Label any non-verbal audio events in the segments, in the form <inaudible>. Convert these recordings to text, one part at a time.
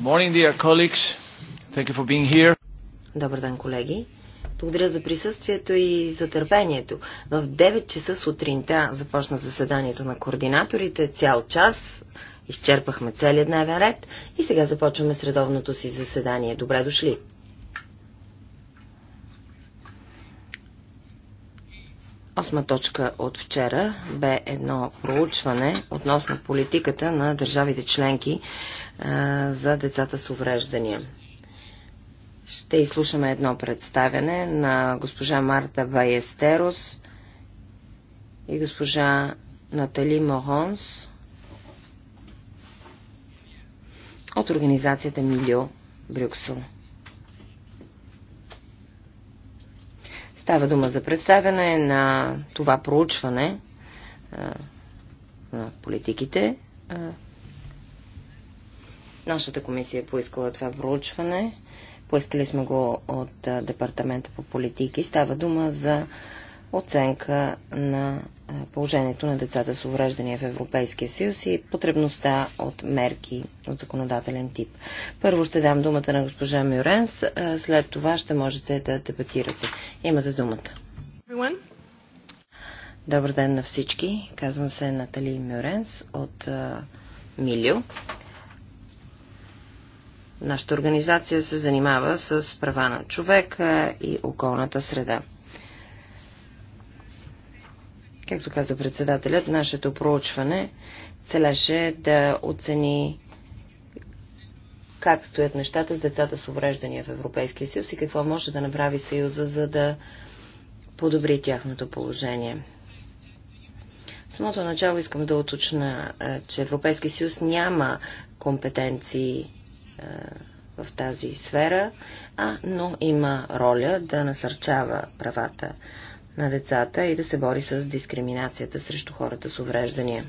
Morning, dear colleagues. Thank you for being here. Добър ден, колеги. Благодаря за присъствието и за търпението. В 9 часа сутринта започна заседанието на координаторите. Цял час изчерпахме целият дневен ред и сега започваме средовното си заседание. Добре дошли! Осма точка от вчера бе едно проучване относно политиката на държавите членки за децата с увреждания. Ще изслушаме едно представяне на госпожа Марта Байестерос и госпожа Натали Моронс от организацията Милио Брюксел. Става дума за представяне на това проучване а, на политиките. А, нашата комисия е поискала това проучване. Поискали сме го от а, Департамента по политики. Става дума за оценка на е, положението на децата с увреждания в Европейския съюз и потребността от мерки от законодателен тип. Първо ще дам думата на госпожа Мюренс, е, след това ще можете да дебатирате. Имате думата. Everyone. Добър ден на всички. Казвам се Натали Мюренс от е, Милио. Нашата организация се занимава с права на човека и околната среда. Както каза председателят, нашето проучване целеше да оцени как стоят нещата с децата с увреждания в Европейския съюз и какво може да направи Съюза, за да подобри тяхното положение. В самото начало искам да уточна, че Европейския съюз няма компетенции в тази сфера, а, но има роля да насърчава правата на децата и да се бори с дискриминацията срещу хората с увреждания.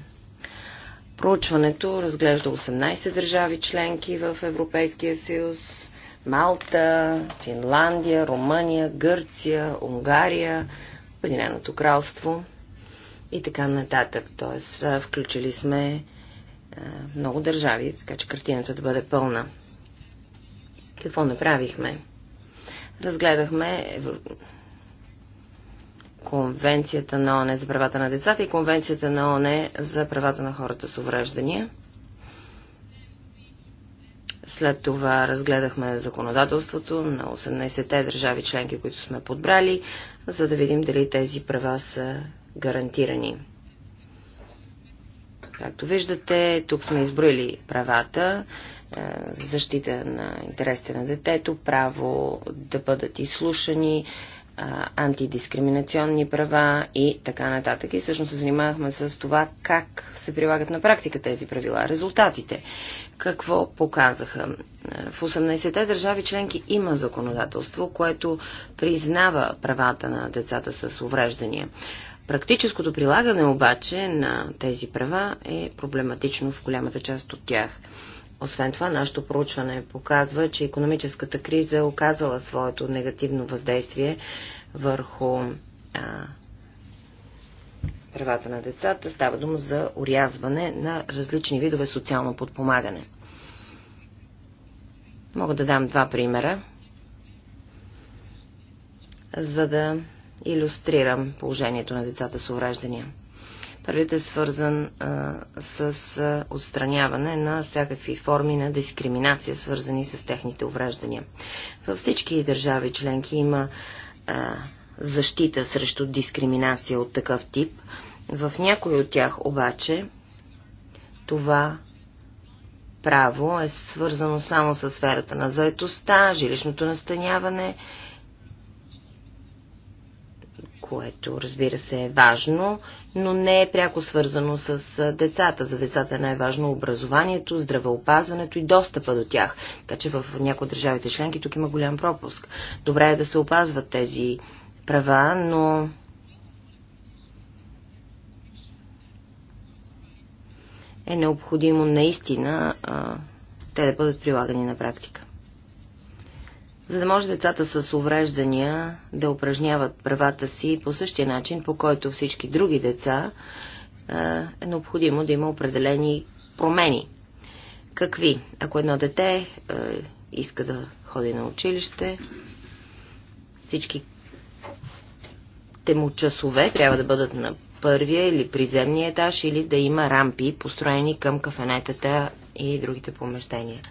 Проучването разглежда 18 държави членки в Европейския съюз, Малта, Финландия, Румъния, Гърция, Унгария, Обединеното кралство и така нататък. Тоест, включили сме много държави, така че картината да бъде пълна. Какво направихме? Разгледахме Конвенцията на ОНЕ за правата на децата и Конвенцията на ОНЕ за правата на хората с увреждания. След това разгледахме законодателството на 18-те държави членки, които сме подбрали, за да видим дали тези права са гарантирани. Както виждате, тук сме изброили правата, е, защита на интересите на детето, право да бъдат изслушани, а, антидискриминационни права и така нататък. И всъщност се занимавахме с това как се прилагат на практика тези правила, резултатите, какво показаха. В 18-те държави членки има законодателство, което признава правата на децата с увреждания. Практическото прилагане обаче на тези права е проблематично в голямата част от тях. Освен това, нашето проучване показва, че економическата криза е оказала своето негативно въздействие върху а, правата на децата. Става дума за урязване на различни видове социално подпомагане. Мога да дам два примера, за да иллюстрирам положението на децата с увреждания. Първият е свързан а, с а, отстраняване на всякакви форми на дискриминация, свързани с техните увреждания. Във всички държави членки има а, защита срещу дискриминация от такъв тип. В някои от тях обаче това право е свързано само с сферата на заетостта, жилищното настаняване което разбира се е важно, но не е пряко свързано с децата. За децата е най-важно образованието, здравеопазването и достъпа до тях. Така че в някои от държавите членки тук има голям пропуск. Добре е да се опазват тези права, но е необходимо наистина а, те да бъдат прилагани на практика за да може децата с увреждания да упражняват правата си по същия начин, по който всички други деца, е необходимо да има определени промени. Какви? Ако едно дете е, иска да ходи на училище, всички те му часове трябва да бъдат на първия или приземния етаж или да има рампи, построени към кафенетата и другите помещения.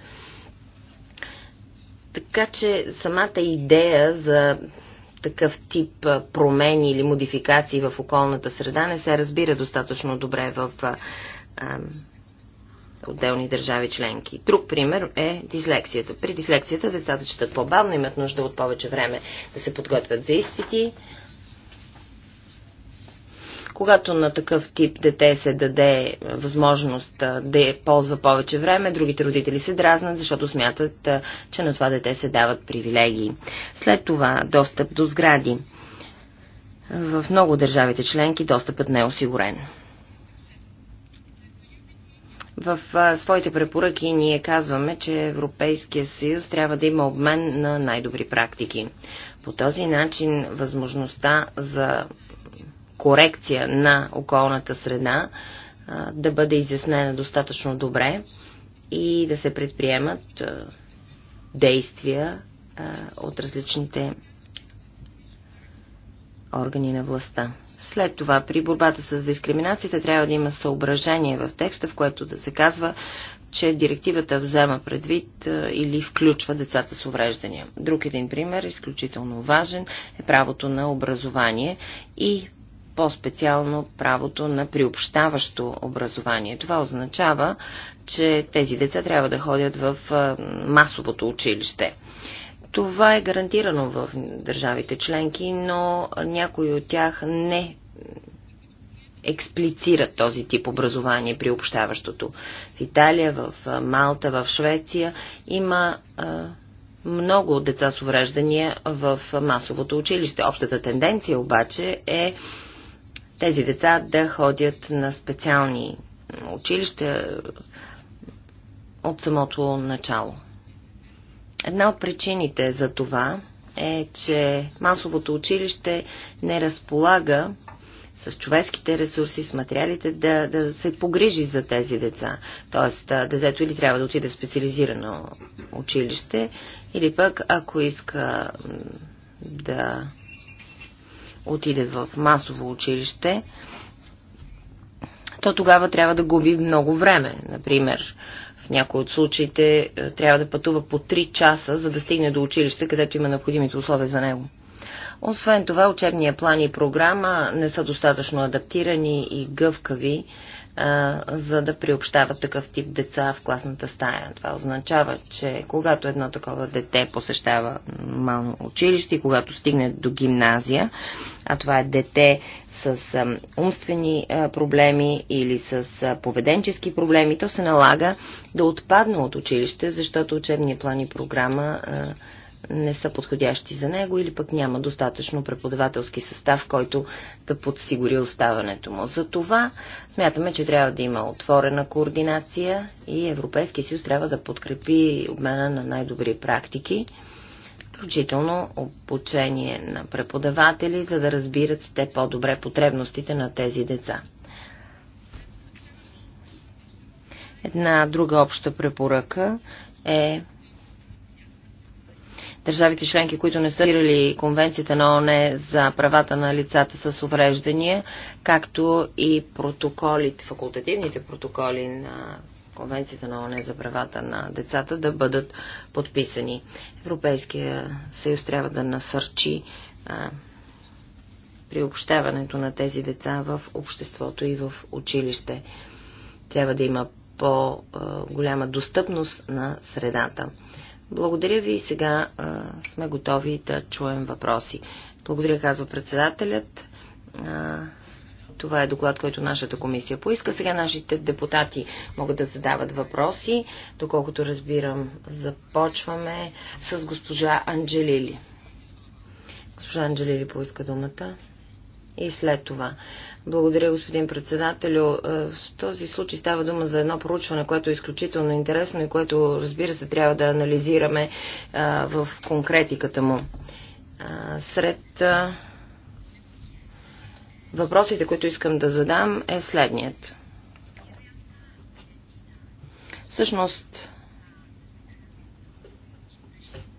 Така че самата идея за такъв тип промени или модификации в околната среда не се разбира достатъчно добре в а, отделни държави членки. Друг пример е дислексията. При дислексията децата четат по-бавно, имат нужда от повече време да се подготвят за изпити, когато на такъв тип дете се даде възможност да ползва повече време, другите родители се дразнат, защото смятат, че на това дете се дават привилегии. След това достъп до сгради. В много държавите членки достъпът не е осигурен. В а, своите препоръки ние казваме, че Европейския съюз трябва да има обмен на най-добри практики. По този начин възможността за корекция на околната среда да бъде изяснена достатъчно добре и да се предприемат действия от различните органи на властта. След това, при борбата с дискриминацията трябва да има съображение в текста, в което да се казва, че директивата взема предвид или включва децата с увреждания. Друг един пример, изключително важен, е правото на образование и по-специално правото на приобщаващо образование. Това означава, че тези деца трябва да ходят в масовото училище. Това е гарантирано в държавите членки, но някои от тях не експлицират този тип образование при общаващото. В Италия, в Малта, в Швеция има а, много деца с увреждания в масовото училище. Общата тенденция обаче е тези деца да ходят на специални училища от самото начало. Една от причините за това е, че масовото училище не разполага с човешките ресурси, с материалите да, да се погрижи за тези деца. Тоест, детето или трябва да отиде в специализирано училище, или пък ако иска да отиде в масово училище, то тогава трябва да губи много време. Например, в някои от случаите е, трябва да пътува по 3 часа, за да стигне до училище, където има необходимите условия за него. Освен това, учебния план и програма не са достатъчно адаптирани и гъвкави а, за да приобщават такъв тип деца в класната стая. Това означава, че когато едно такова дете посещава нормално училище и когато стигне до гимназия, а това е дете с а, умствени а, проблеми или с а, поведенчески проблеми, то се налага да отпадне от училище, защото учебния план и програма а, не са подходящи за него или пък няма достатъчно преподавателски състав, който да подсигури оставането му. За това смятаме, че трябва да има отворена координация и Европейския съюз трябва да подкрепи обмена на най-добри практики, включително обучение на преподаватели, за да разбират те по-добре потребностите на тези деца. Една друга обща препоръка е държавите членки, които не са рирали конвенцията на ОНЕ за правата на лицата с увреждания, както и протоколите, факултативните протоколи на Конвенцията на ОНЕ за правата на децата да бъдат подписани. Европейския съюз трябва да насърчи а, приобщаването на тези деца в обществото и в училище. Трябва да има по-голяма достъпност на средата. Благодаря ви и сега а, сме готови да чуем въпроси. Благодаря, казва председателят. А, това е доклад, който нашата комисия поиска. Сега нашите депутати могат да задават въпроси. Доколкото разбирам, започваме с госпожа Анджелили. Госпожа Анджелили поиска думата и след това. Благодаря, господин председателю. Е, в този случай става дума за едно проучване, което е изключително интересно и което, разбира се, трябва да анализираме е, в конкретиката му. Е, сред въпросите, които искам да задам, е следният. Всъщност,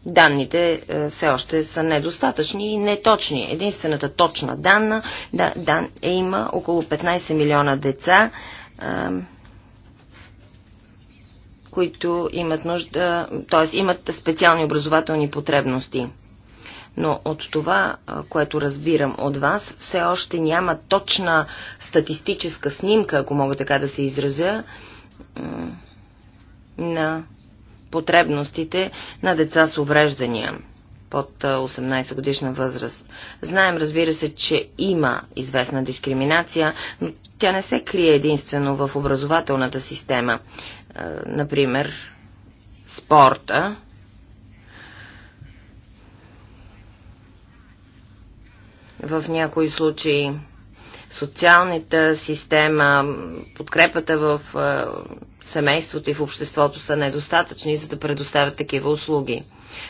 Данните е, все още са недостатъчни и неточни. Единствената точна данна да, дан, е има около 15 милиона деца, е, които имат нужда, т.е. имат специални образователни потребности. Но от това, е, което разбирам от вас, все още няма точна статистическа снимка, ако мога така да се изразя, на потребностите на деца с увреждания под 18 годишна възраст. Знаем, разбира се, че има известна дискриминация, но тя не се крие единствено в образователната система. Например, спорта. В някои случаи социалната система, подкрепата в е, семейството и в обществото са недостатъчни, за да предоставят такива услуги.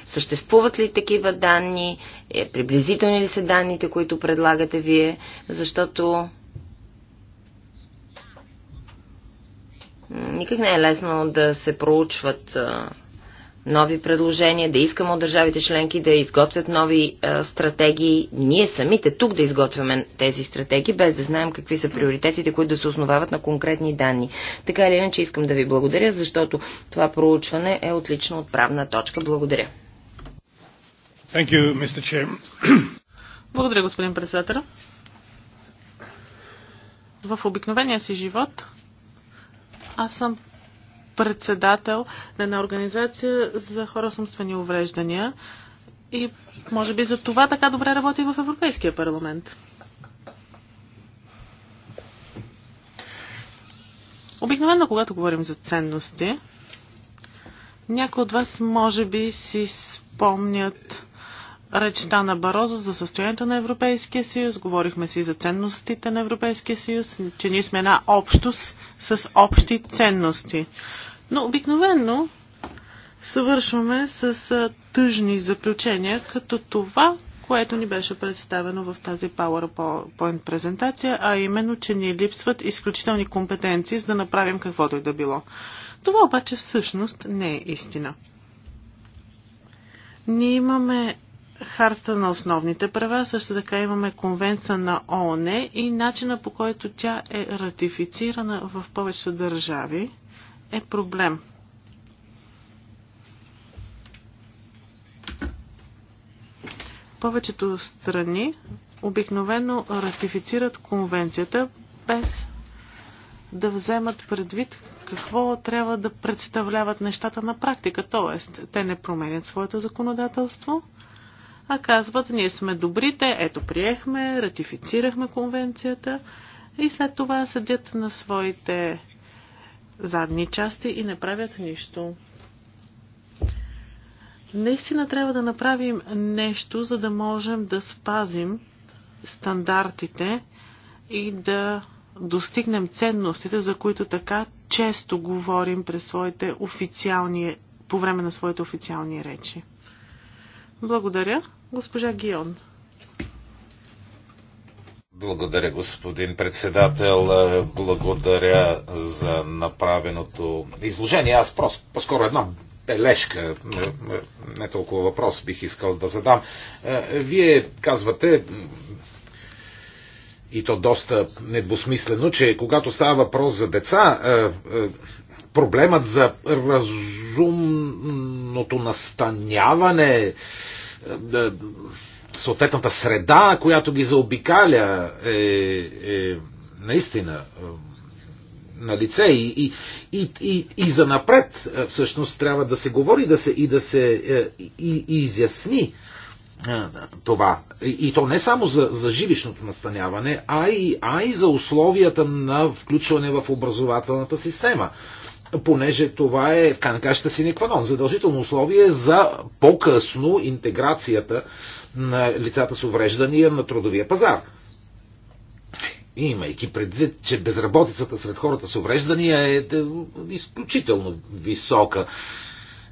Съществуват ли такива данни? Е, приблизителни ли са данните, които предлагате вие? Защото никак не е лесно да се проучват е, нови предложения, да искаме от държавите членки да изготвят нови а, стратегии, ние самите тук да изготвяме тези стратегии, без да знаем какви са приоритетите, които да се основават на конкретни данни. Така или иначе искам да ви благодаря, защото това проучване е отлично от правна точка. Благодаря. Thank you, Mr. Chair. Благодаря, господин председател. В обикновения си живот аз съм председател на една организация за хора с умствени увреждания. И може би за това така добре работи в Европейския парламент. Обикновено, когато говорим за ценности, някои от вас може би си спомнят речта на Барозо за състоянието на Европейския съюз. Говорихме си за ценностите на Европейския съюз, че ние сме една общост с общи ценности. Но обикновенно съвършваме с тъжни заключения, като това, което ни беше представено в тази PowerPoint презентация, а именно, че ни липсват изключителни компетенции, за да направим каквото и да било. Това обаче всъщност не е истина. Ние имаме харта на основните права, също така имаме конвенция на ООН и начина по който тя е ратифицирана в повечето държави е проблем. Повечето страни обикновено ратифицират конвенцията без да вземат предвид какво трябва да представляват нещата на практика. Тоест, те не променят своето законодателство, а казват, ние сме добрите, ето приехме, ратифицирахме конвенцията и след това седят на своите задни части и не правят нищо. Наистина трябва да направим нещо, за да можем да спазим стандартите и да достигнем ценностите, за които така често говорим през своите официални, по време на своите официални речи. Благодаря, госпожа Гион. Благодаря, господин председател. Благодаря за направеното изложение. Аз просто, по-скоро една бележка, не толкова въпрос бих искал да задам. Е, вие казвате, и то доста недвусмислено, че когато става въпрос за деца, е, е, проблемът за разумното настаняване съответната среда, която ги заобикаля, е, е наистина е, на лице и, и, и, и, и за напред е, всъщност трябва да се говори да се, и да се е, и, и изясни това. И то не само за, за жилищното настаняване, а и, а и за условията на включване в образователната система понеже това е в канакащата си некванон, задължително условие за по-късно интеграцията на лицата с увреждания на трудовия пазар. И имайки предвид, че безработицата сред хората с увреждания е, е изключително висока.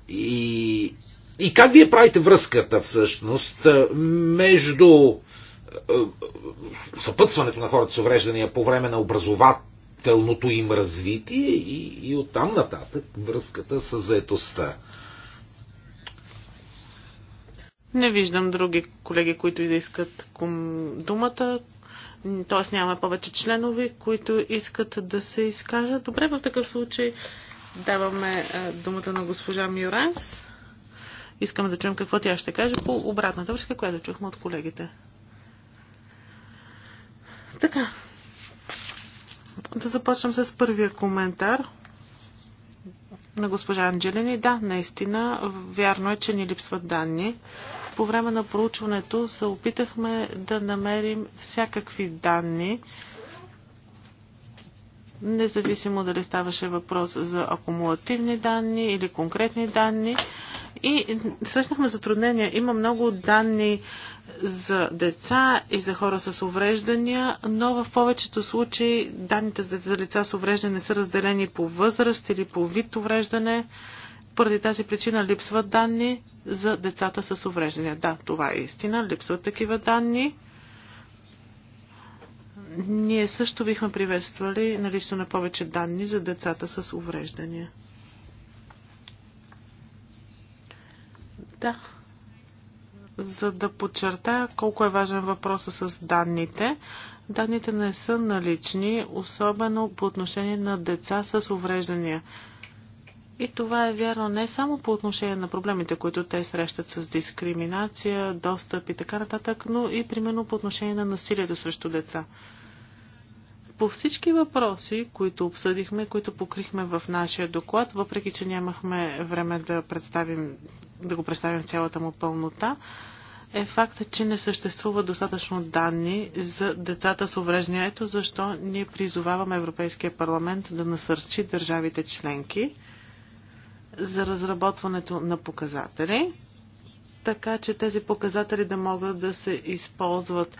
И, и как вие правите връзката всъщност е, между е, съпътстването на хората с увреждания по време на образователно допълнителното им развитие и, и оттам нататък връзката с заетостта. Не виждам други колеги, които и да искат думата. Т.е. няма повече членове, които искат да се изкажат. Добре, в такъв случай даваме думата на госпожа Мюранс. Искам да чуем какво тя ще каже по обратната връзка, която чухме от колегите. Така, да започнем с първия коментар на госпожа Анджелини. Да, наистина, вярно е, че ни липсват данни. По време на проучването се опитахме да намерим всякакви данни, независимо дали ставаше въпрос за акумулативни данни или конкретни данни. И срещнахме затруднения. Има много данни за деца и за хора с увреждания, но в повечето случаи данните за лица с увреждане са разделени по възраст или по вид увреждане. Поради тази причина липсват данни за децата с увреждания. Да, това е истина. Липсват такива данни. Ние също бихме приветствали налично на повече данни за децата с увреждания. Да. За да подчертая колко е важен въпроса с данните, данните не са налични, особено по отношение на деца с увреждания. И това е вярно не само по отношение на проблемите, които те срещат с дискриминация, достъп и така нататък, но и примерно по отношение на насилието срещу деца по всички въпроси, които обсъдихме, които покрихме в нашия доклад, въпреки че нямахме време да, представим, да го представим цялата му пълнота, е факта, че не съществува достатъчно данни за децата с увреждания. Ето защо ние призоваваме Европейския парламент да насърчи държавите членки за разработването на показатели, така че тези показатели да могат да се използват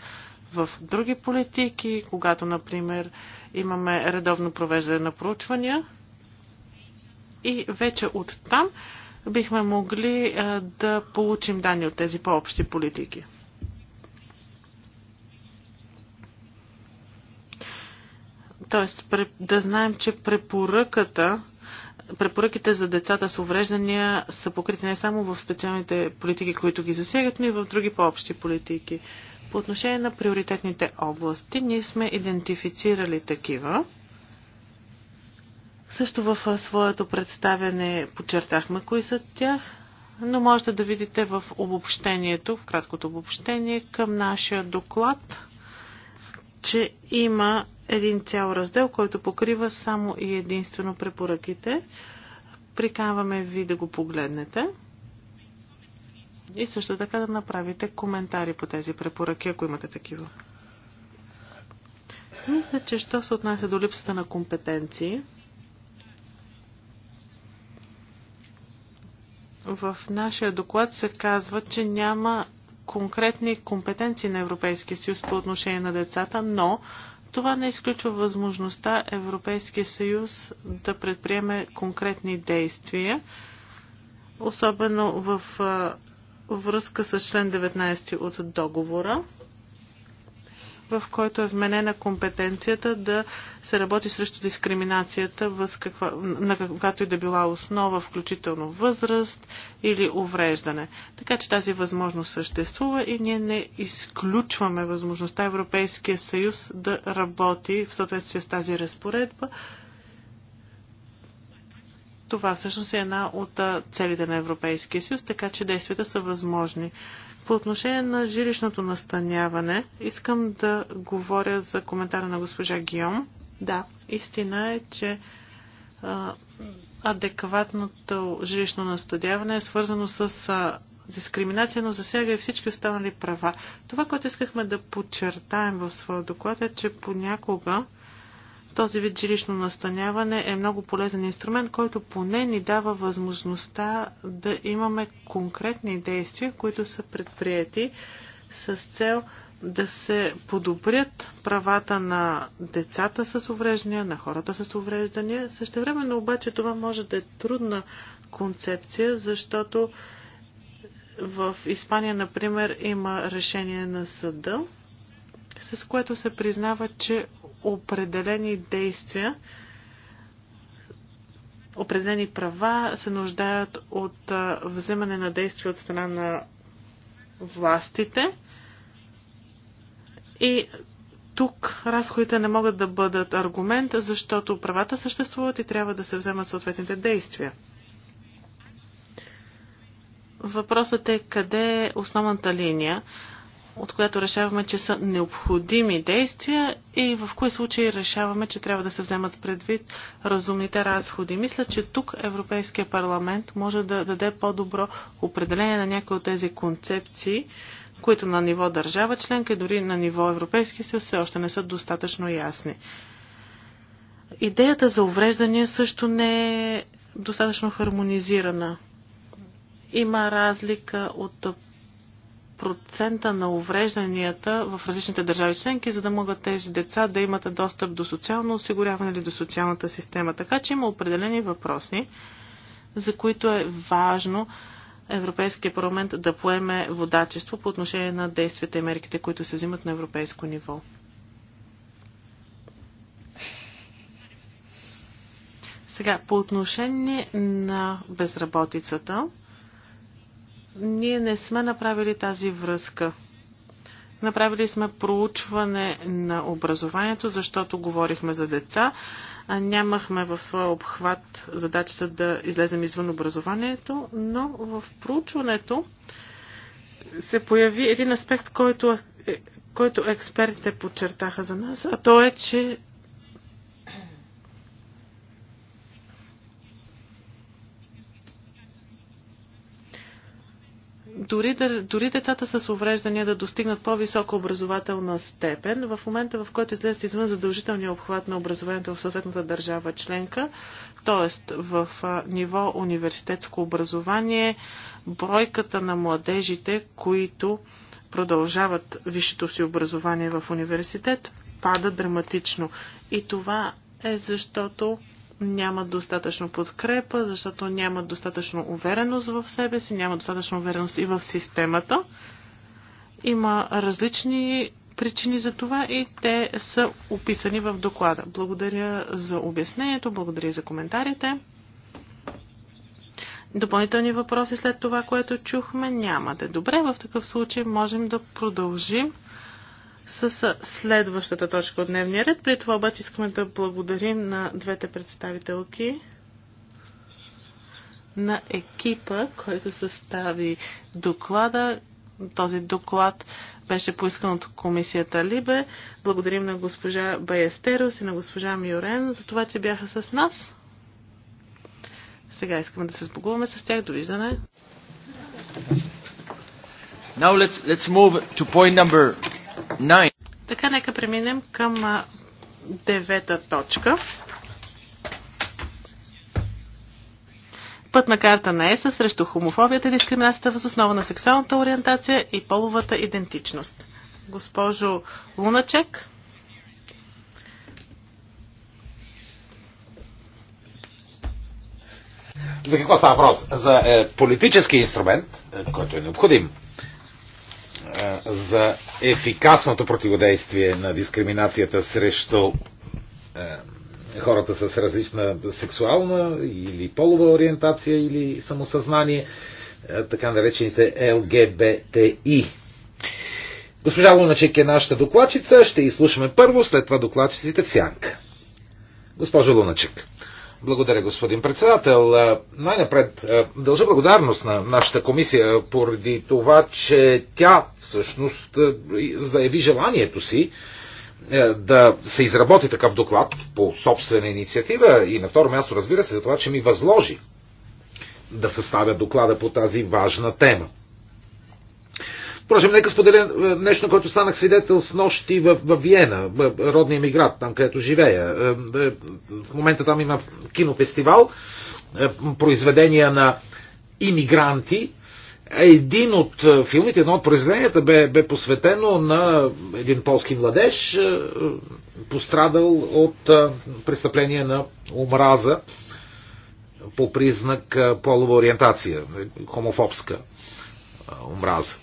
в други политики, когато, например, имаме редовно провеждане на проучвания. И вече от там бихме могли е, да получим данни от тези по-общи политики. Тоест, да знаем, че препоръката препоръките за децата с увреждания са покрити не само в специалните политики, които ги засягат, но и в други по-общи политики. По отношение на приоритетните области, ние сме идентифицирали такива. Също в своето представяне подчертахме кои са тях, но можете да видите в обобщението, в краткото обобщение към нашия доклад, че има един цял раздел, който покрива само и единствено препоръките. Прикаваме ви да го погледнете. И също така да направите коментари по тези препоръки, ако имате такива. Мисля, че що се отнася до липсата на компетенции, в нашия доклад се казва, че няма конкретни компетенции на Европейския съюз по отношение на децата, но това не изключва възможността Европейския съюз да предприеме конкретни действия, особено в връзка с член 19 от договора, в който е вменена компетенцията да се работи срещу дискриминацията на каквато и да била основа, включително възраст или увреждане. Така че тази възможност съществува и ние не изключваме възможността Европейския съюз да работи в съответствие с тази разпоредба това всъщност е една от целите на Европейския съюз, така че действията са възможни. По отношение на жилищното настаняване, искам да говоря за коментара на госпожа Гиом. Да, истина е, че адекватното жилищно настаняване е свързано с дискриминация, но засяга и всички останали права. Това, което искахме да подчертаем в своя доклад е, че понякога този вид жилищно настаняване е много полезен инструмент, който поне ни дава възможността да имаме конкретни действия, които са предприяти с цел да се подобрят правата на децата с увреждания, на хората с увреждания. Същевременно обаче това може да е трудна концепция, защото в Испания, например, има решение на съда, с което се признава, че определени действия, определени права се нуждаят от вземане на действия от страна на властите. И тук разходите не могат да бъдат аргумент, защото правата съществуват и трябва да се вземат съответните действия. Въпросът е къде е основната линия от която решаваме, че са необходими действия и в кои случаи решаваме, че трябва да се вземат предвид разумните разходи. Мисля, че тук Европейския парламент може да даде по-добро определение на някои от тези концепции, които на ниво държава членка и дори на ниво Европейски съюз все още не са достатъчно ясни. Идеята за увреждания също не е достатъчно хармонизирана. Има разлика от процента на уврежданията в различните държави членки, за да могат тези деца да имат достъп до социално осигуряване или до социалната система. Така че има определени въпроси, за които е важно Европейския парламент да поеме водачество по отношение на действията и мерките, които се взимат на европейско ниво. Сега, по отношение на безработицата, ние не сме направили тази връзка. Направили сме проучване на образованието, защото говорихме за деца, а нямахме в своя обхват задачата да излезем извън образованието, но в проучването се появи един аспект, който, е- който експертите подчертаха за нас, а то е, че дори, да, дори децата с увреждания да достигнат по-висока образователна степен, в момента в който излезат извън задължителния обхват на образованието в съответната държава членка, т.е. в а, ниво университетско образование, бройката на младежите, които продължават висшето си образование в университет, пада драматично. И това е защото нямат достатъчно подкрепа, защото нямат достатъчно увереност в себе си, нямат достатъчно увереност и в системата. Има различни причини за това и те са описани в доклада. Благодаря за обяснението, благодаря за коментарите. Допълнителни въпроси след това, което чухме, нямате. Добре, в такъв случай можем да продължим с следващата точка от дневния ред. При това обаче искаме да благодарим на двете представителки на екипа, който състави доклада. Този доклад беше поискан от комисията Либе. Благодарим на госпожа Баестерос и на госпожа Миорен за това, че бяха с нас. Сега искаме да се сбогуваме с тях. Довиждане. Now let's, let's move to point number така, нека преминем към девета точка. Пътна карта на ЕСА срещу хомофобията и дискриминацията въз основа на сексуалната ориентация и половата идентичност. Госпожо Луначек. За какво става въпрос? За е, политически инструмент, е, който е необходим за ефикасното противодействие на дискриминацията срещу хората с различна сексуална или полова ориентация или самосъзнание, така наречените ЛГБТИ. Госпожа Луначек е нашата докладчица. Ще изслушаме първо, след това докладчиците в сянка. Госпожо Луначек. Благодаря, господин председател. Е, най-напред е, дължа благодарност на нашата комисия поради това, че тя всъщност е, заяви желанието си да се изработи такъв доклад по собствена инициатива и на второ място, разбира се, за това, че ми възложи да съставя доклада по тази важна тема. Впрочем, нека споделя е, нещо, което станах свидетел с нощи в, в Виена, е, родния ми град, там където живея. Е, в момента там има кинофестивал, произведения на иммигранти. Един от филмите, едно от произведенията бе, бе посветено на един полски младеж, пострадал от престъпление на омраза по признак полова ориентация, хомофобска омраза.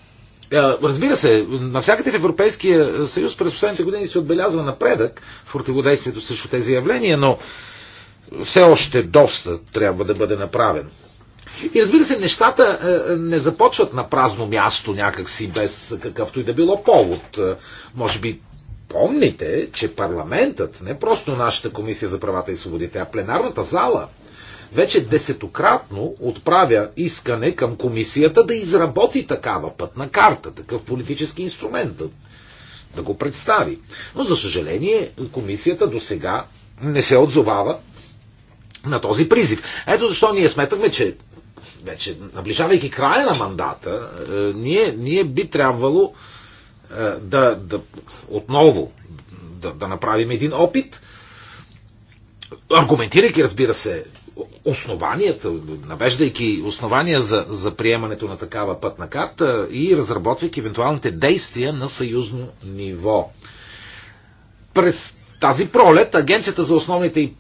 Разбира се, навсякъде в Европейския съюз през последните години се отбелязва напредък в противодействието срещу тези явления, но все още доста трябва да бъде направен. И разбира се, нещата не започват на празно място някакси, без какъвто и да било повод. Може би помните, че парламентът, не просто нашата комисия за правата и свободите, а пленарната зала вече десетократно отправя искане към комисията да изработи такава пътна карта, такъв политически инструмент, да, да го представи. Но, за съжаление, комисията до сега не се отзовава на този призив. Ето защо ние сметахме, че вече наближавайки края на мандата, е, ние, ние би трябвало е, да, да отново да, да направим един опит аргументирайки, разбира се, основанията, навеждайки основания за, за приемането на такава пътна карта и разработвайки евентуалните действия на съюзно ниво. През тази пролет Агенцията за основните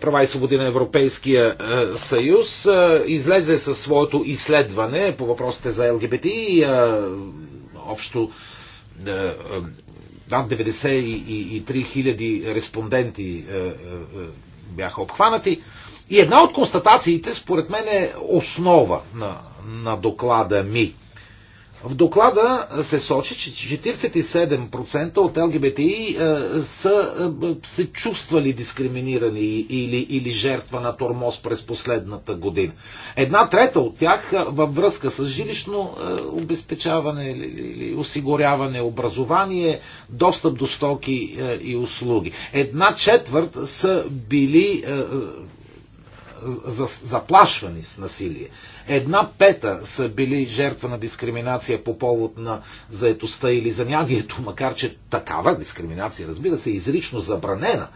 права и свободи на Европейския е, съюз е, излезе със своето изследване по въпросите за ЛГБТ и е, общо над 93 хиляди респонденти е, е, е, бяха обхванати. И една от констатациите, според мен, е основа на, на доклада ми – в доклада се сочи, че 47% от ЛГБТИ е, са е, се чувствали дискриминирани или, или жертва на тормоз през последната година. Една трета от тях е, във връзка с жилищно обезпечаване или осигуряване, образование, достъп до стоки и услуги. Една четвърт са били заплашвани с насилие. Една пета са били жертва на дискриминация по повод на заетостта или занятието, макар че такава дискриминация, разбира се, е изрично забранена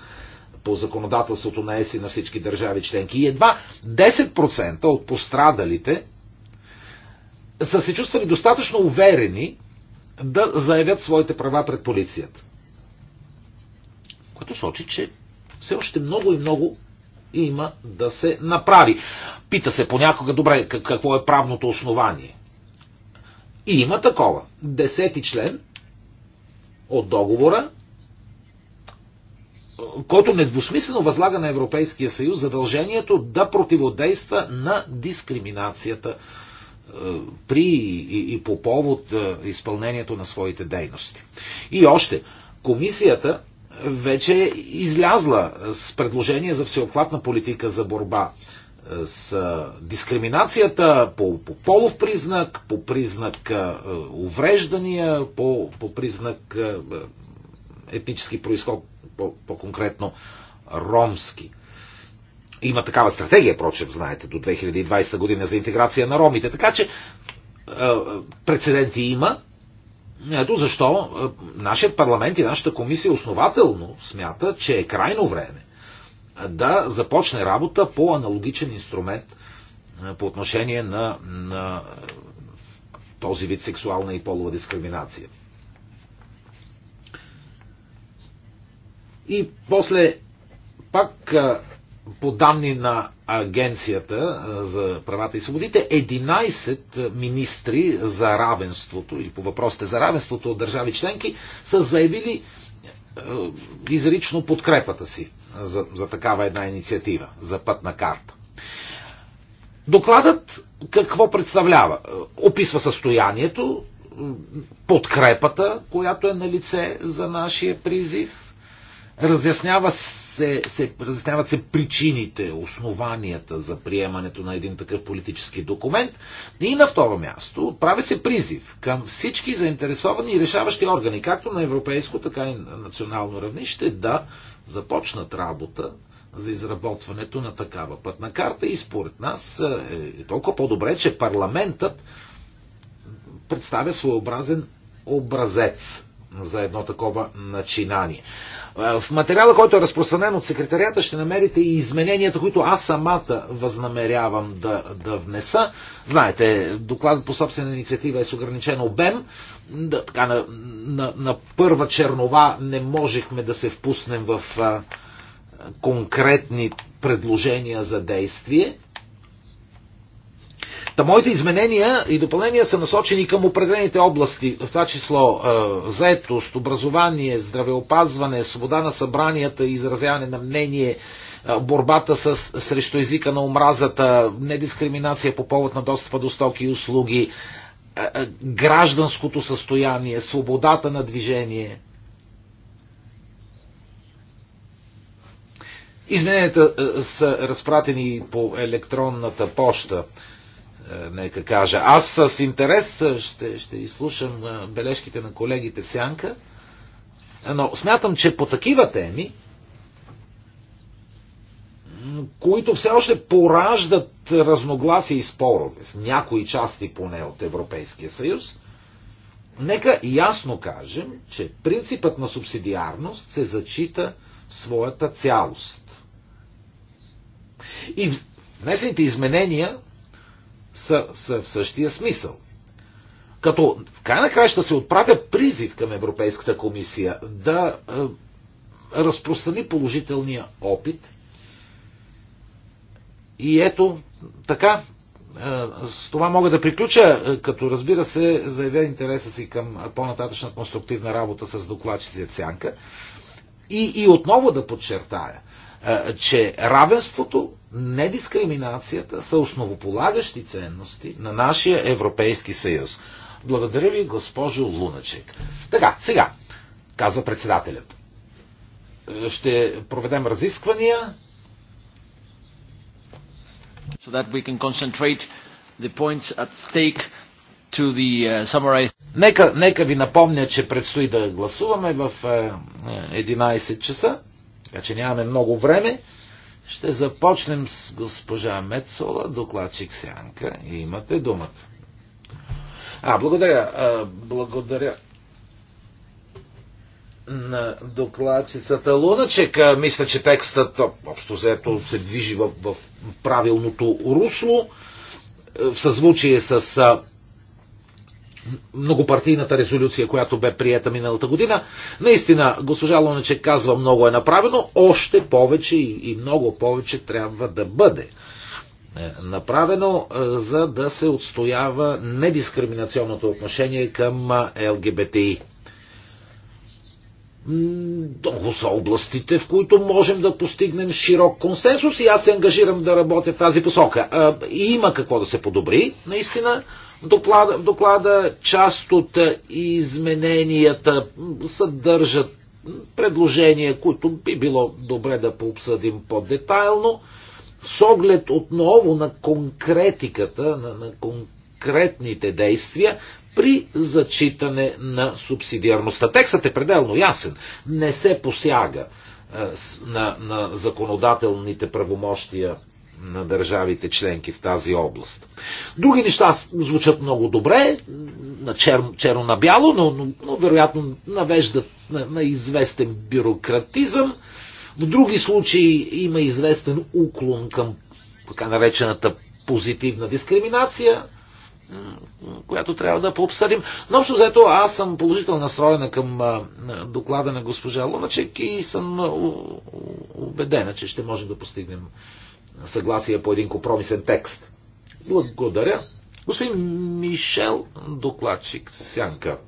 по законодателството на ЕСИ на всички държави членки. И едва 10% от пострадалите са се чувствали достатъчно уверени да заявят своите права пред полицията. Което сочи, че все още много и много има да се направи. Пита се понякога, добре, какво е правното основание? И има такова. Десети член от договора, който недвусмислено възлага на Европейския съюз задължението да противодейства на дискриминацията е, при и по повод е, изпълнението на своите дейности. И още, комисията вече е излязла с предложение за всеоплатна политика за борба е, с е, дискриминацията по, по полов признак, по признак е, увреждания, по, по признак етнически происход, по-конкретно по ромски. Има такава стратегия, прочем, знаете, до 2020 година за интеграция на ромите. Така че прецеденти има, ето защо е, нашият парламент и нашата комисия основателно смята, че е крайно време е, да започне работа по аналогичен инструмент е, по отношение на, на този вид сексуална и полова дискриминация. И после пак по данни на Агенцията за правата и свободите, 11 министри за равенството или по въпросите за равенството от държави членки са заявили изрично подкрепата си за, за такава една инициатива, за пътна карта. Докладът какво представлява? Описва състоянието, подкрепата, която е на лице за нашия призив, Разяснява се, се, разясняват се причините, основанията за приемането на един такъв политически документ. И на второ място прави се призив към всички заинтересовани и решаващи органи, както на европейско, така и на национално равнище, да започнат работа за изработването на такава пътна карта. И според нас е, е толкова по-добре, че парламентът представя своеобразен образец за едно такова начинание. Е, в материала, който е разпространен от секретарията, ще намерите и измененията, които аз самата възнамерявам да, да внеса. Знаете, докладът по собствена инициатива е с ограничен обем. Да, така, на, на, на първа чернова не можехме да се впуснем в а, конкретни предложения за действие Та моите изменения и допълнения са насочени към определените области, в това число е, заетост, образование, здравеопазване, свобода на събранията и изразяване на мнение, е, борбата с, срещу езика на омразата, недискриминация по повод на достъпа до стоки и услуги, е, е, гражданското състояние, свободата на движение. Измененията е, са разпратени по електронната поща. Е, нека кажа. Аз с интерес е, ще, ще изслушам е, бележките на колегите в Сянка, но смятам, че по такива теми, които все още пораждат разногласия и спорове в някои части поне от Европейския съюз, нека ясно кажем, че принципът на субсидиарност се зачита в своята цялост. И внесените изменения са, са в същия смисъл. Като в край на ще се отправя призив към Европейската комисия да е, разпространи положителния опит. И ето, така, е, с това мога да приключа, е, като разбира се, заявя интереса си към по-нататъчна конструктивна работа с докладчици в сянка. И, и отново да подчертая, е, че равенството, недискриминацията са основополагащи ценности на нашия Европейски съюз. Благодаря ви, госпожо Луначек. Така, сега, каза председателят. Е, ще проведем разисквания. So that we can concentrate the points at stake to the uh, summarized... Нека, нека ви напомня, че предстои да гласуваме в uh, е, 11 часа. Така че нямаме много време. Ще започнем с госпожа Мецола, докладчик Сянка. И имате думата. А, благодаря. А, благодаря на докладчицата Луначек. Мисля, че текстът общо заето се движи в, в правилното русло в съзвучие с многопартийната резолюция, която бе приета миналата година. Наистина, госпожа Лонече казва, много е направено, още повече и, много повече трябва да бъде е, направено, е, за да се отстоява недискриминационното отношение към е, ЛГБТИ много са областите, в които можем да постигнем широк консенсус и аз се ангажирам да работя в тази посока. И има какво да се подобри, наистина. В доклада, в доклада част от измененията съдържат предложения, които би било добре да пообсъдим по-детайлно, с оглед отново на конкретиката, на, на конкретните действия, при зачитане на субсидиарността. Текстът е пределно ясен. Не се посяга е, на, на законодателните правомощия на държавите членки в тази област. Други неща звучат много добре, на чер, черно на бяло, но, но, но вероятно навеждат на, на известен бюрократизъм. В други случаи има известен уклон към така наречената позитивна дискриминация която трябва да пообсъдим. Но общо заето аз съм положително настроена към доклада на госпожа Луначек и съм убедена, че ще можем да постигнем съгласие по един компромисен текст. Благодаря. Господин Мишел, докладчик Сянка.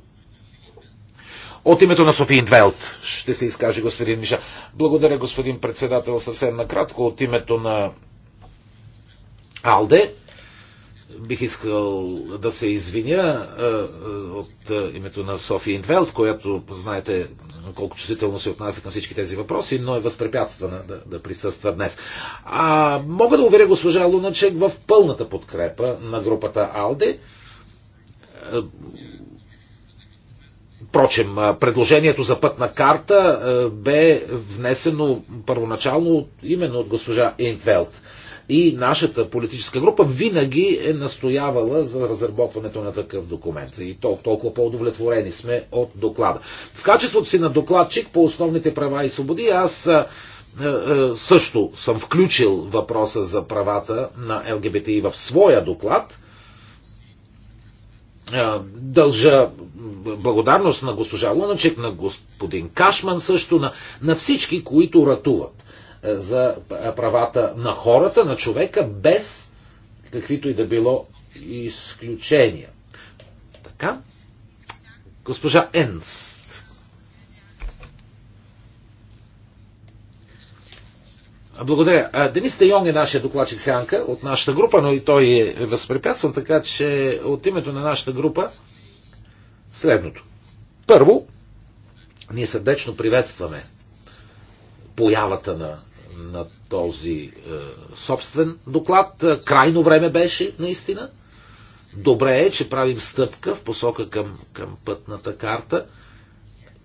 От името на Софиин Велт ще се изкаже господин Миша. Благодаря, господин председател, съвсем накратко. От името на Алде бих искал да се извиня от името на София Индвелт, която знаете колко чувствително се отнася към всички тези въпроси, но е възпрепятствана да, да присъства днес. А, мога да уверя госпожа Луначек в пълната подкрепа на групата Алде. Впрочем, предложението за пътна карта бе внесено първоначално именно от госпожа Интвелт. И нашата политическа група винаги е настоявала за разработването на такъв документ. И то, толкова по-удовлетворени сме от доклада. В качеството си на докладчик по основните права и свободи аз също съм включил въпроса за правата на ЛГБТИ в своя доклад. Дължа благодарност на госпожа Луначек, на господин Кашман също, на, на всички, които ратуват за правата на хората, на човека, без каквито и да било изключения. Така. Госпожа Енс. Благодаря. Денис Де е нашия докладчик Сянка от нашата група, но и той е възпрепятстван, така че от името на нашата група следното. Първо, ние сърдечно приветстваме появата на на този е, собствен доклад. Е, крайно време беше, наистина. Добре е, че правим стъпка в посока към, към пътната карта.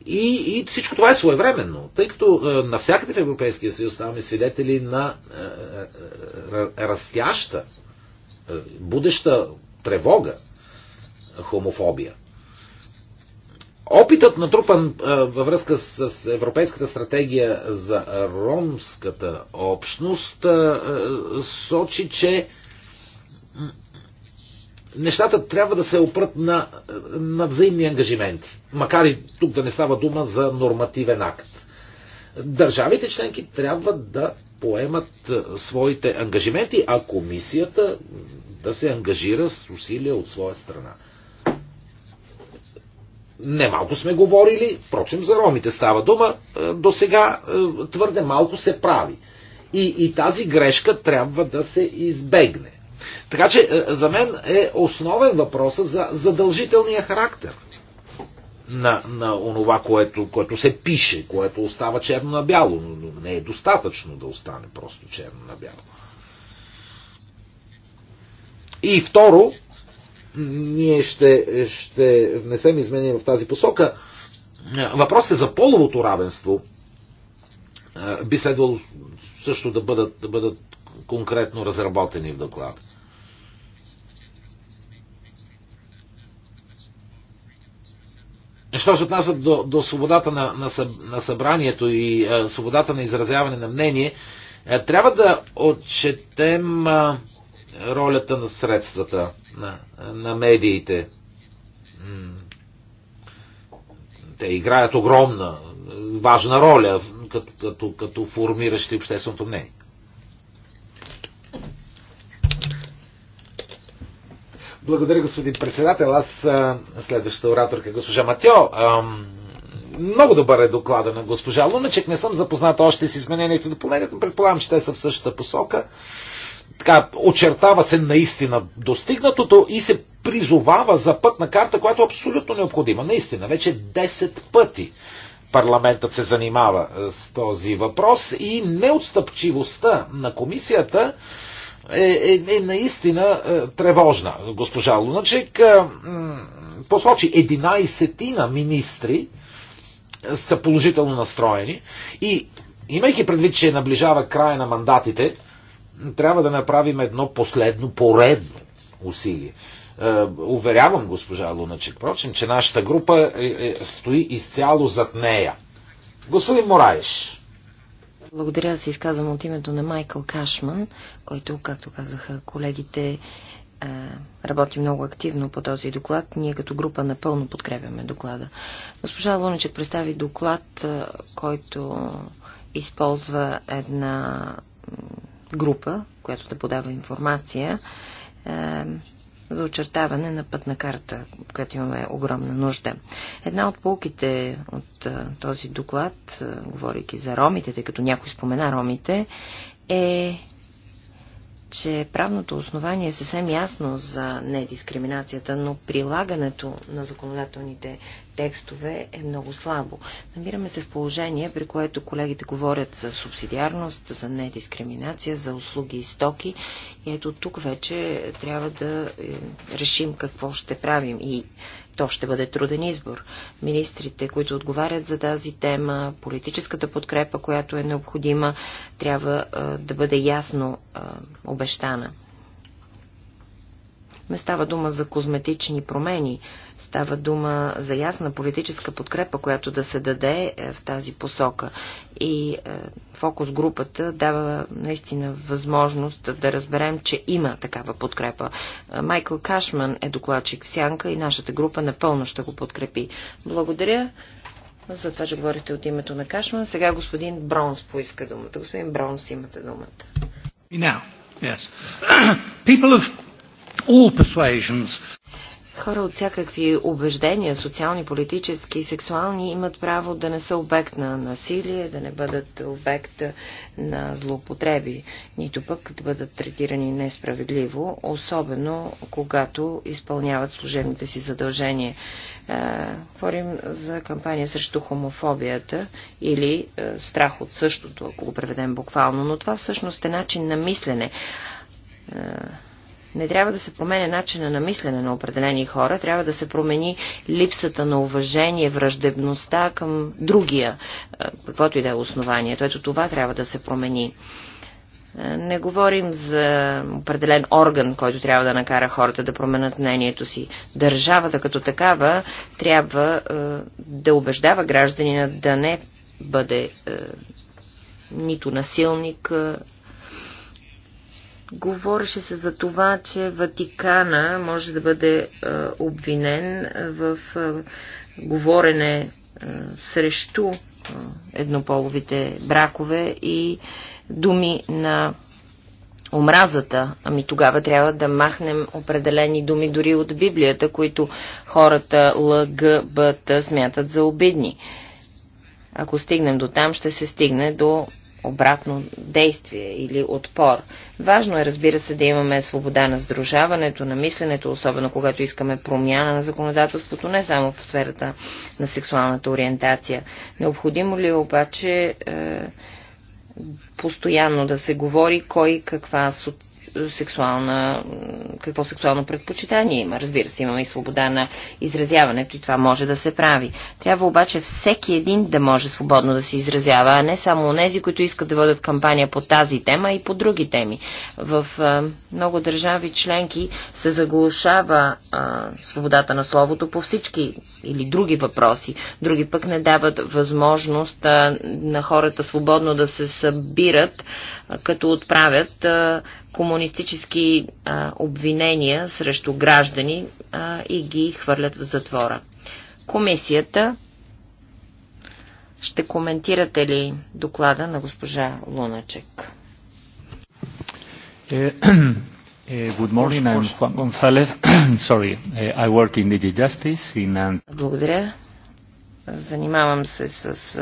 И, и всичко това е своевременно, тъй като е, навсякъде в Европейския съюз ставаме свидетели на е, е, е растяща, е, будеща тревога, хомофобия. Опитът натрупан във връзка с Европейската стратегия за ромската общност сочи, че нещата трябва да се опрат на, на взаимни ангажименти. Макар и тук да не става дума за нормативен акт. Държавите членки трябва да поемат своите ангажименти, а комисията да се ангажира с усилия от своя страна. Немалко сме говорили, впрочем за ромите става дума, е, до сега е, твърде малко се прави. И, и тази грешка трябва да се избегне. Така че е, за мен е основен въпрос за задължителния характер на, на онова, което, което се пише, което остава черно на бяло. Но не е достатъчно да остане просто черно на бяло. И второ, ние ще, ще внесем изменения в тази посока. Въпросът е за половото равенство. Би следвало също да бъдат, да бъдат конкретно разработени в доклада. Що се отнася до, до свободата на, на, на събранието и а, свободата на изразяване на мнение, а, трябва да отчетем а, ролята на средствата, на, на медиите. Те играят огромна, важна роля като, като, като формиращи общественото мнение. Благодаря, господин председател. Аз следващата ораторка, госпожа Матьо. Ам, много добър е доклада на госпожа Луначек. Не съм запознат още с изменението и допълнението. Предполагам, че те са в същата посока така, очертава се наистина достигнатото и се призовава за пътна карта, която е абсолютно необходима. Наистина, вече 10 пъти парламентът се занимава е, с този въпрос и неотстъпчивостта на комисията е, е, е наистина е, тревожна. Госпожа Луначек е, посочи 11 на министри е, са положително настроени и имайки предвид, че наближава края на мандатите, трябва да направим едно последно, поредно усилие. Е, уверявам госпожа Луначек, впрочем, че нашата група е, е, стои изцяло зад нея. Господин Мораеш. Благодаря да се изказвам от името на Майкъл Кашман, който, както казаха колегите, работи много активно по този доклад. Ние като група напълно подкрепяме доклада. Госпожа Луначек представи доклад, който използва една група, която да подава информация е, за очертаване на пътна карта, която имаме огромна нужда. Една от полките от е, този доклад, е, говорейки за ромите, тъй като някой спомена ромите, е че правното основание е съвсем ясно за недискриминацията, но прилагането на законодателните текстове е много слабо. Намираме се в положение, при което колегите говорят за субсидиарност, за недискриминация, за услуги и стоки. И ето тук вече трябва да е, решим какво ще правим. И то ще бъде труден избор. Министрите, които отговарят за тази тема, политическата подкрепа, която е необходима, трябва да бъде ясно обещана. Не става дума за козметични промени. Става дума за ясна политическа подкрепа, която да се даде е, в тази посока. И е, фокус групата дава наистина възможност да разберем, че има такава подкрепа. Е, Майкъл Кашман е докладчик в Сянка и нашата група напълно ще го подкрепи. Благодаря за това, че говорите от името на Кашман. Сега господин Бронс поиска думата. Господин Бронс, имате думата. Now, yes. <clears throat> People of all persuasions Хора от всякакви убеждения, социални, политически и сексуални, имат право да не са обект на насилие, да не бъдат обект на злоупотреби, нито пък да бъдат третирани несправедливо, особено когато изпълняват служебните си задължения. Е, говорим за кампания срещу хомофобията или е, страх от същото, ако го преведем буквално, но това всъщност е начин на мислене е, не трябва да се променя начина на мислене на определени хора, трябва да се промени липсата на уважение, враждебността към другия, е, каквото и да е основанието. Ето това трябва да се промени. Е, не говорим за определен орган, който трябва да накара хората да променят мнението си. Държавата като такава трябва е, да убеждава гражданина да не бъде е, нито насилник, е, Говореше се за това, че Ватикана може да бъде е, обвинен в е, говорене е, срещу еднополовите бракове и думи на омразата. Ами тогава трябва да махнем определени думи дори от Библията, които хората ЛГБТ смятат за обидни. Ако стигнем до там, ще се стигне до обратно действие или отпор. Важно е, разбира се, да имаме свобода на сдружаването, на мисленето, особено когато искаме промяна на законодателството, не само в сферата на сексуалната ориентация. Необходимо ли е обаче е, постоянно да се говори кой каква сексуална, какво сексуално предпочитание има. Разбира се, имаме и свобода на изразяването и това може да се прави. Трябва обаче всеки един да може свободно да се изразява, а не само онези, които искат да водят кампания по тази тема и по други теми. В а, много държави членки се заглушава а, свободата на словото по всички или други въпроси. Други пък не дават възможност а, на хората свободно да се събират като отправят комунистически обвинения срещу граждани и ги хвърлят в затвора. Комисията ще коментирате ли доклада на госпожа Луначек? Е, е, <coughs> е, Благодаря. Занимавам се с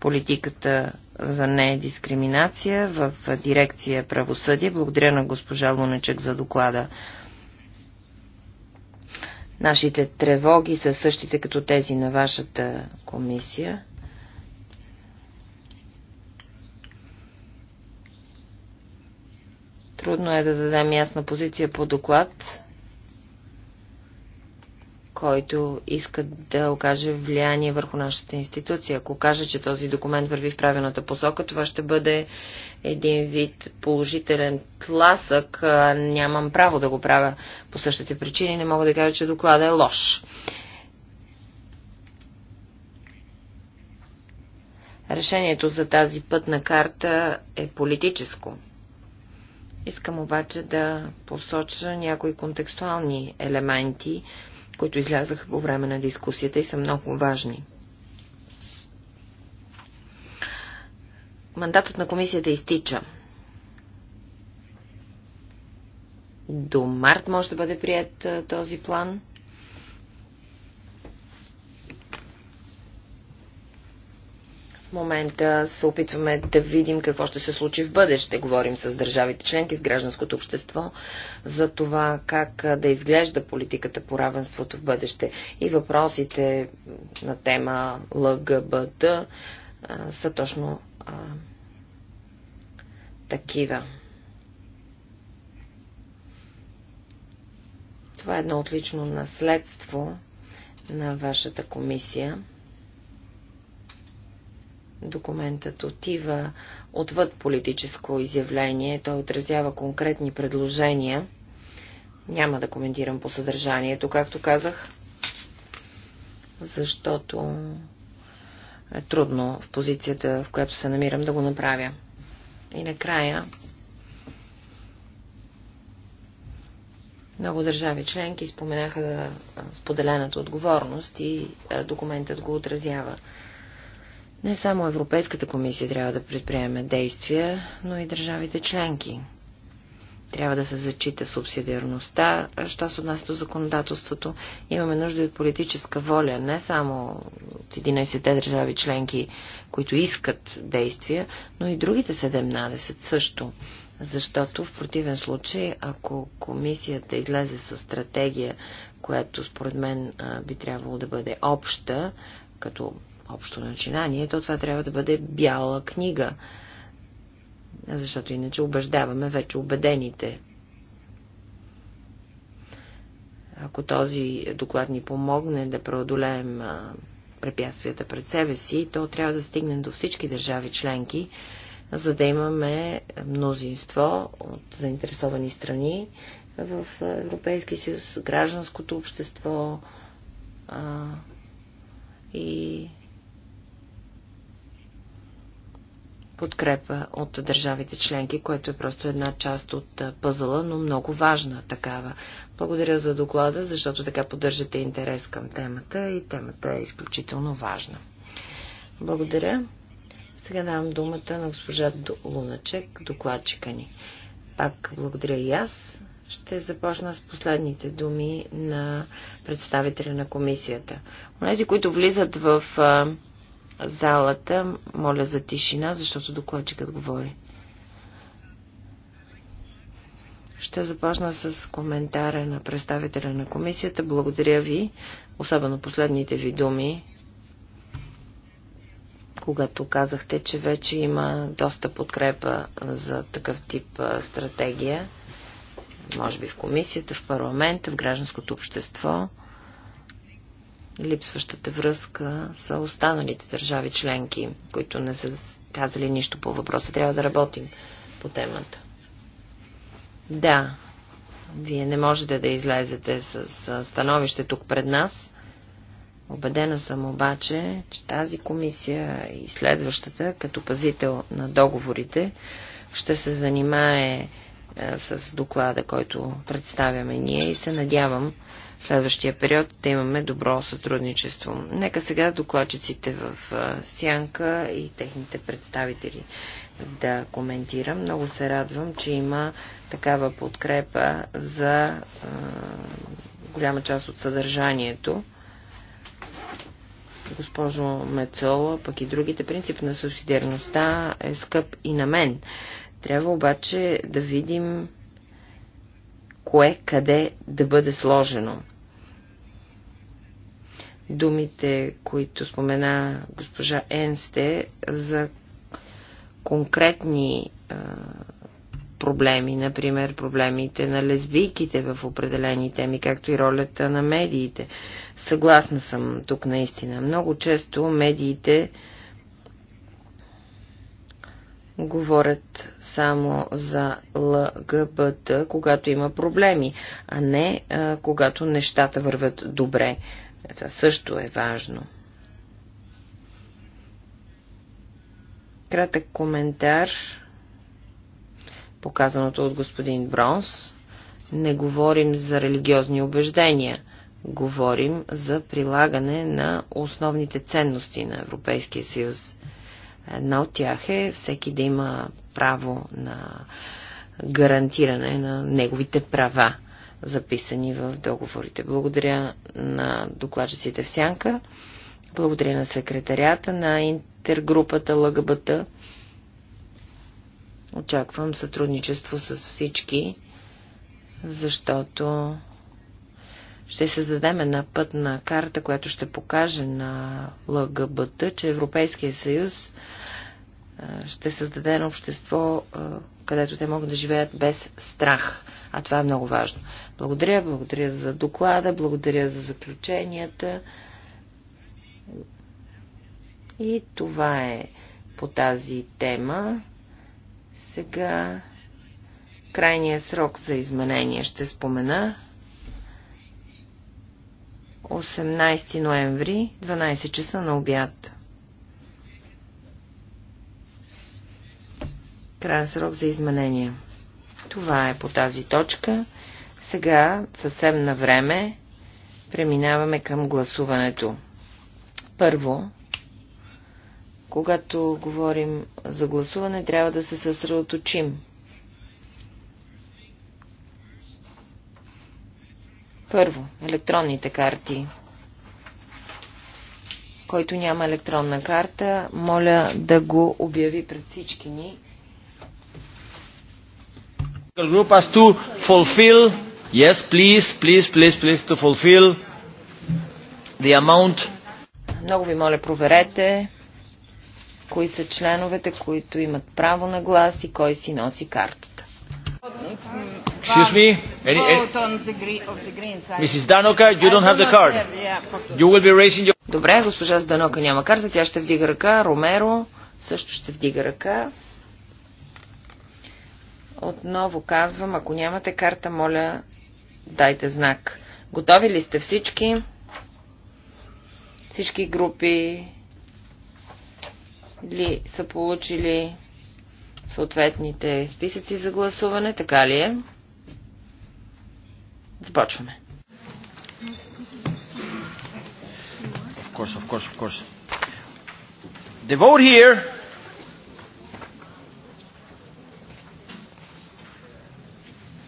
политиката за недискриминация в дирекция правосъдие. Благодаря на госпожа Лунечек за доклада. Нашите тревоги са същите като тези на вашата комисия. Трудно е да дадем ясна позиция по доклад, който иска да окаже влияние върху нашата институция. Ако каже, че този документ върви в правилната посока, това ще бъде един вид положителен тласък. Нямам право да го правя по същите причини. Не мога да кажа, че доклада е лош. Решението за тази пътна карта е политическо. Искам обаче да посоча някои контекстуални елементи, които излязаха по време на дискусията и са много важни. Мандатът на комисията изтича. До март може да бъде прият този план. В момента се опитваме да видим какво ще се случи в бъдеще. Говорим с държавите членки, с гражданското общество за това как да изглежда политиката по равенството в бъдеще. И въпросите на тема ЛГБТ а, са точно а, такива. Това е едно отлично наследство на вашата комисия. Документът отива отвъд политическо изявление. Той отразява конкретни предложения. Няма да коментирам по съдържанието, както казах, защото е трудно в позицията, в която се намирам, да го направя. И накрая Много държави членки споменаха споделената отговорност и е, документът го отразява. Не само Европейската комисия трябва да предприеме действия, но и държавите членки. Трябва да се зачита субсидиарността, що се отнася до законодателството. Имаме нужда и от политическа воля, не само от 11-те държави членки, които искат действия, но и другите 17 също. Защото в противен случай, ако комисията излезе с стратегия, която според мен би трябвало да бъде обща, като общо начинание, то това трябва да бъде бяла книга. Защото иначе убеждаваме вече убедените. Ако този доклад ни помогне да преодолеем препятствията пред себе си, то трябва да стигнем до всички държави членки, за да имаме мнозинство от заинтересовани страни в Европейски съюз, гражданското общество а, и подкрепа от държавите членки, което е просто една част от пъзъла, но много важна такава. Благодаря за доклада, защото така поддържате интерес към темата и темата е изключително важна. Благодаря. Сега давам думата на госпожа Луначек, докладчика ни. Пак благодаря и аз. Ще започна с последните думи на представителя на комисията. Онези, които влизат в залата. Моля за тишина, защото докладчикът говори. Ще започна с коментара на представителя на комисията. Благодаря ви, особено последните ви думи, когато казахте, че вече има доста подкрепа за такъв тип стратегия, може би в комисията, в парламента, в гражданското общество липсващата връзка са останалите държави членки, които не са казали нищо по въпроса. Трябва да работим по темата. Да, вие не можете да излезете с, с становище тук пред нас. Обедена съм обаче, че тази комисия и следващата, като пазител на договорите, ще се занимае е, с доклада, който представяме ние и се надявам в следващия период да имаме добро сътрудничество. Нека сега докладчиците в е, Сянка и техните представители да коментирам. Много се радвам, че има такава подкрепа за е, голяма част от съдържанието. Госпожо Мецола, пък и другите принцип на субсидиарността е скъп и на мен трябва обаче да видим кое къде да бъде сложено. Думите, които спомена госпожа Енсте за конкретни а, проблеми, например проблемите на лесбийките в определени теми, както и ролята на медиите. Съгласна съм тук наистина. Много често медиите а, говорят само за ЛГБТ, когато има проблеми, а не а, когато нещата вървят добре. Това също е важно. Кратък коментар, показаното от господин Бронс. Не говорим за религиозни убеждения, говорим за прилагане на основните ценности на Европейския съюз – Една от тях е всеки да има право на гарантиране на неговите права, записани в договорите. Благодаря на докладчиците в Сянка, благодаря на секретарията на интергрупата ЛГБТ. Очаквам сътрудничество с всички, защото ще създадем една пътна карта, която ще покаже на ЛГБТ, че Европейския съюз ще създаде едно общество, където те могат да живеят без страх. А това е много важно. Благодаря, благодаря за доклада, благодаря за заключенията. И това е по тази тема. Сега крайния срок за изменение ще спомена. 18 ноември, 12 часа на обяд. Крайен срок за изменения. Това е по тази точка. Сега, съвсем на време, преминаваме към гласуването. Първо, когато говорим за гласуване, трябва да се съсредоточим. Първо, електронните карти. Който няма електронна карта, моля да го обяви пред всички ни. has to fulfill, yes, please, please, please, please, to fulfill the amount. Много ви моля, проверете кои са членовете, които имат право на глас и кой си носи картата. Excuse me? Any, any, Mrs. Danoka, you don't have the card. You will be raising your... Добре, госпожа Зданока няма карта, тя ще вдига ръка. Ромеро също ще вдига ръка. Отново казвам, ако нямате карта, моля, дайте знак. Готови ли сте всички? Всички групи ли са получили съответните списъци за гласуване, така ли е? Започваме. Of course, of course, of course. The vote here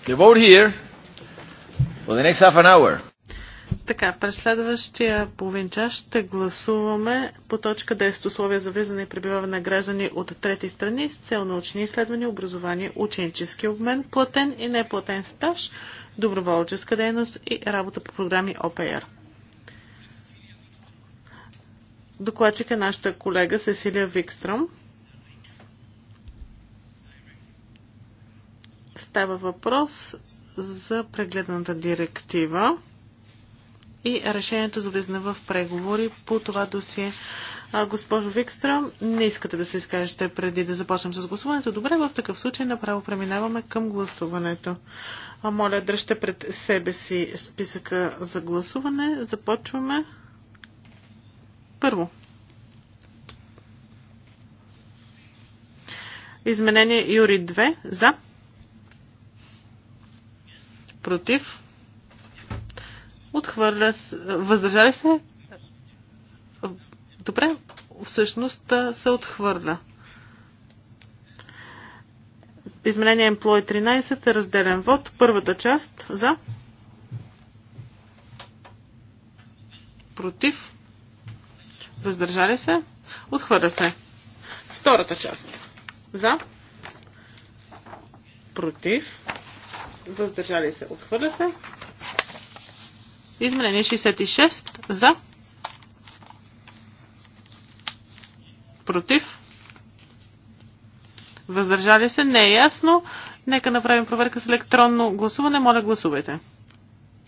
The vote here for the next half an hour. Така, през следващия половин час ще гласуваме по точка 10 условия за влизане и пребиваване на граждани от трети страни с цел научни изследвания, образование, ученически обмен, платен и неплатен стаж, доброволческа дейност и работа по програми ОПР. Докладчик е нашата колега Сесилия Викстром. Става въпрос за прегледната директива и решението за да в преговори по това досие. А, госпожо Викстра, не искате да се изкажете преди да започнем с гласуването. Добре, в такъв случай направо преминаваме към гласуването. А, моля, дръжте пред себе си списъка за гласуване. Започваме. Първо. Изменение Юри 2. За. Против. Отхвърля се. Въздържали се? Добре. Всъщност се отхвърля. Изменение Емплой 13 е разделен вод. Първата част за. Против. Въздържали се. Отхвърля се. Втората част. За. Против. Въздържали се. Отхвърля се. Изменение 66 за. Против. Въздържали се? Не е ясно. Нека направим проверка с електронно гласуване. Моля, гласувайте.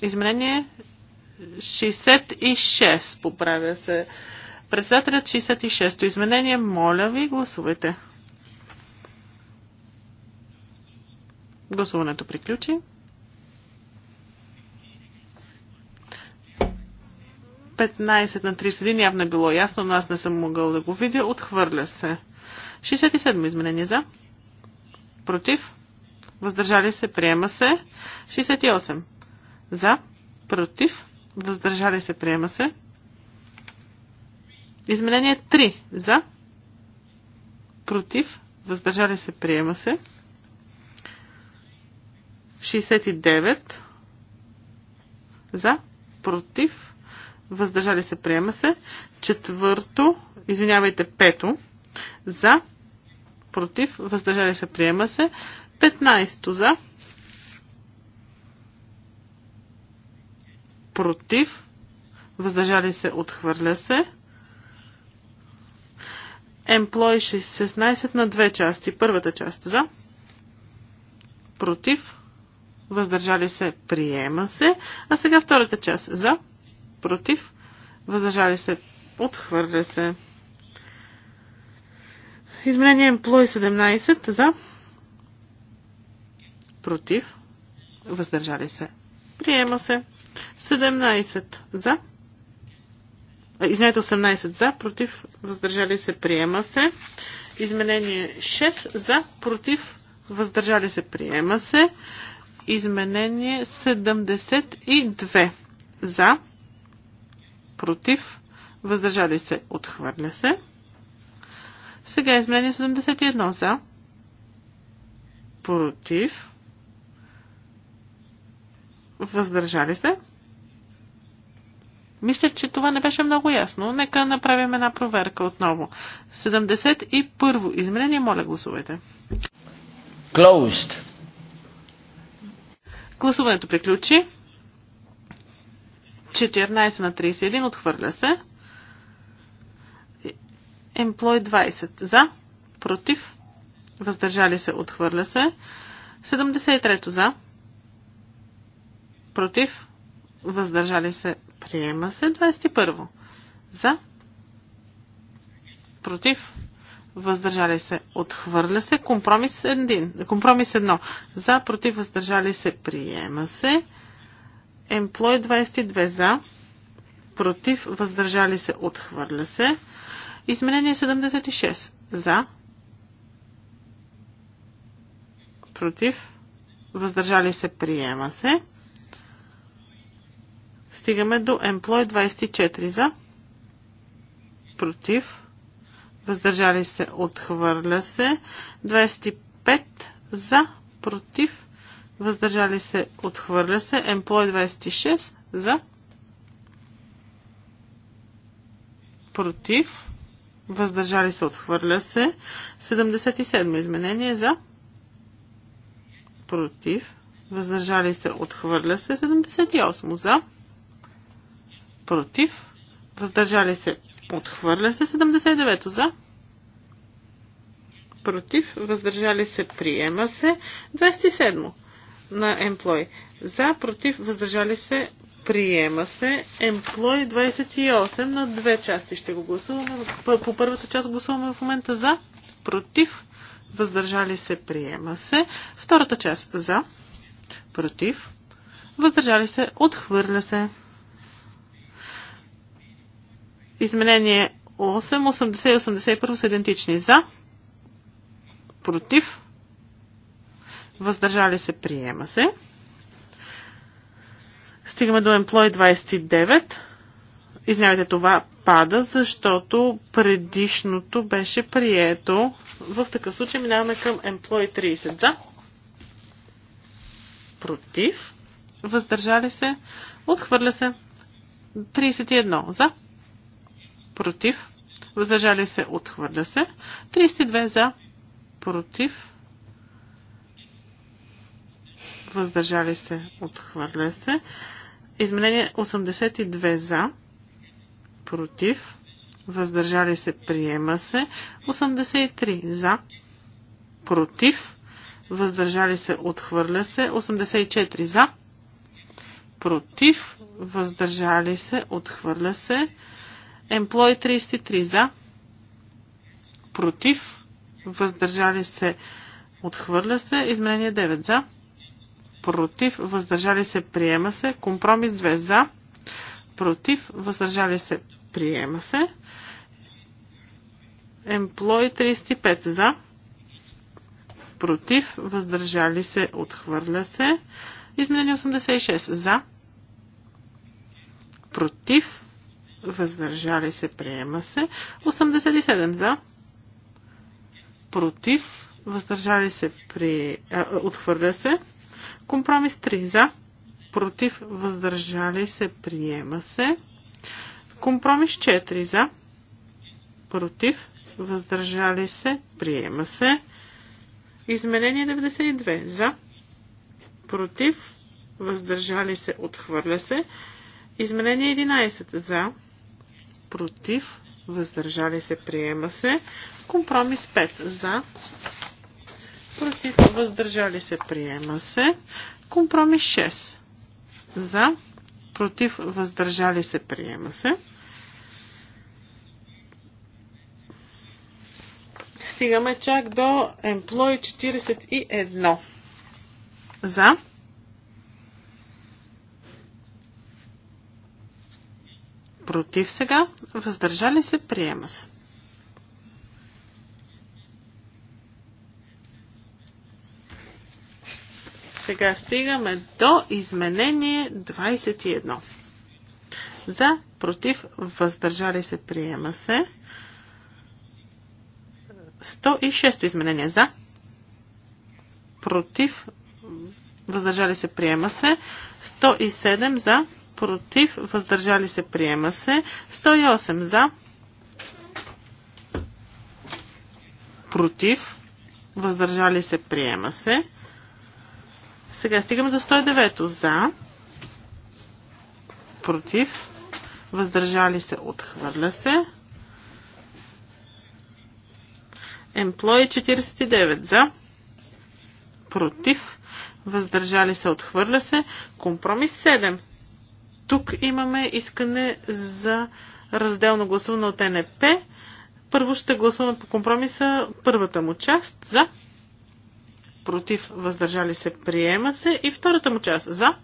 Изменение 66. Поправя се председателят 66-то изменение. Моля ви, гласувайте. Гласуването приключи. 15 на 31 явно е било ясно, но аз не съм могъл да го видя. Отхвърля се. 67 изменение за. Против. Въздържали се. Приема се. 68. За. Против. Въздържали се. Приема се. Изменение 3. За. Против. Въздържали се. Приема се. 69. За. Против въздържали се, приема се. Четвърто, извинявайте, пето, за, против, въздържали се, приема се. Петнайсто за, против, въздържали се, отхвърля се. Емплой 16 на две части. Първата част за, против, въздържали се, приема се. А сега втората част за, против, против, въздържали се, отхвърля се. Изменение Плой 17 за против, въздържали се, приема се. 17 за Извинете, 18 за, против, въздържали се, приема се. Изменение 6 за, против, въздържали се, приема се. Изменение 72 за, против, въздържали се, отхвърля се. Сега изменение 71 за, против, въздържали се. Мисля, че това не беше много ясно. Нека направим една проверка отново. 71 изменение, моля гласувайте. Closed. Гласуването приключи. 14 на 31 отхвърля се. Емплой 20 за, против, въздържали се, отхвърля се. 73 за, против, въздържали се, приема се. 21 за, против, въздържали се, отхвърля се. Компромис 1, компромис 1 за, против, въздържали се, приема се. Емплой 22 за, против, въздържали се, отхвърля се. Изменение 76 за, против, въздържали се, приема се. Стигаме до Емплой 24 за, против, въздържали се, отхвърля се. 25 за, против, въздържали се, отхвърля се. емплой 26 за, против, въздържали се, отхвърля се. 77 изменение за, против, въздържали се, отхвърля се. 78 за, против, въздържали се, отхвърля се. 79 за, против, въздържали се, приема се. 27 на Емплой. За, против, въздържали се, приема се. Емплой 28 на две части ще го гласуваме. По първата част гласуваме в момента за, против, въздържали се, приема се. Втората част за, против, въздържали се, отхвърля се. Изменение 8, 80 и 81 са идентични за, против, въздържали се, приема се. Стигаме до Employ 29. Извинявайте, това пада, защото предишното беше прието. В такъв случай минаваме към Employ 30 за. Против. Въздържали се. Отхвърля се. 31 за. Против. Въздържали се. Отхвърля се. 32 за. Против въздържали се, отхвърля се. Изменение 82 за, против, въздържали се, приема се. 83 за, против, въздържали се, отхвърля се. 84 за, против, въздържали се, отхвърля се. Емплой 33 за, против, въздържали се, отхвърля се. Изменение 9 за, против, въздържали се, приема се. Компромис 2 за, против, въздържали се, приема се. Емплой 35 за, против, въздържали се, отхвърля се. Изменение 86 за, против, въздържали се, приема се. 87 за, против, въздържали се, при... отхвърля се. Компромис 3 за, против, въздържали се, приема се. Компромис 4 за, против, въздържали се, приема се. Изменение 92 за, против, въздържали се, отхвърля се. Изменение 11 за, против, въздържали се, приема се. Компромис 5 за, против, въздържали се, приема се. Компромис 6. За, против, въздържали се, приема се. Стигаме чак до Employ 41. За. Против сега, въздържали се, приема се. Сега стигаме до изменение 21. За, против, въздържали се, приема се. 106 изменение за, против, въздържали се, приема се. 107 за, против, въздържали се, приема се. 108 за, против, въздържали се, приема се. Сега стигаме до 109 за, против, въздържали се, отхвърля се. Емплой 49 за, против, въздържали се, отхвърля се. Компромис 7. Тук имаме искане за разделно гласуване от НП. Първо ще гласуваме по компромиса първата му част за против, въздържали се, приема се. И втората му част за,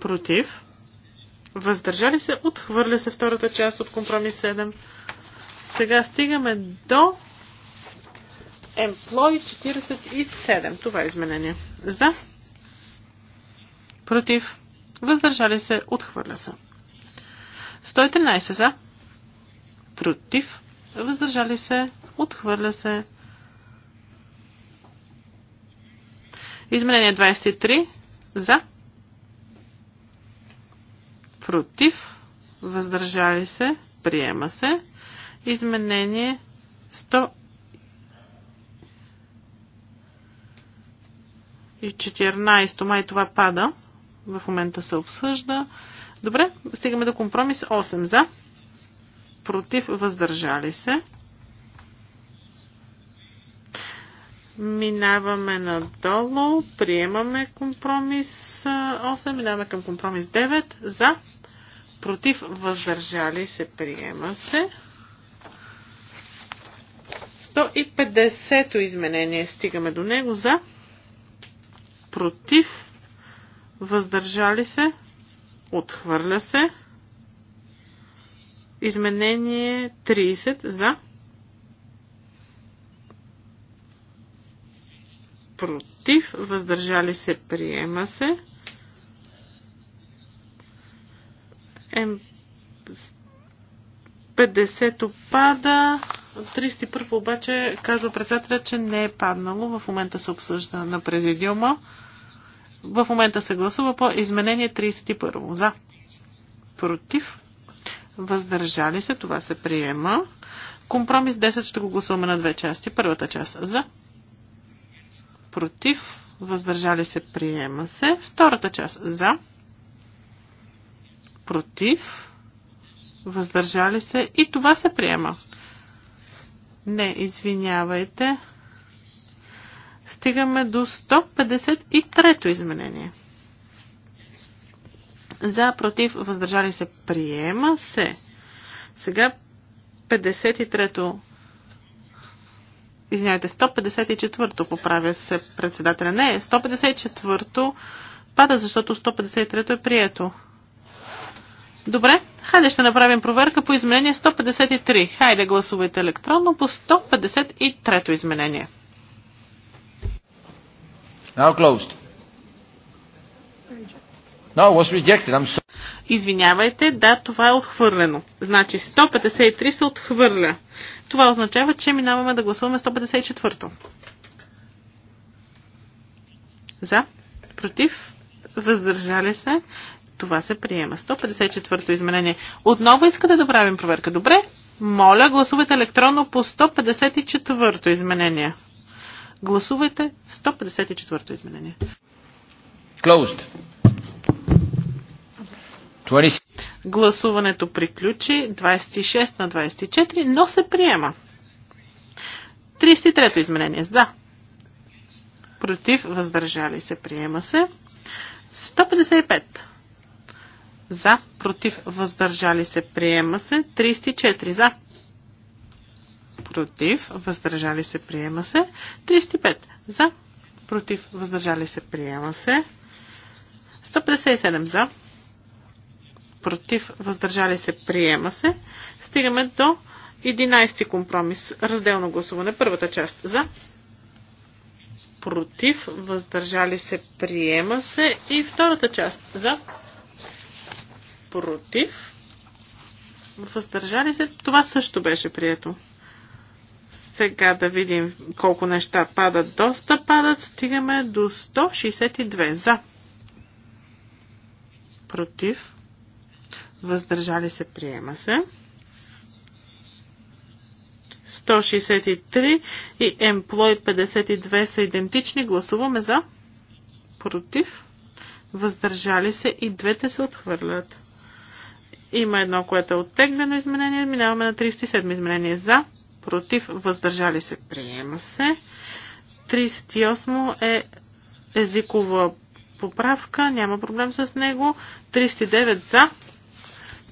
против, въздържали се, отхвърля се втората част от компромис 7. Сега стигаме до Employ 47. Това е изменение. За, против, въздържали се, отхвърля се. 113 за, против, въздържали се, Отхвърля се. Изменение 23. За. Против. Въздържали се. Приема се. Изменение 100. и 14 май това пада. В момента се обсъжда. Добре, стигаме до компромис 8 за, против въздържали се. Минаваме надолу, приемаме компромис 8, минаваме към компромис 9, за, против, въздържали се, приема се. 150-то изменение, стигаме до него, за, против, въздържали се, отхвърля се. Изменение 30 за, против, въздържали се, приема се. М... 50 пада, 31 обаче казва председателя, че не е паднало. В момента се обсъжда на президиума. В момента се гласува по изменение 31. За. Против. Въздържали се. Това се приема. Компромис 10 ще го гласуваме на две части. Първата част за против, въздържали се, приема се. Втората част за, против, въздържали се и това се приема. Не, извинявайте. Стигаме до 153-то изменение. За, против, въздържали се, приема се. Сега 53-то Извинявайте, 154-то поправя се председателя. Не, 154-то пада, защото 153-то е прието. Добре, хайде ще направим проверка по изменение 153. Хайде гласувайте електронно по 153-то изменение. Now closed. No, was rejected. I'm sorry. Извинявайте, да, това е отхвърлено. Значи 153 се отхвърля. Това означава, че минаваме да гласуваме 154-то. За, против, въздържали се. Това се приема. 154-то изменение. Отново искате да правим проверка. Добре. Моля, гласувайте електронно по 154-то изменение. Гласувайте 154-то изменение. Closed. 20... Гласуването приключи 26 на 24, но се приема. 33-то изменение. Да. Против, въздържали се, приема се. 155. За, против, въздържали се, приема се. 34. За, против, въздържали се, приема се. 35. За, против, въздържали се, приема се. 157 за, против, въздържали се, приема се. Стигаме до 11 компромис. Разделно гласуване. Първата част за. Против, въздържали се, приема се. И втората част за. Против, въздържали се. Това също беше прието. Сега да видим колко неща падат. Доста падат. Стигаме до 162 за. Против, въздържали се, приема се. 163 и Employed 52 са идентични. Гласуваме за. Против. Въздържали се и двете се отхвърлят. Има едно, което е оттеглено изменение. Минаваме на 37 изменение за. Против. Въздържали се. Приема се. 38 е езикова поправка. Няма проблем с него. 39 за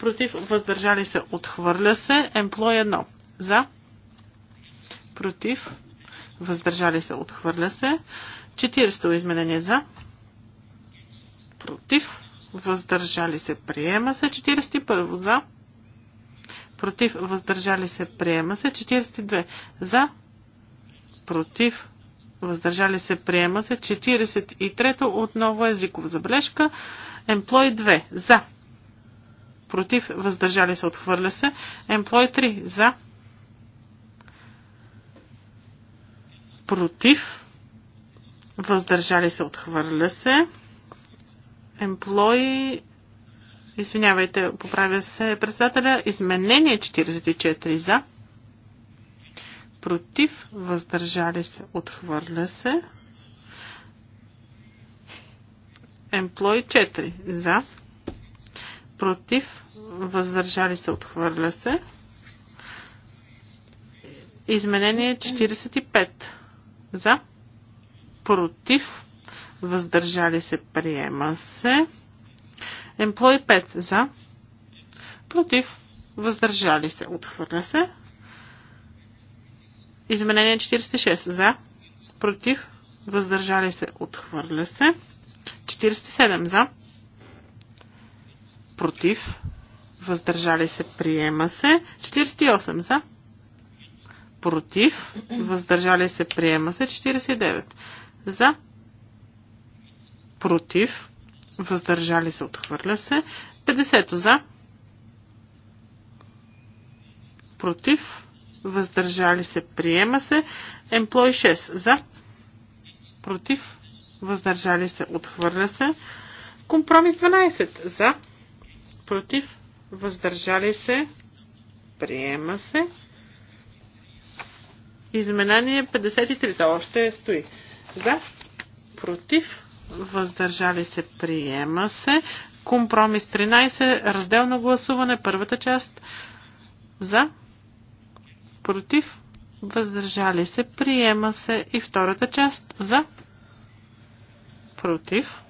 против, въздържали се, отхвърля се. Емплой 1 за, против, въздържали се, отхвърля се. 40 изменение за, против, въздържали се, приема се. 41 за, против, въздържали се, приема се. 42 за, против, въздържали се, приема се. 43 отново езикова забележка. Емплой 2 за, против, въздържали се, отхвърля се. Емплой 3 за, против, въздържали се, отхвърля се. Емплой, извинявайте, поправя се председателя, изменение 44 за, против, въздържали се, отхвърля се. Емплой 4 за, против, въздържали се, отхвърля се. Изменение 45. За, против, въздържали се, приема се. Емплой 5. За, против, въздържали се, отхвърля се. Изменение 46. За, против, въздържали се, отхвърля се. 47. За, против, въздържали се, приема се. 48 за, против, въздържали се, приема се. 49 за, против, въздържали се, отхвърля се. 50 за, против, въздържали се, приема се. Емплой 6 за, против, въздържали се, отхвърля се. Компромис 12 за, против, въздържали се, приема се. Изменение 53, то още стои. За, против, въздържали се, приема се. Компромис 13, разделно гласуване, първата част. За, против, въздържали се, приема се. И втората част. За, против,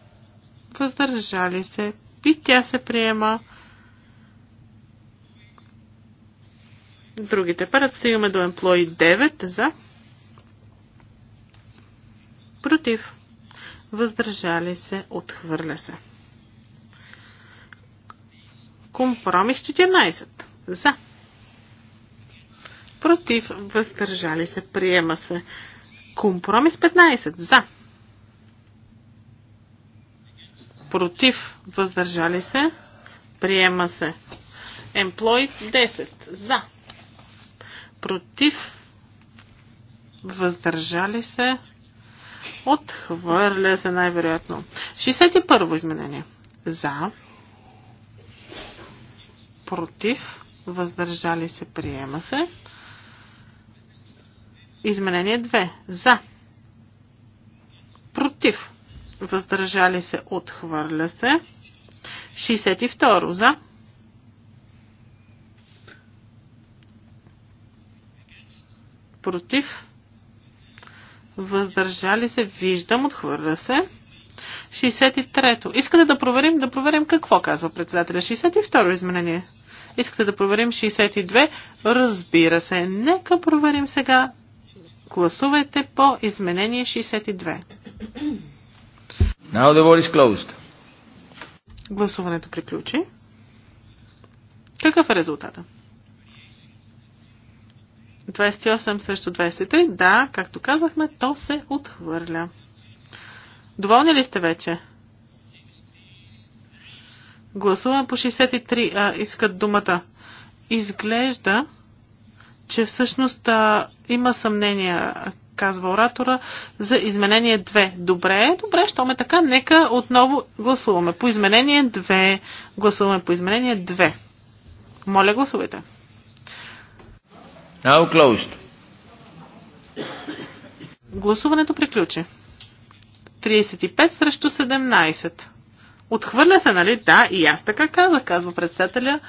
въздържали се, и тя се приема. Другите парат стигаме до Employee 9 за против. Въздържали се, отхвърля се. Компромис 14 за против. Въздържали се, приема се. Компромис 15 за против, въздържали се, приема се. Емплой 10 за, против, въздържали се, отхвърля се най-вероятно. 61 изменение. За, против, въздържали се, приема се. Изменение 2. За въздържали се, отхвърля се. 62 за, против, въздържали се, виждам, отхвърля се. 63-то. Искате да проверим, да проверим какво казва председателя. 62-ро изменение. Искате да проверим 62? Разбира се. Нека проверим сега. Гласувайте по изменение 62. Now the vote is closed. Гласуването приключи. Какъв е резултата? 28 срещу 23. Да, както казахме, то се отхвърля. Доволни ли сте вече? Гласувам. по 63. А, искат думата. Изглежда, че всъщност а, има съмнения казва оратора, за изменение 2. Добре, добре, щом е така, нека отново гласуваме по изменение 2. Гласуваме по изменение 2. Моля, гласувайте. Now closed. Гласуването приключи. 35 срещу 17. Отхвърля се, нали? Да, и аз така казах, казва председателя.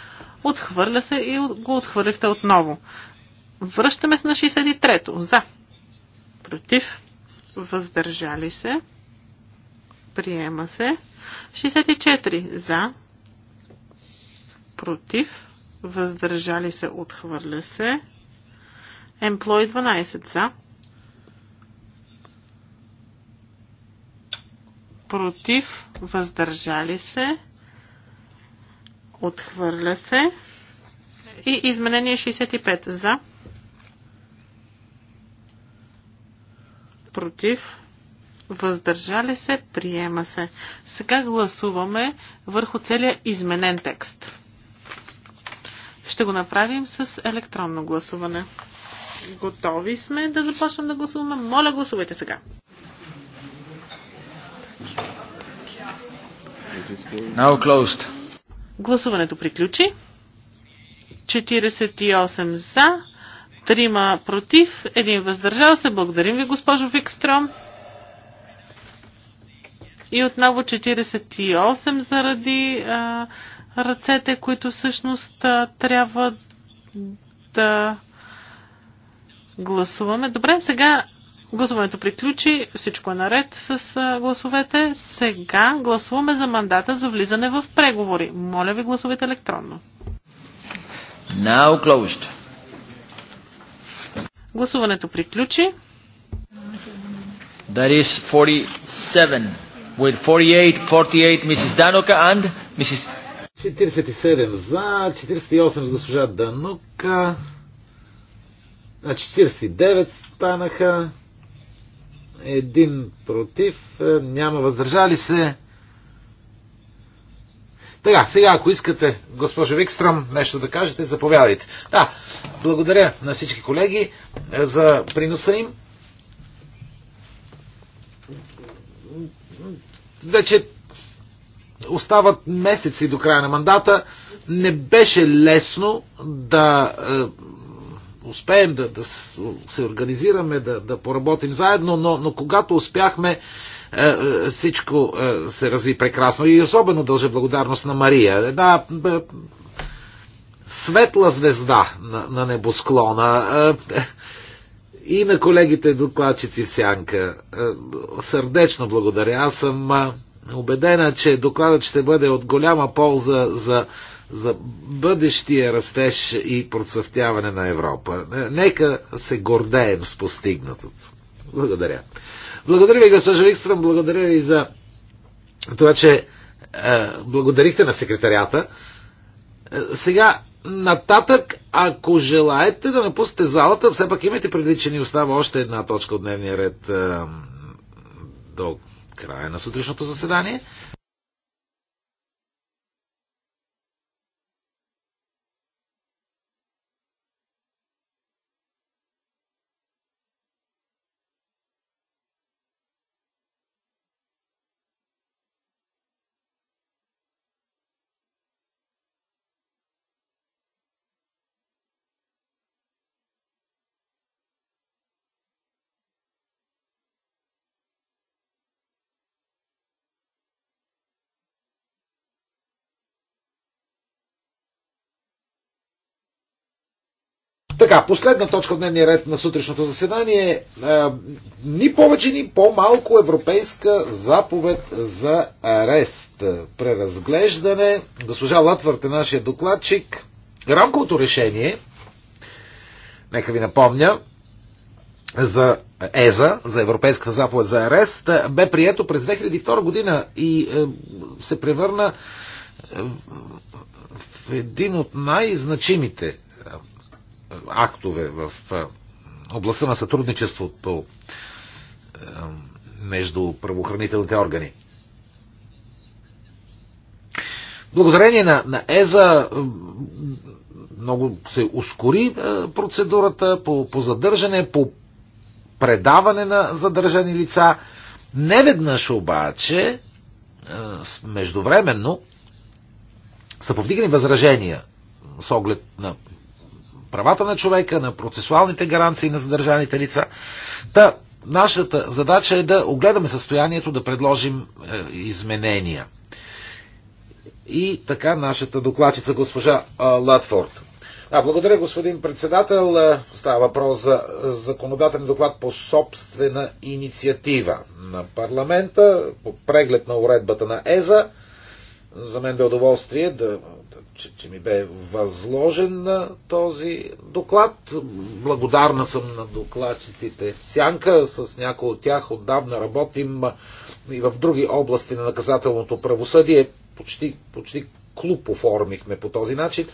Отхвърля се и го отхвърлихте отново. Връщаме се на 63-то. За против, въздържали се, приема се. 64 за, против, въздържали се, отхвърля се. Емплой 12 за, против, въздържали се, отхвърля се. И изменение 65 за, против, въздържали се, приема се. Сега гласуваме върху целия изменен текст. Ще го направим с електронно гласуване. Готови сме да започнем да гласуваме. Моля, гласувайте сега. Now closed. Гласуването приключи. 48 за, Трима против, един въздържал се. Благодарим ви, госпожо Викстром. И отново 48 заради а, ръцете, които всъщност а, трябва да гласуваме. Добре, сега гласуването приключи, всичко е наред с а, гласовете. Сега гласуваме за мандата за влизане в преговори. Моля ви, гласувайте електронно. Now closed. Гласуването приключи. That is 47. With 48, 48, Mrs. Danoka and Mrs. 47 за, 48 с госпожа Данука. На 49 станаха. Един против. Е, няма въздържали се. Така, сега ако искате, госпожо Викстрам, нещо да кажете, заповядайте. Да, благодаря на всички колеги е, за приноса им. Вече остават месеци до края на мандата. Не беше лесно да е, успеем да, да се организираме, да, да поработим заедно, но, но когато успяхме, е, е, всичко е, се разви прекрасно и особено дължа благодарност на Мария. Една светла звезда на, небосклона и на колегите докладчици в Сянка. Сърдечно благодаря. Аз съм убедена, че докладът ще бъде от голяма полза за, за бъдещия растеж и процъфтяване на Европа. Нека се гордеем с постигнатото. Благодаря. Благодаря ви, госпожа Викстрам, благодаря ви за това, че е, благодарихте на секретарията. Е, сега, нататък, ако желаете да напуснете залата, все пак имайте предвид, че ни остава още една точка от дневния ред е, до края на сутрешното заседание. Така, последна точка от дневния ред на сутрешното заседание. А, е, ни повече, ни по-малко европейска заповед за арест. Преразглеждане. Госпожа Латвърт е нашия докладчик. Рамковото решение, нека ви напомня, за ЕЗА, за Европейската заповед за арест, е, бе прието през 2002 година и е, се превърна е, в един от най-значимите актове в областта на сътрудничеството между правоохранителните органи. Благодарение на, на ЕЗА много се ускори процедурата по, по задържане, по предаване на задържани лица. Неведнъж обаче, междувременно, са повдигани възражения с оглед на правата на човека, на процесуалните гаранции на задържаните лица. Та, нашата задача е да огледаме състоянието, да предложим е, изменения. И така нашата докладчица госпожа е, Латфорд. А, благодаря, господин председател. Става въпрос за законодателен доклад по собствена инициатива на парламента, по преглед на уредбата на ЕЗА. За мен бе удоволствие да че, че ми бе възложен на този доклад. Благодарна съм на докладчиците в Сянка. С някои от тях отдавна работим и в други области на наказателното правосъдие. Почти, почти клуб оформихме по този начин.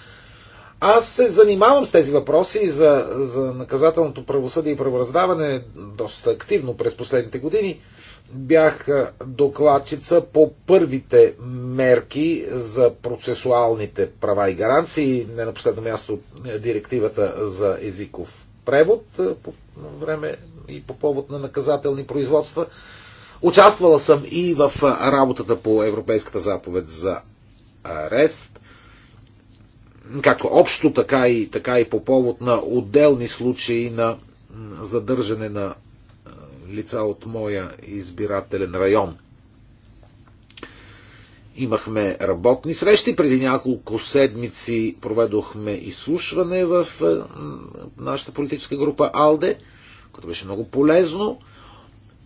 Аз се занимавам с тези въпроси за, за наказателното правосъдие и правораздаване доста активно през последните години бях докладчица по първите мерки за процесуалните права и гаранции, не на последно място е, директивата за езиков превод е, по време и по повод на наказателни производства. Участвала съм и в работата по Европейската заповед за арест, както общо, така и, така и по повод на отделни случаи на задържане на лица от моя избирателен район. Имахме работни срещи. Преди няколко седмици проведохме изслушване в е, нашата политическа група АЛДЕ, което беше много полезно.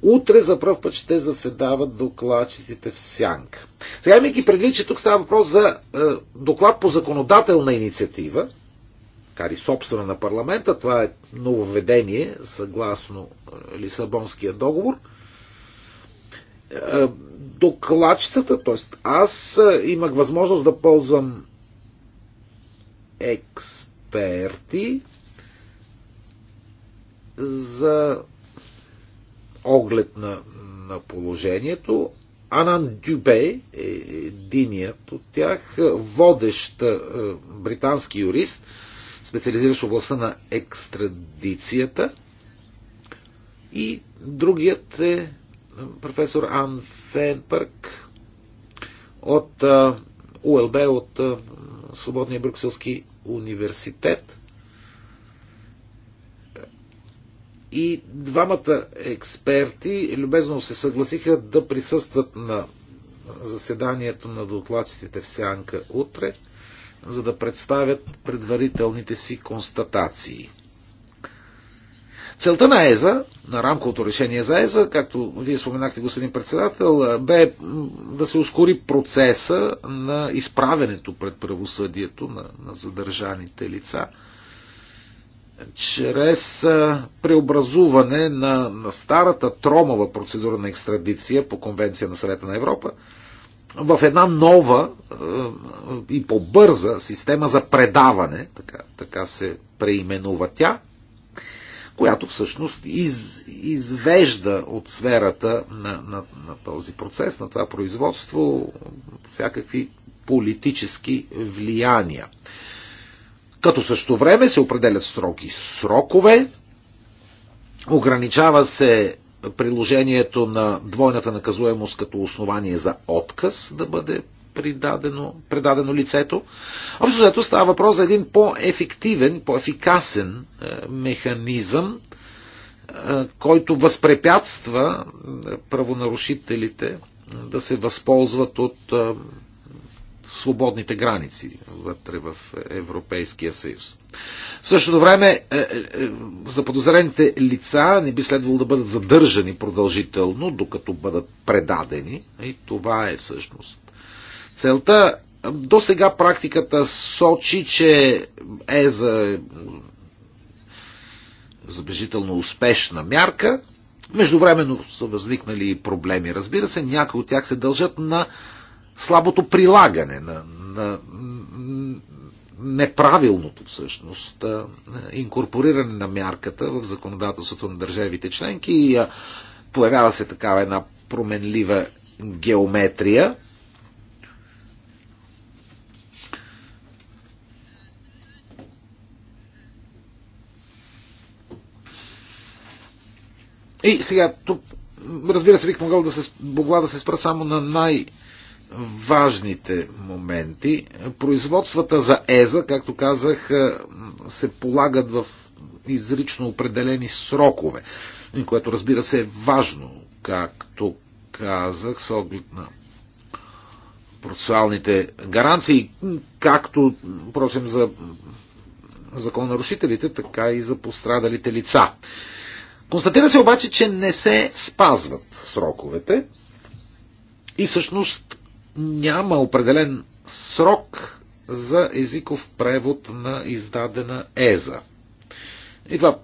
Утре за пръв път ще заседават докладчиците в Сянка. Сега имайки предвид, че тук става въпрос за е, доклад по законодателна инициатива, кари собствена на парламента. Това е нововведение, съгласно е, Лисабонския договор. Е, докладчетата, т.е. аз е, имах възможност да ползвам експерти за оглед на, на положението. Анан Дюбе, е единият от тях, водещ британски юрист, специализиращ в областта на екстрадицията. И другият е, е професор Ан Фенпърк от е, УЛБ, от е, Свободния Брюкселски университет. И двамата експерти любезно се съгласиха да присъстват на заседанието на докладчиците в Сянка утре – за да представят предварителните си констатации. Целта на ЕЗА, на рамковото решение за ЕЗА, както вие споменахте, господин председател, бе да се ускори процеса на изправенето пред правосъдието на, на задържаните лица чрез преобразуване на, на старата тромова процедура на екстрадиция по Конвенция на Съвета на Европа в една нова е, и по-бърза система за предаване, така, така се преименува тя, която всъщност из, извежда от сферата на, на, на този процес, на това производство, всякакви политически влияния. Като също време се определят строки срокове, ограничава се приложението на двойната наказуемост като основание за отказ да бъде придадено, предадено лицето. Общо ето става въпрос за един по-ефективен, по-ефикасен е, механизъм, е, който възпрепятства правонарушителите да се възползват от е, свободните граници вътре в Европейския съюз. В същото време е, е, е, заподозрените лица не би следвало да бъдат задържани продължително, докато бъдат предадени. И това е всъщност целта. До сега практиката сочи, че е за забежително успешна мярка. Междувременно са възникнали проблеми. Разбира се, някои от тях се дължат на слабото прилагане на, на неправилното всъщност инкорпориране на мярката в законодателството на държавите членки и появява се такава една променлива геометрия. И сега, тук, разбира се, бих могъл да се, могла да се спра само на най- важните моменти. Производствата за ЕЗА, както казах, е, се полагат в изрично определени срокове, което разбира се е важно, както казах, с оглед на процесуалните гаранции, както, просим, за закононарушителите, така и за пострадалите лица. Констатира се обаче, че не се спазват сроковете и всъщност няма определен срок за езиков превод на издадена еза. И това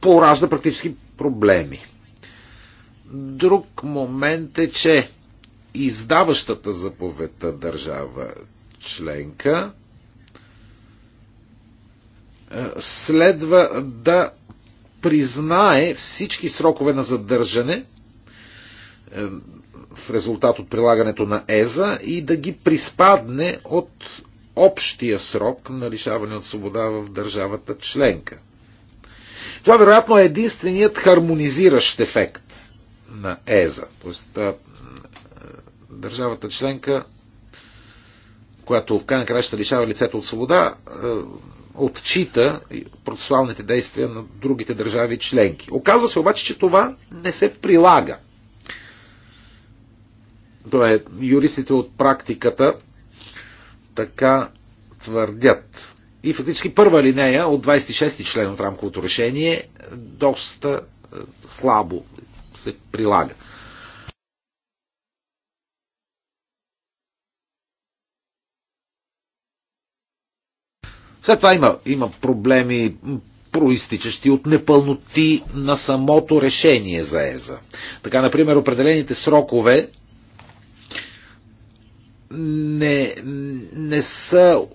поражда практически проблеми. Друг момент е, че издаващата заповедта държава членка е, следва да признае всички срокове на задържане е, в резултат от прилагането на ЕЗА и да ги приспадне от общия срок на лишаване от свобода в държавата членка. Това вероятно е единственият хармонизиращ ефект на ЕЗА. Тоест, държавата членка, която в крайна краща лишава лицето от свобода, отчита процесуалните действия на другите държави членки. Оказва се обаче, че това не се прилага е, юристите от практиката така твърдят. И фактически първа линея от 26 ти член от рамковото решение доста е, слабо се прилага. След това има, има проблеми, проистичащи от непълноти на самото решение за ЕЗА. Така, например, определените срокове не, не са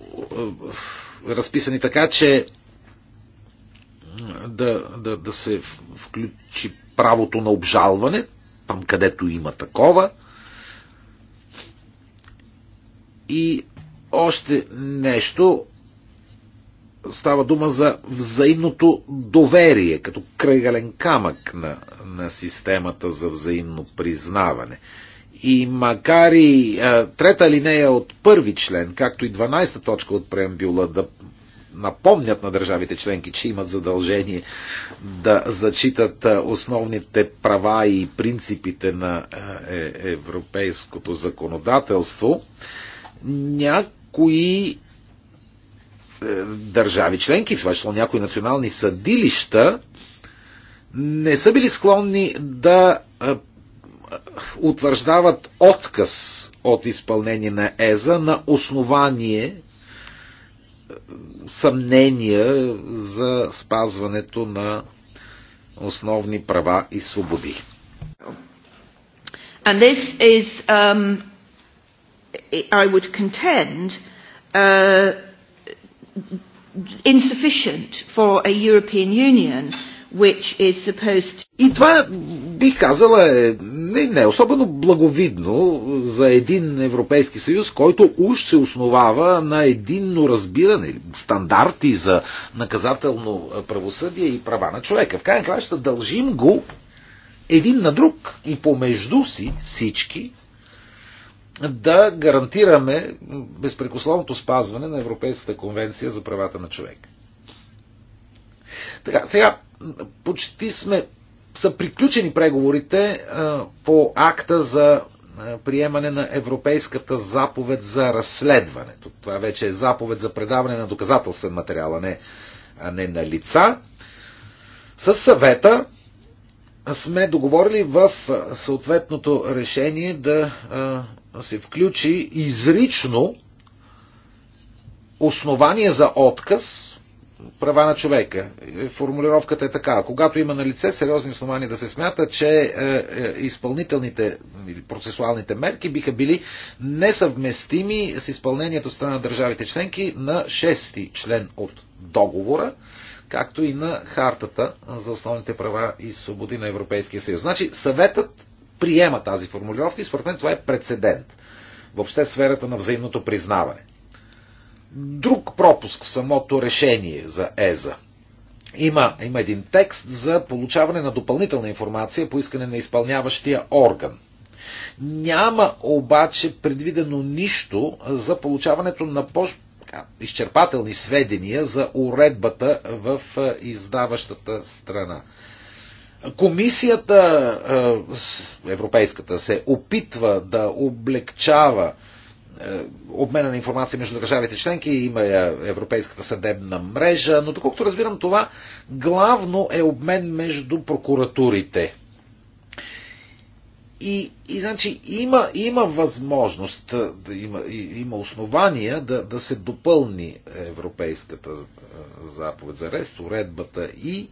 е, разписани така, че да, да, да се включи правото на обжалване, там където има такова. И още нещо става дума за взаимното доверие, като кръгален камък на, на системата за взаимно признаване. И макар и е, трета линея от първи член, както и 12-та точка от преамбюла да напомнят на държавите членки, че имат задължение да зачитат основните права и принципите на е, европейското законодателство, някои е, държави членки, в това число някои национални съдилища, не са били склонни да утвърждават отказ от изпълнение на ЕЗА на основание е, съмнения за спазването на основни права и свободи. And this is, um, I would contend, uh, insufficient for a European Union uh, which is supposed to... И това, бих казала, е не, не е особено благовидно за един Европейски съюз, който уж се основава на единно разбиране, стандарти за наказателно правосъдие и права на човека. В крайна краща дължим го един на друг и помежду си всички да гарантираме безпрекословното спазване на Европейската конвенция за правата на човека. Така, сега, почти сме са приключени преговорите е, по акта за е, приемане на Европейската заповед за разследването. Това вече е заповед за предаване на доказателствен материал, а не, а не на лица. С съвета сме договорили в е, съответното решение да се включи изрично основание за отказ права на човека. Формулировката е така. Когато има на лице сериозни основания да се смята, че е, е, изпълнителните или процесуалните мерки биха били несъвместими с изпълнението страна на държавите членки на шести член от договора, както и на хартата за основните права и свободи на Европейския съюз. Значи съветът приема тази формулировка и според мен това е прецедент въобще в сферата на взаимното признаване друг пропуск в самото решение за ЕЗА. Има, има един текст за получаване на допълнителна информация по искане на изпълняващия орган. Няма обаче предвидено нищо за получаването на по-изчерпателни сведения за уредбата в е, издаващата страна. Комисията е, Европейската се опитва да облегчава е, обмена на информация между държавите членки, има я Европейската съдебна мрежа, но доколкото разбирам това, главно е обмен между прокуратурите. И, и значи има, има възможност, е, има, има основания да, да се допълни Европейската е, заповед за арест, уредбата и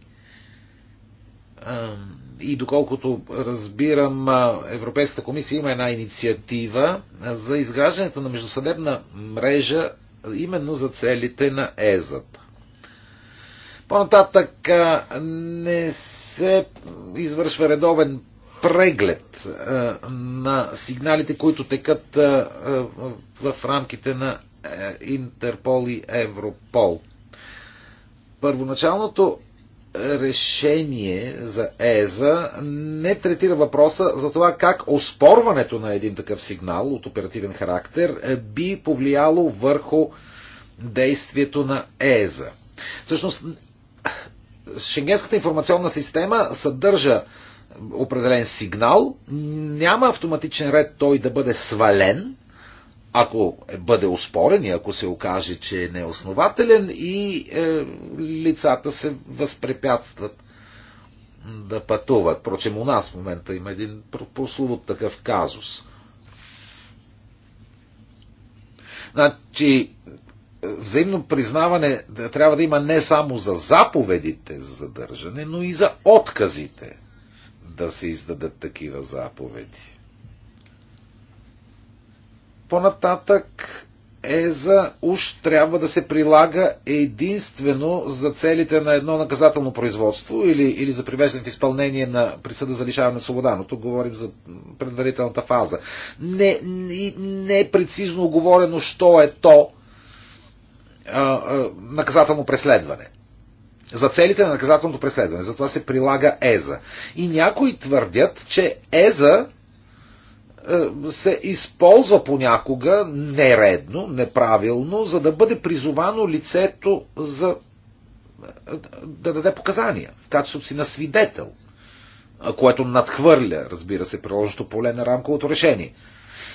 и доколкото разбирам, Европейската комисия има една инициатива за изграждането на междусъдебна мрежа именно за целите на ЕЗАТ. По-нататък не се извършва редовен преглед на сигналите, които текат в рамките на е, Интерпол и Европол. Първоначалното решение за ЕЗА не третира въпроса за това как оспорването на един такъв сигнал от оперативен характер е, би повлияло върху действието на ЕЗА. Всъщност, Шенгенската информационна система съдържа определен сигнал, няма автоматичен ред той да бъде свален, ако бъде успорен и ако се окаже, че е неоснователен и е, лицата се възпрепятстват да пътуват. Впрочем, у нас в момента има един прословут такъв казус. Значи, е, взаимно признаване трябва да има не само за заповедите за задържане, но и за отказите да се издадат такива заповеди по-нататък е за уж трябва да се прилага единствено за целите на едно наказателно производство или, или за привеждане в изпълнение на присъда за лишаване от свобода, но тук говорим за предварителната фаза. Не, не, не е прецизно оговорено, що е то а, а, наказателно преследване. За целите на наказателното преследване. Затова се прилага ЕЗА. И някои твърдят, че ЕЗА е, се използва понякога нередно, неправилно, за да бъде призовано лицето за е, да даде показания в качеството си на свидетел, е, което надхвърля, разбира се, приложното поле на рамковото решение.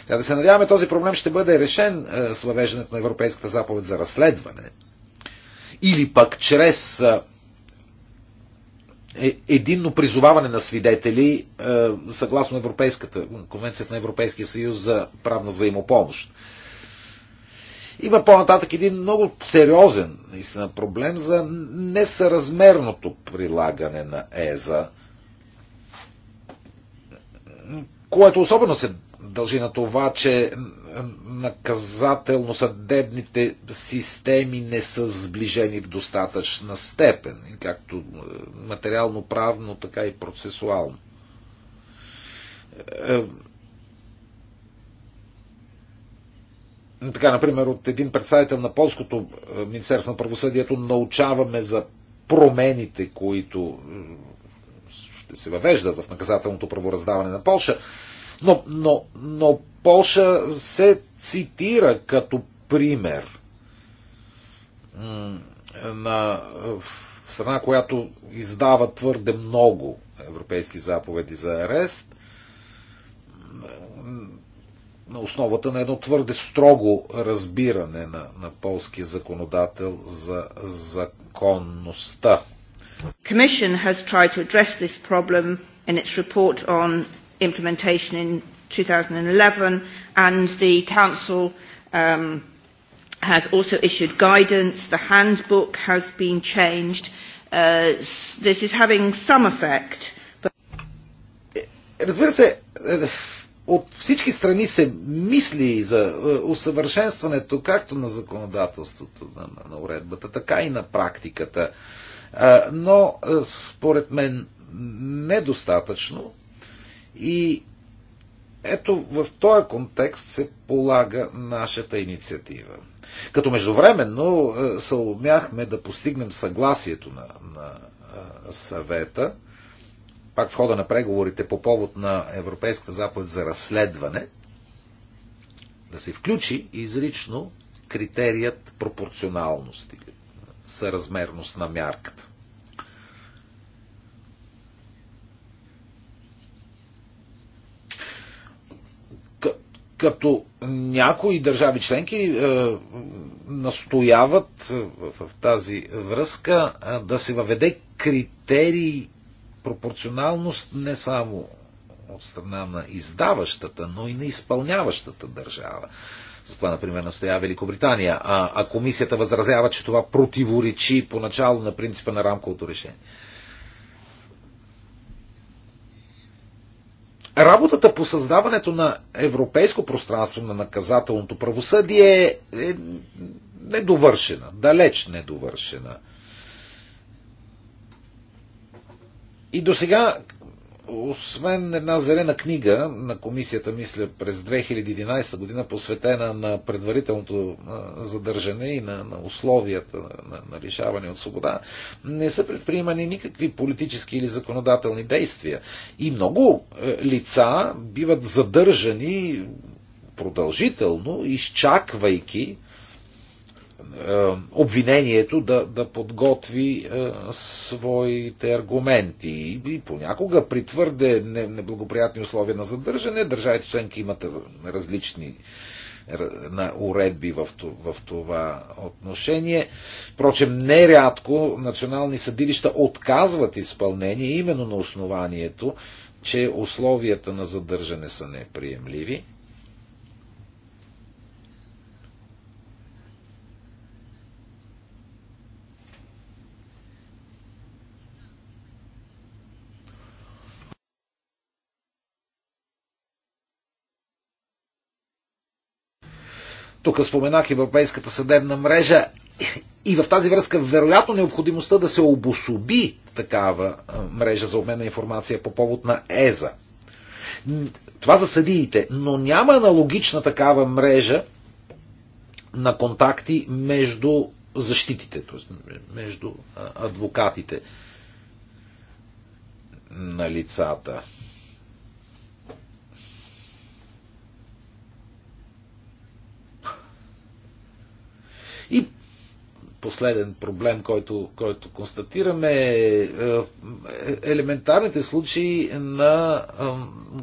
Тя да се надяваме, този проблем ще бъде решен с въвеждането на Европейската заповед за разследване или пък чрез е единно призоваване на свидетели е, съгласно Европейската конвенцията на Европейския съюз за правна взаимопомощ. Има по-нататък един много сериозен наистина, проблем за несъразмерното прилагане на ЕЗА, което особено се дължи на това, че наказателно-съдебните системи не са сближени в достатъчна степен, както е, материално-правно, така и процесуално. Е, така, например, от един представител на Полското е, Министерство на правосъдието научаваме за промените, които ще се въвеждат в наказателното правораздаване на Полша но, но, но Полша се цитира като пример на страна, която издава твърде много европейски заповеди за арест на основата на едно твърде строго разбиране на, на полския законодател за законността. Commission has tried to address this problem in its report on implementation in 2011 and the Council um, has also issued guidance. The handbook has been changed. Uh, this is having some effect. But... Е, разбира се, е, от всички страни се мисли за е, усъвършенстването както на законодателството, на, на, на уредбата, така и на практиката. Но, според мен, недостатъчно и ето в този контекст се полага нашата инициатива. Като междувременно се умяхме да постигнем съгласието на, на е, съвета, пак в хода на преговорите по повод на Европейската заповед за разследване, да се включи изрично критерият пропорционалност или съразмерност на мярката. като някои държави членки е, настояват е, в, в тази връзка е, да се въведе критерий пропорционалност не само от страна на издаващата, но и на изпълняващата държава. За това, например, настоя Великобритания. А, а комисията възразява, че това противоречи поначало на принципа на рамковото решение. Работата по създаването на европейско пространство на наказателното правосъдие е, е недовършена, далеч недовършена. И до сега освен една зелена книга на комисията, мисля, през 2011 година, посветена на предварителното задържане и на, на условията на, на лишаване от свобода, не са предприемани никакви политически или законодателни действия. И много е, лица биват задържани продължително, изчаквайки е, обвинението да, да подготви е, своите аргументи. И понякога при твърде неблагоприятни условия на задържане, държавите членки имат различни на уредби в, в това отношение. Впрочем, нерядко национални съдилища отказват изпълнение именно на основанието, че условията на задържане са неприемливи Тук споменах Европейската съдебна мрежа и в тази връзка вероятно необходимостта да се обособи такава мрежа за обмен на информация по повод на ЕЗА. Това за съдиите, но няма аналогична такава мрежа на контакти между защитите, т.е. между адвокатите на лицата. последен проблем, който, който констатираме, е, е елементарните случаи на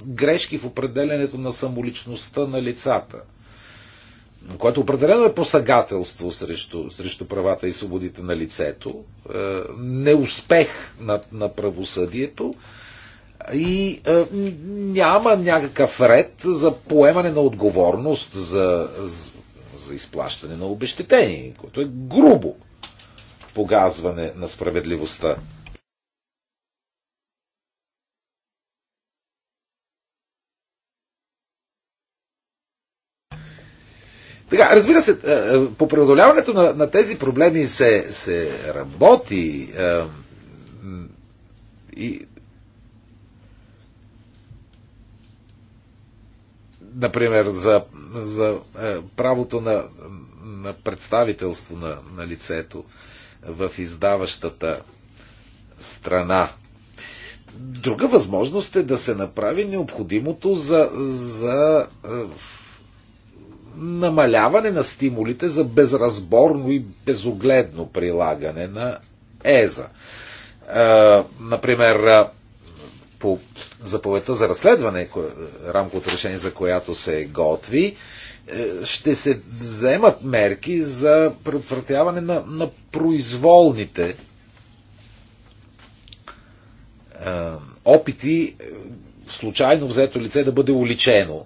грешки в определенето на самоличността на лицата, което определено е посагателство срещу, срещу правата и свободите на лицето, е, неуспех на, на правосъдието и е, няма някакъв ред за поемане на отговорност за, за за изплащане на обещетение, което е грубо погазване на справедливостта. Така, разбира се, е, е, по преодоляването на, на тези проблеми се, се работи. Е, и например, за, за е, правото на, на представителство на, на лицето в издаващата страна. Друга възможност е да се направи необходимото за, за е, намаляване на стимулите за безразборно и безогледно прилагане на ЕЗА. Е, например, по заповедта за разследване, рамковото решение, за която се готви, е, ще се вземат мерки за предотвратяване на, на произволните е, опити е, случайно взето лице да бъде уличено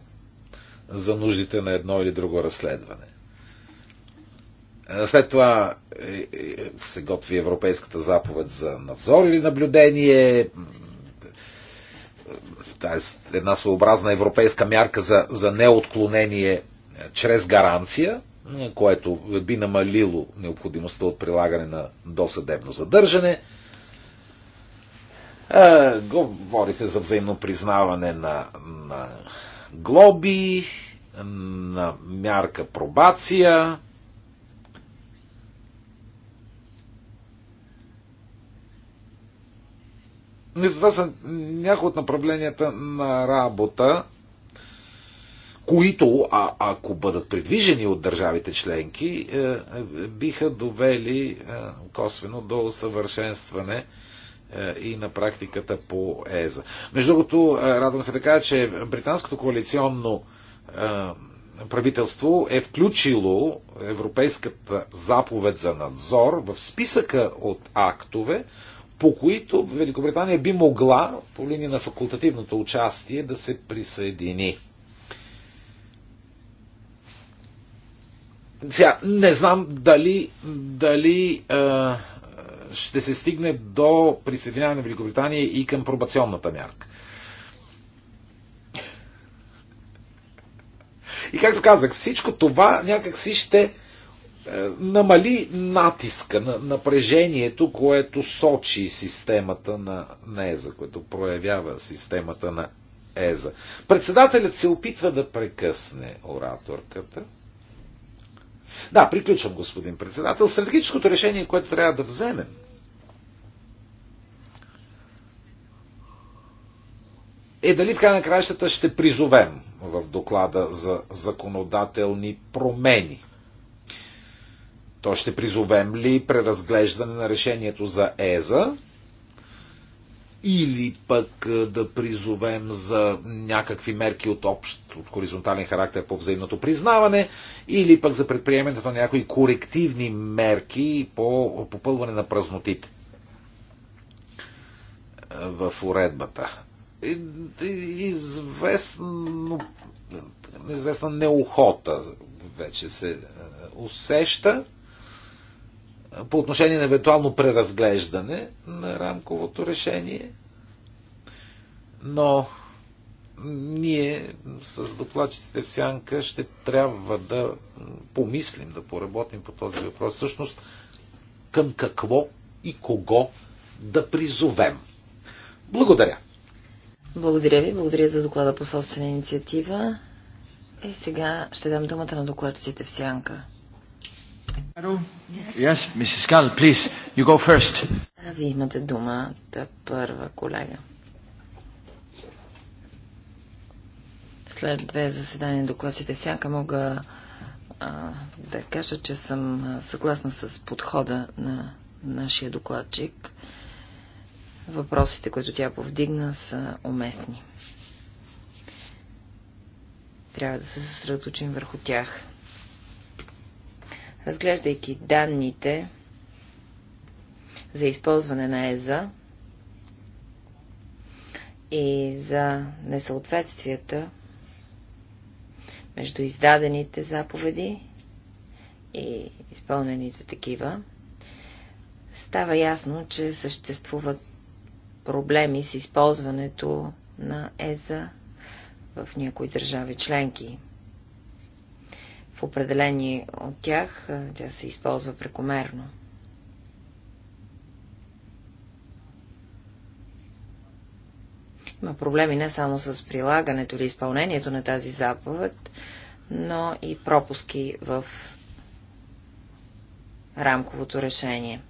за нуждите на едно или друго разследване. След това се готви Европейската заповед за надзор или наблюдение, т.е. една съобразна европейска мярка за, за неотклонение е, чрез гаранция, е, което би намалило необходимостта от прилагане на досъдебно задържане. А, е, говори се за взаимно признаване на, на глоби, на мярка пробация, Това са някои от направленията на работа, които, а, ако бъдат придвижени от държавите членки, е, е биха довели е, косвено до усъвършенстване е, и на практиката по ЕЗА. Между другото, е, радвам се така, че британското коалиционно правителство е включило Европейската заповед за надзор в списъка от актове, по които Великобритания би могла по линия на факултативното участие да се присъедини. Сега, не знам дали, дали е, ще се стигне до присъединяване на Великобритания и към пробационната мярка. И както казах, всичко това някакси ще е, намали натиска, на напрежението, което сочи системата на, на ЕЗА, което проявява системата на ЕЗА. Председателят се опитва да прекъсне ораторката. Да, приключвам, господин председател. Стратегическото решение, което трябва да вземем, е дали в край на краищата ще призовем в доклада за законодателни промени – то ще призовем ли преразглеждане на решението за ЕЗА или пък да призовем за някакви мерки от общ, от хоризонтален характер по взаимното признаване, или пък за предприемането на някои корективни мерки по попълване на празнотите в уредбата. Известно, известна неохота вече се усеща по отношение на евентуално преразглеждане на рамковото решение, но ние с докладчиците в Сянка ще трябва да помислим, да поработим по този въпрос. Всъщност, към какво и кого да призовем. Благодаря. Благодаря ви. Благодаря за доклада по собствена инициатива. И е, сега ще дам думата на докладчиците в Сянка. Yes, Mrs. please, you go first. вие имате думата първа, колега. След две заседания докладчите сянка мога а, да кажа, че съм съгласна с подхода на нашия докладчик. Въпросите, които тя повдигна, са уместни. Трябва да се съсредоточим върху тях. Разглеждайки данните за използване на ЕЗА и за несъответствията между издадените заповеди и изпълнените такива, става ясно, че съществуват проблеми с използването на ЕЗА в някои държави членки определени от тях тя се използва прекомерно. Има проблеми не само с прилагането или изпълнението на тази заповед, но и пропуски в рамковото решение.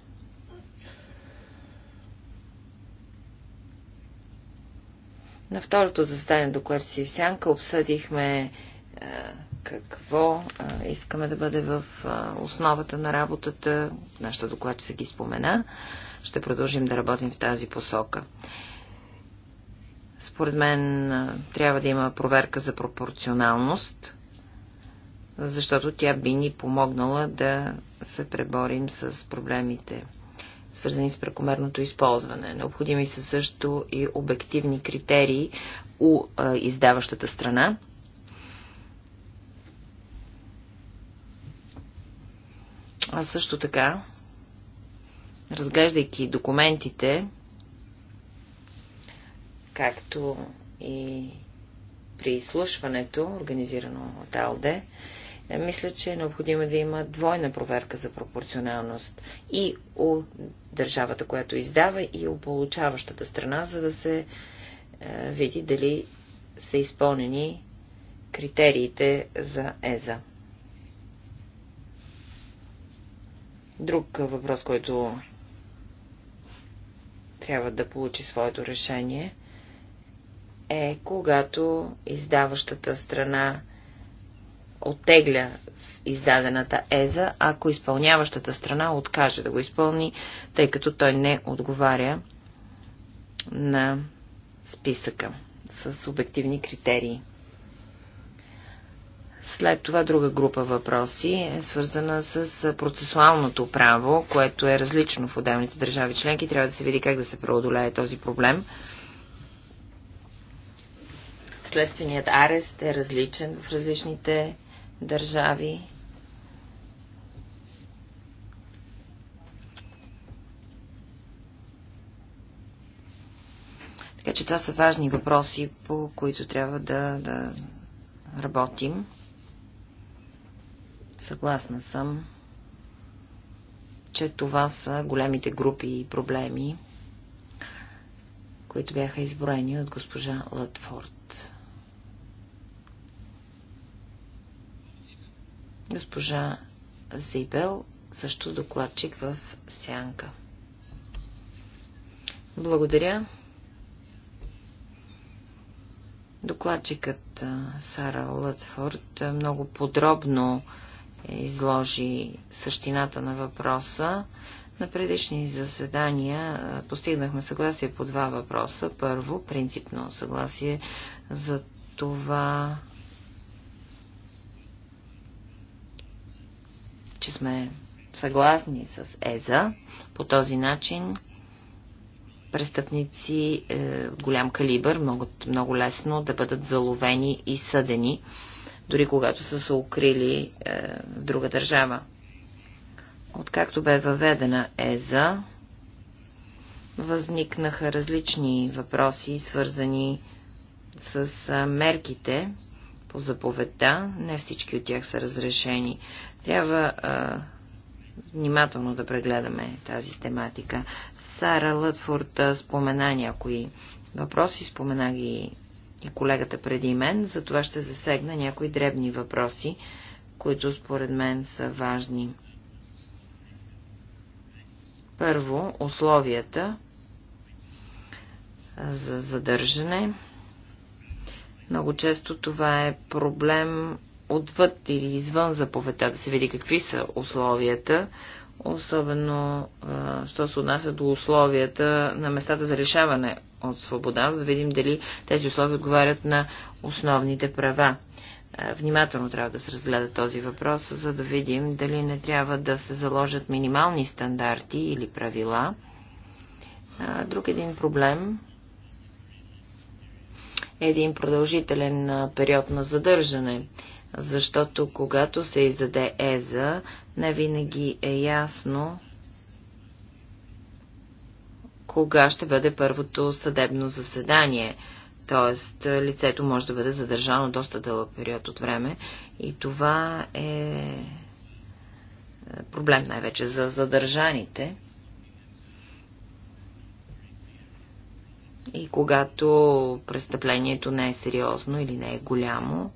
На второто заседание до Кларси в Сянка обсъдихме какво искаме да бъде в основата на работата. Нашата доклад се ги спомена. Ще продължим да работим в тази посока. Според мен трябва да има проверка за пропорционалност, защото тя би ни помогнала да се преборим с проблемите, свързани с прекомерното използване. Необходими са също и обективни критерии у издаващата страна, А също така, разглеждайки документите, както и при изслушването, организирано от АЛД, е, мисля, че е необходимо да има двойна проверка за пропорционалност и у държавата, която издава, и у получаващата страна, за да се е, види дали са изпълнени критериите за ЕЗА. Друг въпрос, който трябва да получи своето решение, е когато издаващата страна оттегля издадената еза, ако изпълняващата страна откаже да го изпълни, тъй като той не отговаря на списъка с обективни критерии. След това друга група въпроси е свързана с процесуалното право, което е различно в отделните държави членки. Трябва да се види как да се преодолее този проблем. Следственият арест е различен в различните държави. Така че това са важни въпроси, по които трябва да, да работим. Съгласна съм, че това са големите групи и проблеми, които бяха изброени от госпожа Лътфорд. Госпожа Зибел, също докладчик в Сянка. Благодаря. Докладчикът Сара Лътфорд много подробно изложи същината на въпроса. На предишни заседания постигнахме съгласие по два въпроса. Първо, принципно съгласие за това, че сме съгласни с ЕЗА. По този начин престъпници е, от голям калибър могат много лесно да бъдат заловени и съдени дори когато са се укрили е, в друга държава. Откакто бе въведена ЕЗА, възникнаха различни въпроси, свързани с е, мерките по заповедта. Не всички от тях са разрешени. Трябва а, е, внимателно да прегледаме тази тематика. Сара Лътфорд е, спомена някои въпроси, спомена ги и колегата преди мен, за това ще засегна някои дребни въпроси, които според мен са важни. Първо, условията за задържане. Много често това е проблем отвъд или извън заповедта, да се види какви са условията, особено а, що се отнася до условията на местата за решаване от свобода, за да видим дали тези условия отговарят на основните права. А, внимателно трябва да се разгледа този въпрос, за да видим дали не трябва да се заложат минимални стандарти или правила. А, друг един проблем е един продължителен период на задържане защото когато се издаде ЕЗА, не винаги е ясно кога ще бъде първото съдебно заседание. Т.е. лицето може да бъде задържано доста дълъг период от време и това е, е проблем най-вече за задържаните. И когато престъплението не е сериозно или не е голямо,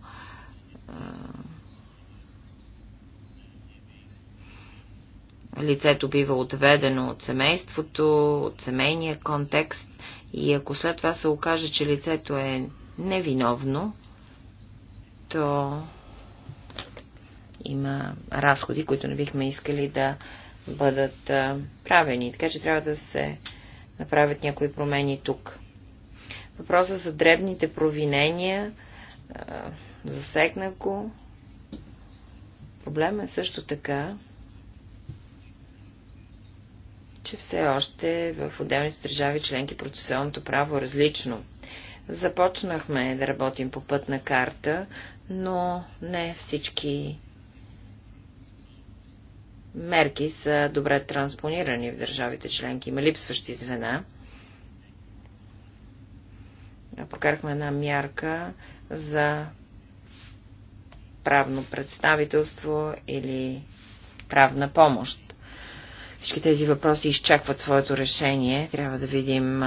лицето бива отведено от семейството, от семейния контекст и ако след това се окаже, че лицето е невиновно, то има разходи, които не бихме искали да бъдат правени. Така че трябва да се направят някои промени тук. Въпросът за дребните провинения Засегна го. Проблема е също така, че все още в отделните държави членки процесуалното право е различно. Започнахме да работим по пътна карта, но не всички мерки са добре транспонирани в държавите членки. Има липсващи звена. Прокарахме една мярка за правно представителство или правна помощ. Всички тези въпроси изчакват своето решение. Трябва да видим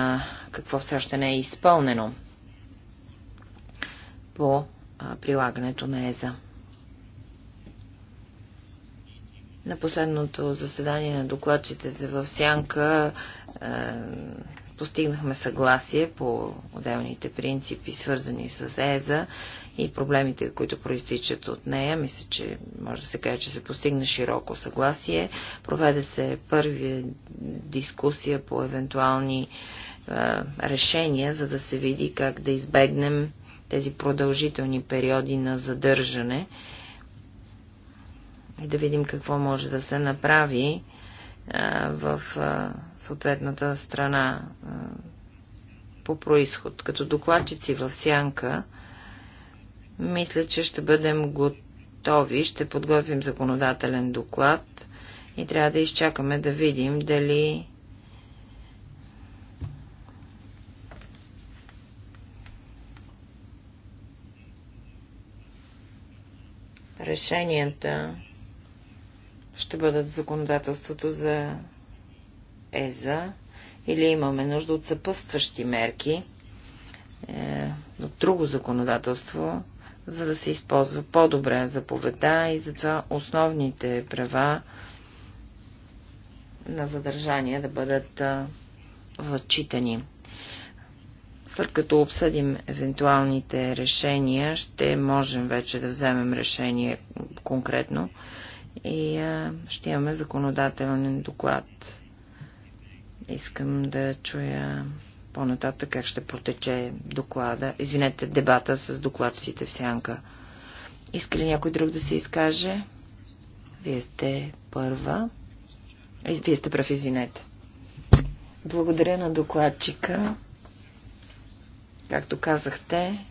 какво все още не е изпълнено по прилагането на ЕЗА. На последното заседание на докладчите за в Сянка постигнахме съгласие по отделните принципи, свързани с ЕЗА и проблемите, които проистичат от нея. Мисля, че може да се каже, че се постигна широко съгласие. Проведе се първия дискусия по евентуални е, решения, за да се види как да избегнем тези продължителни периоди на задържане и да видим какво може да се направи е, в е, съответната страна е, по происход. Като докладчици в Сянка мисля, че ще бъдем готови, ще подготвим законодателен доклад и трябва да изчакаме да видим дали решенията ще бъдат в законодателството за ЕЗА или имаме нужда от съпътстващи мерки е, от друго законодателство, за да се използва по-добре заповедта и затова основните права на задържания да бъдат а, зачитани. След като обсъдим евентуалните решения, ще можем вече да вземем решение конкретно и а, ще имаме законодателен доклад. Искам да чуя по-нататък как ще протече доклада, извинете, дебата с докладците в сянка. Иска ли някой друг да се изкаже? Вие сте първа. Вие сте прав, извинете. Благодаря на докладчика. Както казахте,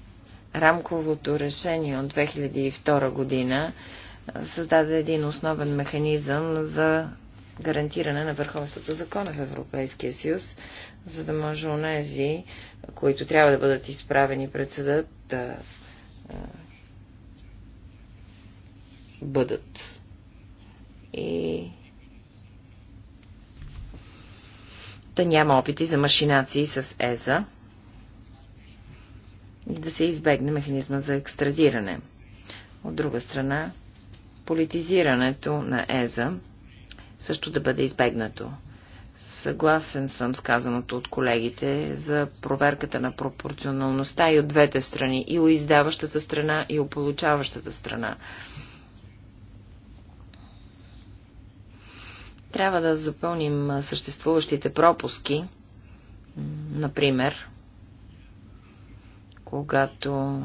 рамковото решение от 2002 година създаде един основен механизъм за гарантиране на върховенството закона в Европейския съюз, за да може онези, които трябва да бъдат изправени пред съда, да бъдат. И да няма опити за машинации с ЕЗА и да се избегне механизма за екстрадиране. От друга страна, политизирането на ЕЗА също да бъде избегнато. Съгласен съм с казаното от колегите за проверката на пропорционалността и от двете страни, и у издаващата страна, и у получаващата страна. Трябва да запълним съществуващите пропуски, например, когато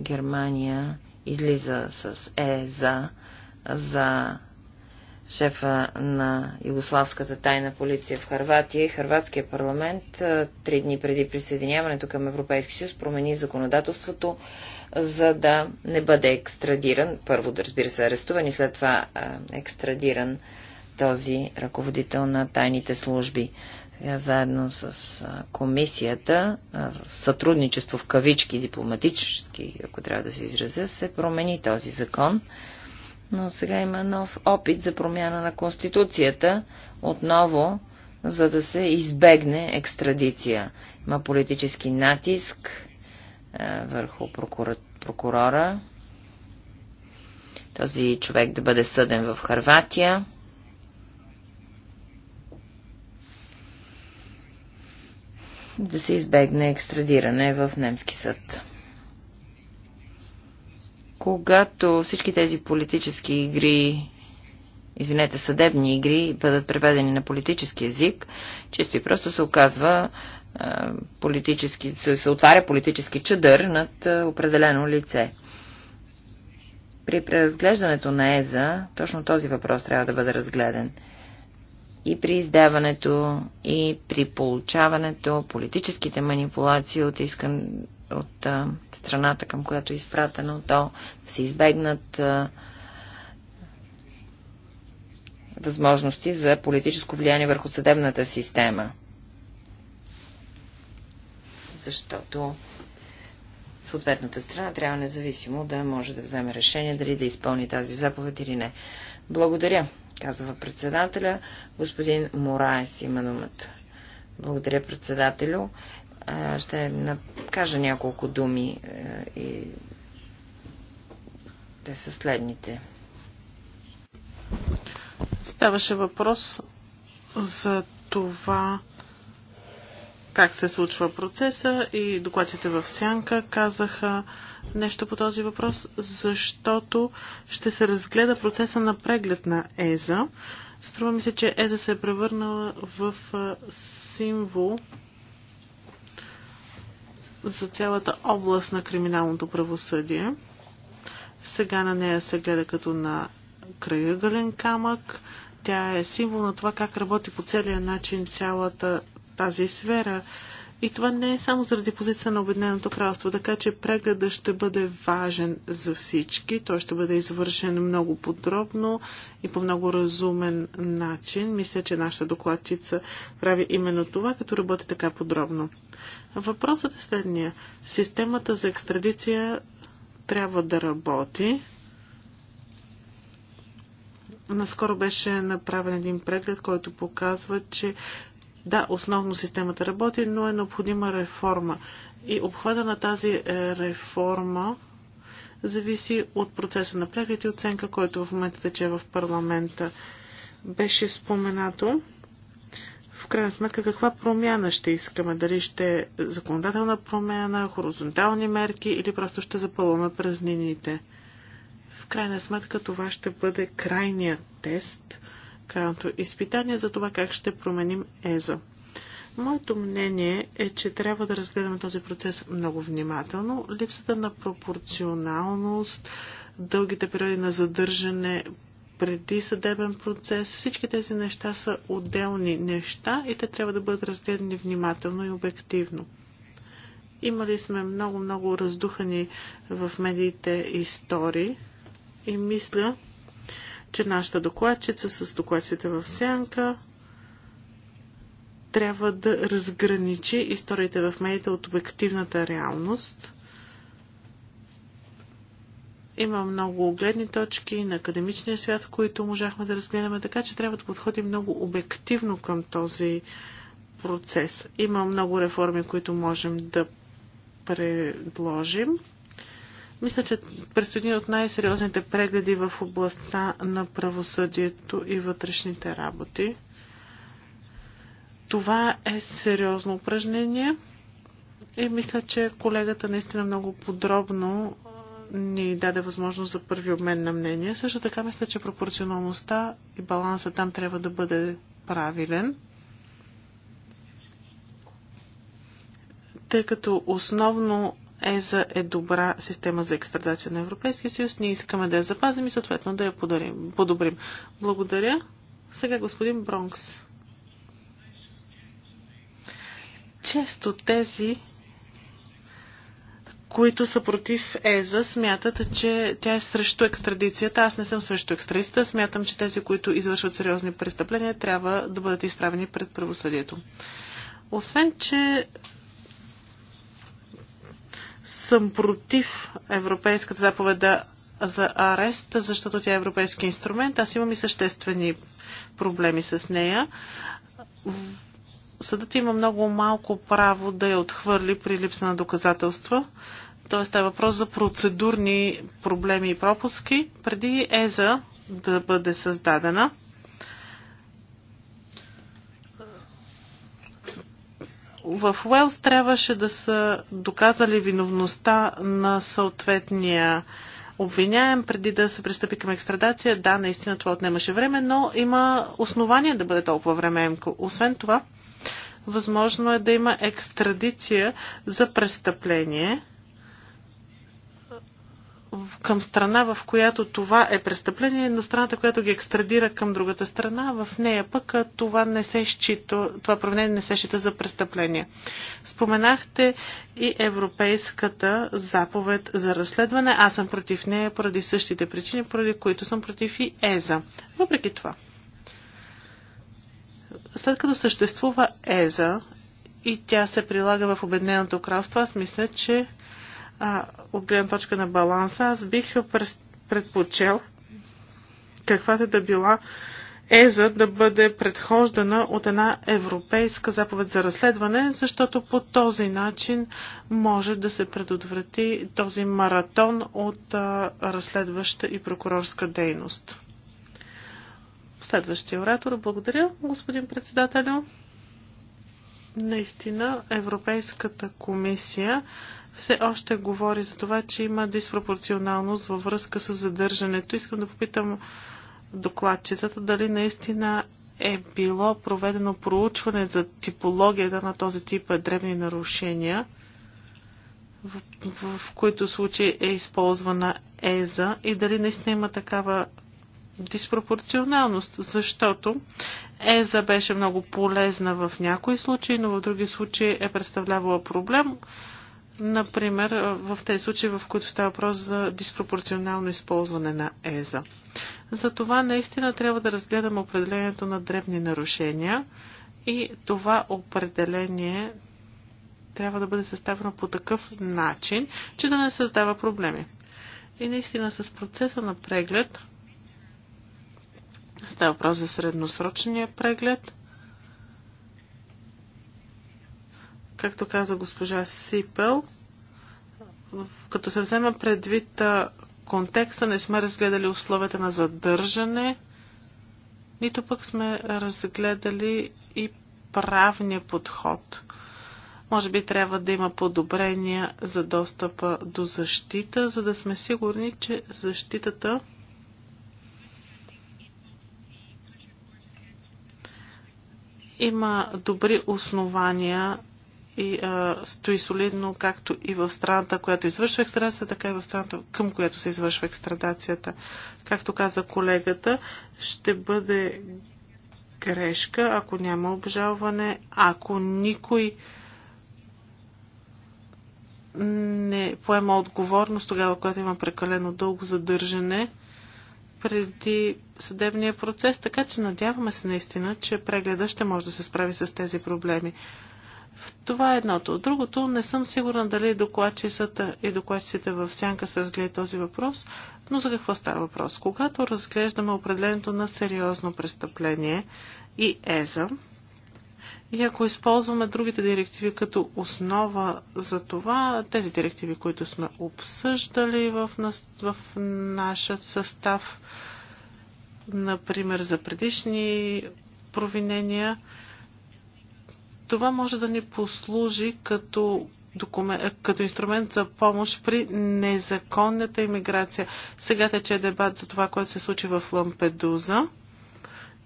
Германия излиза с ЕЗА за шефа на Югославската тайна полиция в Харватия и Харватския парламент три дни преди присъединяването към Европейски съюз промени законодателството, за да не бъде екстрадиран, първо да разбира се арестуван и след това екстрадиран този ръководител на тайните служби. Заедно с комисията, в сътрудничество в кавички дипломатически, ако трябва да се изразя, се промени този закон но сега има нов опит за промяна на Конституцията, отново, за да се избегне екстрадиция. Има политически натиск е, върху прокура... прокурора, този човек да бъде съден в Харватия. Да се избегне екстрадиране в немски съд. Когато всички тези политически игри, извинете, съдебни игри, бъдат преведени на политически язик, чисто и просто се оказва политически, се, се отваря политически чадър над определено лице. При преразглеждането на ЕЗА точно този въпрос трябва да бъде разгледан. И при издаването, и при получаването, политическите манипулации от искан от страната, към която е изпратено, то да се избегнат възможности за политическо влияние върху съдебната система. Защото съответната страна трябва независимо да може да вземе решение дали да изпълни тази заповед или не. Благодаря, казва председателя. Господин Мораес има думата. Благодаря, председателю. Ще кажа няколко думи е, и те са следните. Ставаше въпрос за това как се случва процеса и докладците в Сянка казаха нещо по този въпрос, защото ще се разгледа процеса на преглед на ЕЗА. Струва ми се, че ЕЗА се е превърнала в е, символ за цялата област на криминалното правосъдие. Сега на нея се гледа като на краъгълен камък. Тя е символ на това как работи по целия начин цялата тази сфера. И това не е само заради позиция на Обединеното кралство, така че прегледът ще бъде важен за всички. Той ще бъде извършен много подробно и по много разумен начин. Мисля, че нашата докладчица прави именно това, като работи така подробно. Въпросът е следния. Системата за екстрадиция трябва да работи. Наскоро беше направен един преглед, който показва, че да, основно системата работи, но е необходима реформа. И обхвата на тази е, реформа зависи от процеса на преглед и оценка, който в момента тече в парламента. Беше споменато, в крайна сметка каква промяна ще искаме. Дали ще законодателна промяна, хоризонтални мерки или просто ще запълваме празнините. В крайна сметка това ще бъде крайният тест, крайното изпитание за това как ще променим ЕЗА. Моето мнение е, че трябва да разгледаме този процес много внимателно. Липсата на пропорционалност, дългите периоди на задържане преди съдебен процес. Всички тези неща са отделни неща и те трябва да бъдат разгледани внимателно и обективно. Имали сме много-много раздухани в медиите истории и мисля, че нашата докладчица с докладците в сянка трябва да разграничи историите в медиите от обективната реалност – има много гледни точки на академичния свят, които можахме да разгледаме, така че трябва да подходим много обективно към този процес. Има много реформи, които можем да предложим. Мисля, че през един от най-сериозните прегледи в областта на правосъдието и вътрешните работи. Това е сериозно упражнение и мисля, че колегата наистина много подробно ни даде възможност за първи обмен на мнение. Също така мисля, че пропорционалността и баланса там трябва да бъде правилен. Тъй като основно ЕЗА е добра система за екстрадация на Европейския съюз, ние искаме да я запазим и съответно да я подарим, подобрим. Благодаря. Сега господин Бронкс. Често тези които са против ЕЗА, смятат, че тя е срещу екстрадицията. Аз не съм срещу екстрадицията. Смятам, че тези, които извършват сериозни престъпления, трябва да бъдат изправени пред правосъдието. Освен, че съм против Европейската заповеда за арест, защото тя е европейски инструмент. Аз имам и съществени проблеми с нея съдът има много малко право да я отхвърли при липса на доказателства. Тоест, това е въпрос за процедурни проблеми и пропуски. Преди ЕЗА да бъде създадена, в Уелс трябваше да са доказали виновността на съответния обвиняем преди да се пристъпи към екстрадация. Да, наистина това отнемаше време, но има основания да бъде толкова времеемко. Освен това, Възможно е да има екстрадиция за престъпление към страна, в която това е престъпление, но страната, която ги екстрадира към другата страна, в нея пък това, не се счита, това проявление не се счита за престъпление. Споменахте и Европейската заповед за разследване. Аз съм против нея поради същите причини, поради които съм против и ЕЗА. Въпреки това, след като съществува ЕЗА и тя се прилага в Обедненото кралство, аз мисля, че а, от гледна точка на баланса, аз бих предпочел каквато да била ЕЗА да бъде предхождана от една европейска заповед за разследване, защото по този начин може да се предотврати този маратон от а, разследваща и прокурорска дейност. Следващия оратор. Благодаря, господин председателю. Наистина, Европейската комисия все още говори за това, че има диспропорционалност във връзка с задържането. Искам да попитам докладчицата дали наистина е било проведено проучване за типологията на този тип древни нарушения, в, в, в които случаи е използвана ЕЗА и дали наистина има такава диспропорционалност, защото ЕЗА беше много полезна в някои случаи, но в други случаи е представлявала проблем. Например, в тези случаи, в които става въпрос за диспропорционално използване на ЕЗА. Затова наистина трябва да разгледаме определението на дребни нарушения и това определение трябва да бъде съставено по такъв начин, че да не създава проблеми. И наистина с процеса на преглед Става въпрос за средносрочния преглед. Както каза госпожа Сипел, като се взема предвид контекста, не сме разгледали условията на задържане, нито пък сме разгледали и правния подход. Може би трябва да има подобрения за достъпа до защита, за да сме сигурни, че защитата има добри основания и а, стои солидно както и в страната, която извършва екстрадацията, така и в страната, към която се извършва екстрадацията. Както каза колегата, ще бъде грешка, ако няма обжалване, ако никой не поема отговорност тогава, когато има прекалено дълго задържане преди съдебния процес, така че надяваме се наистина, че прегледа ще може да се справи с тези проблеми. Това е едното. Другото, не съм сигурна дали докладчицата и докладчиците в сянка са разгледали този въпрос, но за какво става въпрос? Когато разглеждаме определенето на сериозно престъпление и ЕЗА, и ако използваме другите директиви като основа за това, тези директиви, които сме обсъждали в, нас, в нашия състав, например за предишни провинения, това може да ни послужи като, документ, като инструмент за помощ при незаконната иммиграция. Сега тече дебат за това, което се случи в Лампедуза.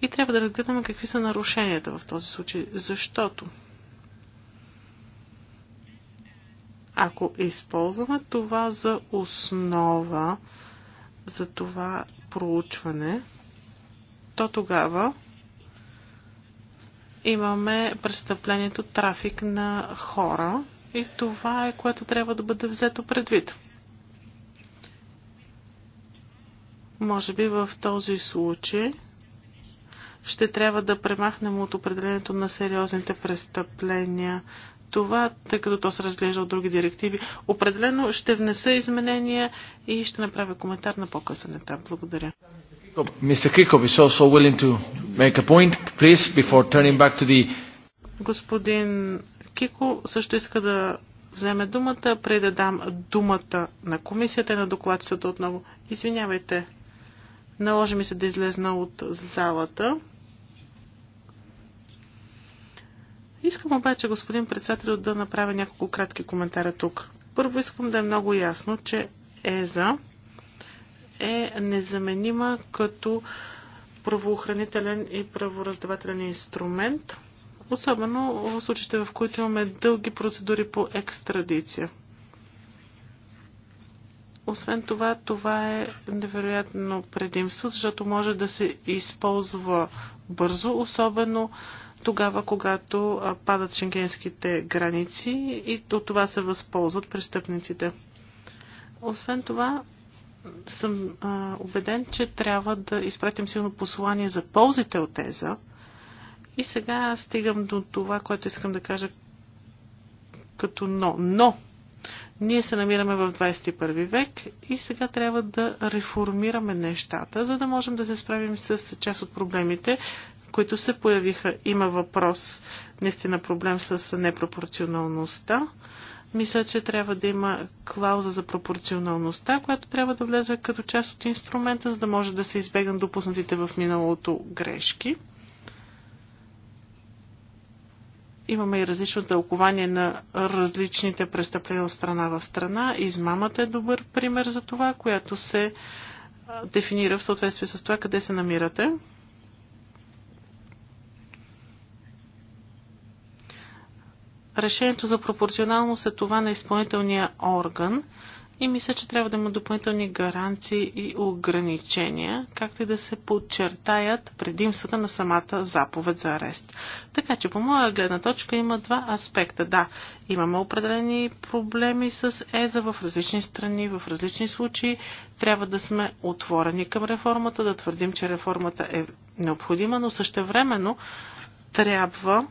И трябва да разгледаме какви са нарушенията в този случай, защото ако използваме това за основа за това проучване, то тогава имаме престъплението трафик на хора и това е което трябва да бъде взето предвид. Може би в този случай ще трябва да премахнем от определението на сериозните престъпления. Това, тъй като то се разглежда от други директиви, определено ще внеса изменения и ще направя коментар на по-късен етап. Благодаря. Mr. is also willing to make a point, please, before turning back to the... Господин Кико също иска да вземе думата, преди да дам думата на комисията и на докладчицата отново. Извинявайте. Наложи ми се да излезна от залата. Искам обаче, господин председател, да направя няколко кратки коментара тук. Първо искам да е много ясно, че ЕЗА е незаменима като правоохранителен и правораздавателен инструмент, особено в случаите, в които имаме дълги процедури по екстрадиция. Освен това, това е невероятно предимство, защото може да се използва бързо, особено тогава, когато падат шенгенските граници и от това се възползват престъпниците. Освен това, съм а, убеден, че трябва да изпратим силно послание за ползите от ЕЗА. И сега стигам до това, което искам да кажа като но. Но ние се намираме в 21 век и сега трябва да реформираме нещата, за да можем да се справим с част от проблемите, които се появиха. Има въпрос, наистина проблем с непропорционалността. Мисля, че трябва да има клауза за пропорционалността, която трябва да влезе като част от инструмента, за да може да се избегнат допуснатите в миналото грешки. имаме и различно тълкование на различните престъпления от страна в страна. Измамата е добър пример за това, която се дефинира в съответствие с това къде се намирате. Решението за пропорционалност е това на изпълнителния орган и мисля, че трябва да има допълнителни гаранции и ограничения, както и да се подчертаят предимствата на самата заповед за арест. Така че, по моя гледна точка, има два аспекта. Да, имаме определени проблеми с ЕЗА в различни страни, в различни случаи. Трябва да сме отворени към реформата, да твърдим, че реформата е необходима, но същевременно трябва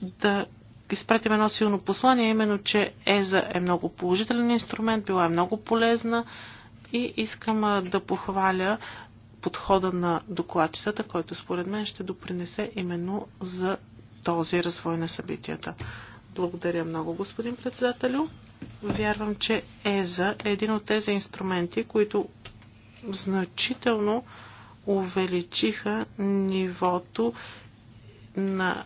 да изпратим едно силно послание, именно, че ЕЗА е много положителен инструмент, била е много полезна и искам да похваля подхода на докладчицата, който според мен ще допринесе именно за този развой на събитията. Благодаря много, господин председателю. Вярвам, че ЕЗА е един от тези инструменти, които значително увеличиха нивото на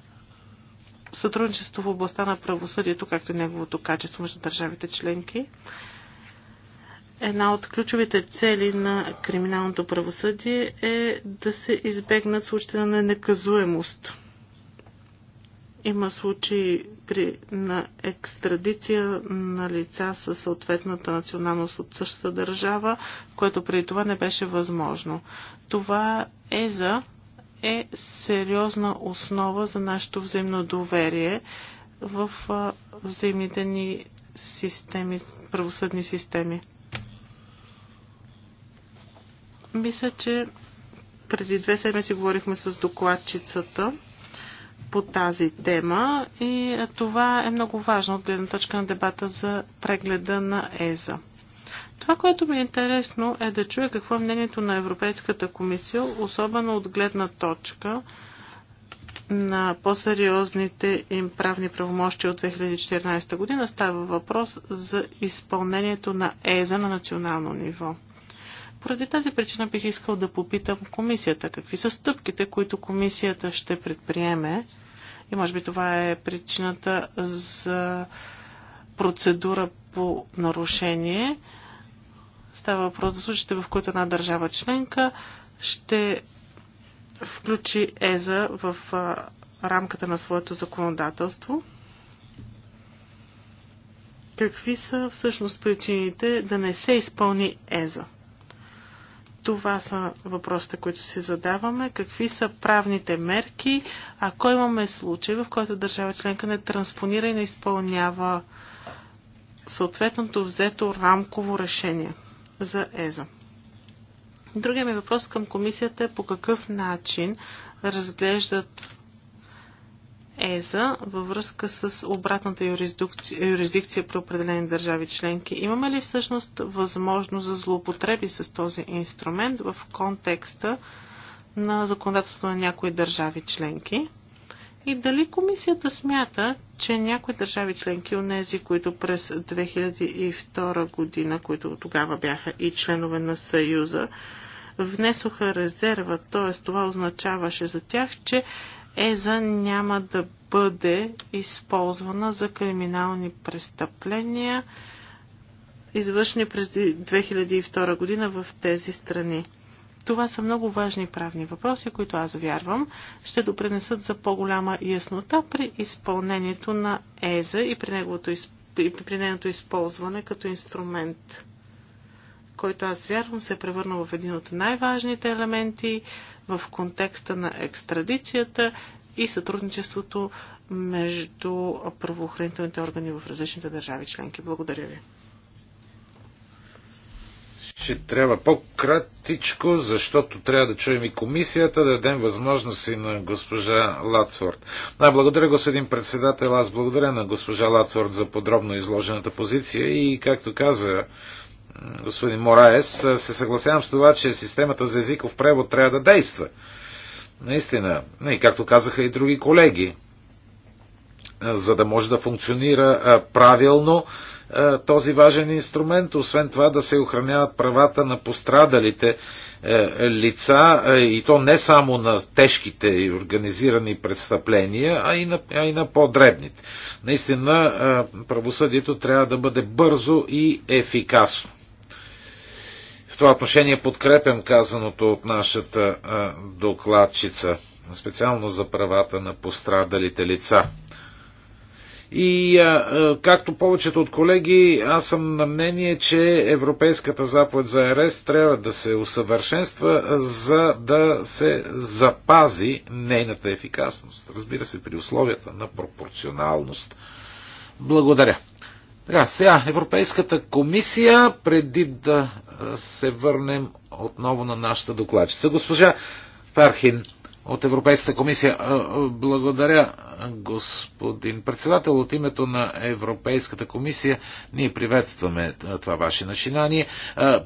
сътрудничество в областта на правосъдието, както и неговото качество между държавите членки. Една от ключовите цели на криминалното правосъдие е да се избегнат случаите на ненаказуемост. Има случаи при, на екстрадиция на лица със съответната националност от същата държава, което преди това не беше възможно. Това е за е сериозна основа за нашето взаимно доверие в взаимните ни системи, правосъдни системи. Мисля, че преди две седмици говорихме с докладчицата по тази тема и това е много важно от гледна точка на дебата за прегледа на ЕЗА. Това, което ми е интересно е да чуя какво е мнението на Европейската комисия, особено от гледна точка на по-сериозните им правни правомощи от 2014 година става въпрос за изпълнението на ЕЗА на национално ниво. Поради тази причина бих искал да попитам комисията какви са стъпките, които комисията ще предприеме и може би това е причината за процедура по нарушение Става въпрос за случаите, в които една държава членка ще включи ЕЗА в рамката на своето законодателство. Какви са всъщност причините да не се изпълни ЕЗА? Това са въпросите, които си задаваме. Какви са правните мерки, ако имаме случай, в който държава членка не транспонира и не изпълнява съответното взето рамково решение? за ЕЗА. Другия ми въпрос към комисията е по какъв начин разглеждат ЕЗА във връзка с обратната юрисдикция, юрисдикция при определени държави членки. Имаме ли всъщност възможност за злоупотреби с този инструмент в контекста на законодателството на някои държави членки? И дали комисията смята, че някои държави членки, нези, които през 2002 година, които тогава бяха и членове на Съюза, внесоха резерва, т.е. това означаваше за тях, че ЕЗА няма да бъде използвана за криминални престъпления, извършени през 2002 година в тези страни. Това са много важни правни въпроси, които аз вярвам ще допренесат за по-голяма яснота при изпълнението на ЕЗА и при, неговото, и при нейното използване като инструмент, който аз вярвам се е превърнал в един от най-важните елементи в контекста на екстрадицията и сътрудничеството между правоохранителните органи в различните държави членки. Благодаря ви ще трябва по-кратичко, защото трябва да чуем и комисията, да дадем възможност и на госпожа Латфорд. Да, благодаря господин председател, аз благодаря на госпожа Латфорд за подробно изложената позиция и както каза господин Мораес, се съгласявам с това, че системата за езиков превод трябва да действа. Наистина, и както казаха и други колеги, за да може да функционира правилно, е, този важен инструмент, освен това да се охраняват правата на пострадалите е, лица е, и то не само на тежките и организирани престъпления, а и на, а и на по-дребните. Наистина правосъдието трябва да бъде бързо и ефикасно. В това отношение подкрепям казаното от нашата докладчица, специално за правата на пострадалите лица. И както повечето от колеги, аз съм на мнение, че Европейската заповед за арест трябва да се усъвършенства, за да се запази нейната ефикасност. Разбира се, при условията на пропорционалност. Благодаря. Така, сега Европейската комисия, преди да се върнем отново на нашата докладчица. Госпожа Пархин, от Европейската комисия. Благодаря, господин председател. От името на Европейската комисия ние приветстваме това ваше начинание.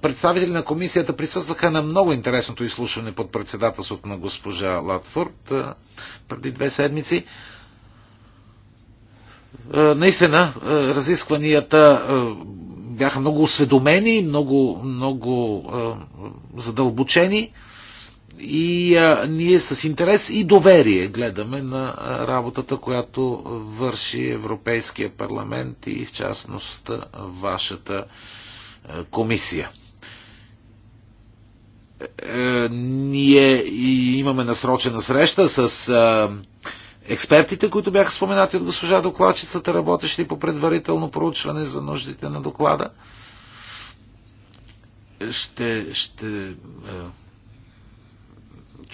Представители на комисията присъстваха на много интересното изслушване под председателството на госпожа Латфорд преди две седмици. Наистина, разискванията бяха много осведомени, много, много задълбочени. И а, ние с интерес и доверие гледаме на работата, която върши Европейския парламент и в частност вашата комисия е, ние имаме насрочена среща с експертите, които бяха споменати от госпожа докладчицата, работещи по предварително проучване за нуждите на доклада. Ще, ще е,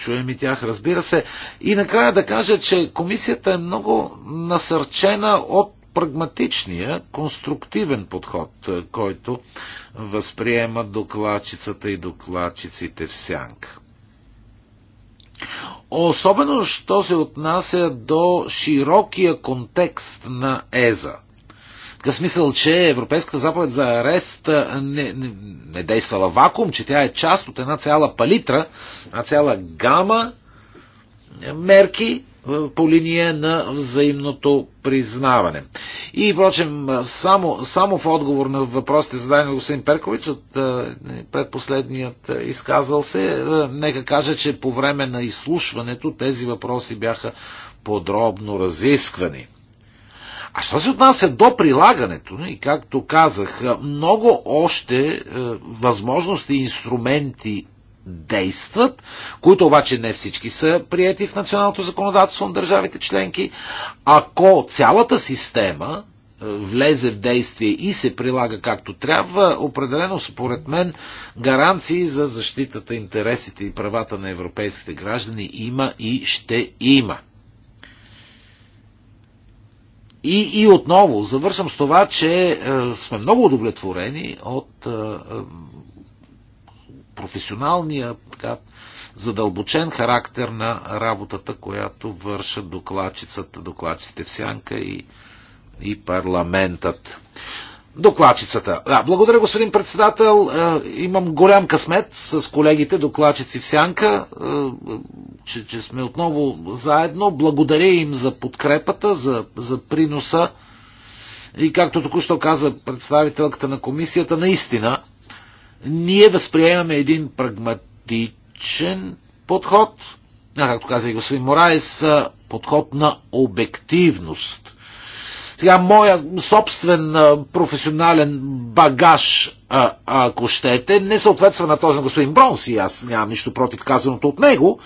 чуем и тях, разбира се. И накрая да кажа, че комисията е много насърчена от прагматичния, конструктивен подход, е, който възприема докладчицата и докладчиците в сянка. Особено, що се отнася до широкия контекст на ЕЗА – такъв смисъл, че Европейската заповед за арест не, не, не действа във вакуум, че тя е част от една цяла палитра, една цяла гама е, мерки е, по линия на взаимното признаване. И, впрочем, само, само в отговор на въпросите зададени от господин Перкович, от предпоследният изказал се, е, нека кажа, че по време на изслушването тези въпроси бяха подробно разисквани. А що се отнася до прилагането, и нали, както казах, е, много още е, възможности и инструменти действат, които обаче не всички са прияти в националното законодателство на държавите членки. Ако цялата система е, влезе в действие и се прилага както трябва, определено според мен гаранции за защитата, интересите и правата на европейските граждани има и ще има. И, и отново завършвам с това, че е, сме много удовлетворени от е, е, професионалния, така, задълбочен характер на работата, която вършат докладчицата, докладчиците в сянка и, и парламентът. Докладчицата. Да, благодаря, господин председател. Е, имам голям късмет с колегите докладчици в Сянка, е, че, че сме отново заедно. Благодаря им за подкрепата, за, за приноса. И както току-що каза представителката на комисията, наистина ние възприемаме един прагматичен подход, а както каза и господин Мораес, подход на обективност сега моя собствен професионален багаж, а, ако щете, не съответства на този на господин Бронс и аз нямам нищо против казаното от него,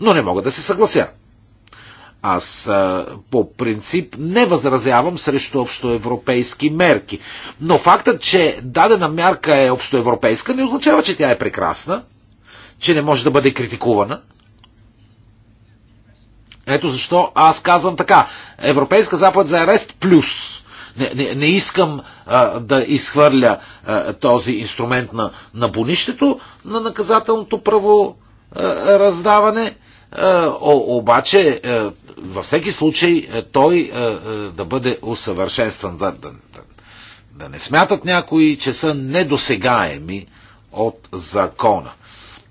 но не мога да се съглася. Аз а, по принцип не възразявам срещу общоевропейски мерки. Но фактът, че дадена мярка е общоевропейска, не означава, че тя е прекрасна, че не може да бъде критикувана – ето защо аз казвам така. Европейска Запад за арест плюс. Не, не, не искам а, да изхвърля а, този инструмент на, на бонището на наказателното право а, раздаване, а, о, обаче а, във всеки случай а, той а, а, да бъде усъвършенстван, да, да, да, да не смятат някои, че са недосегаеми от закона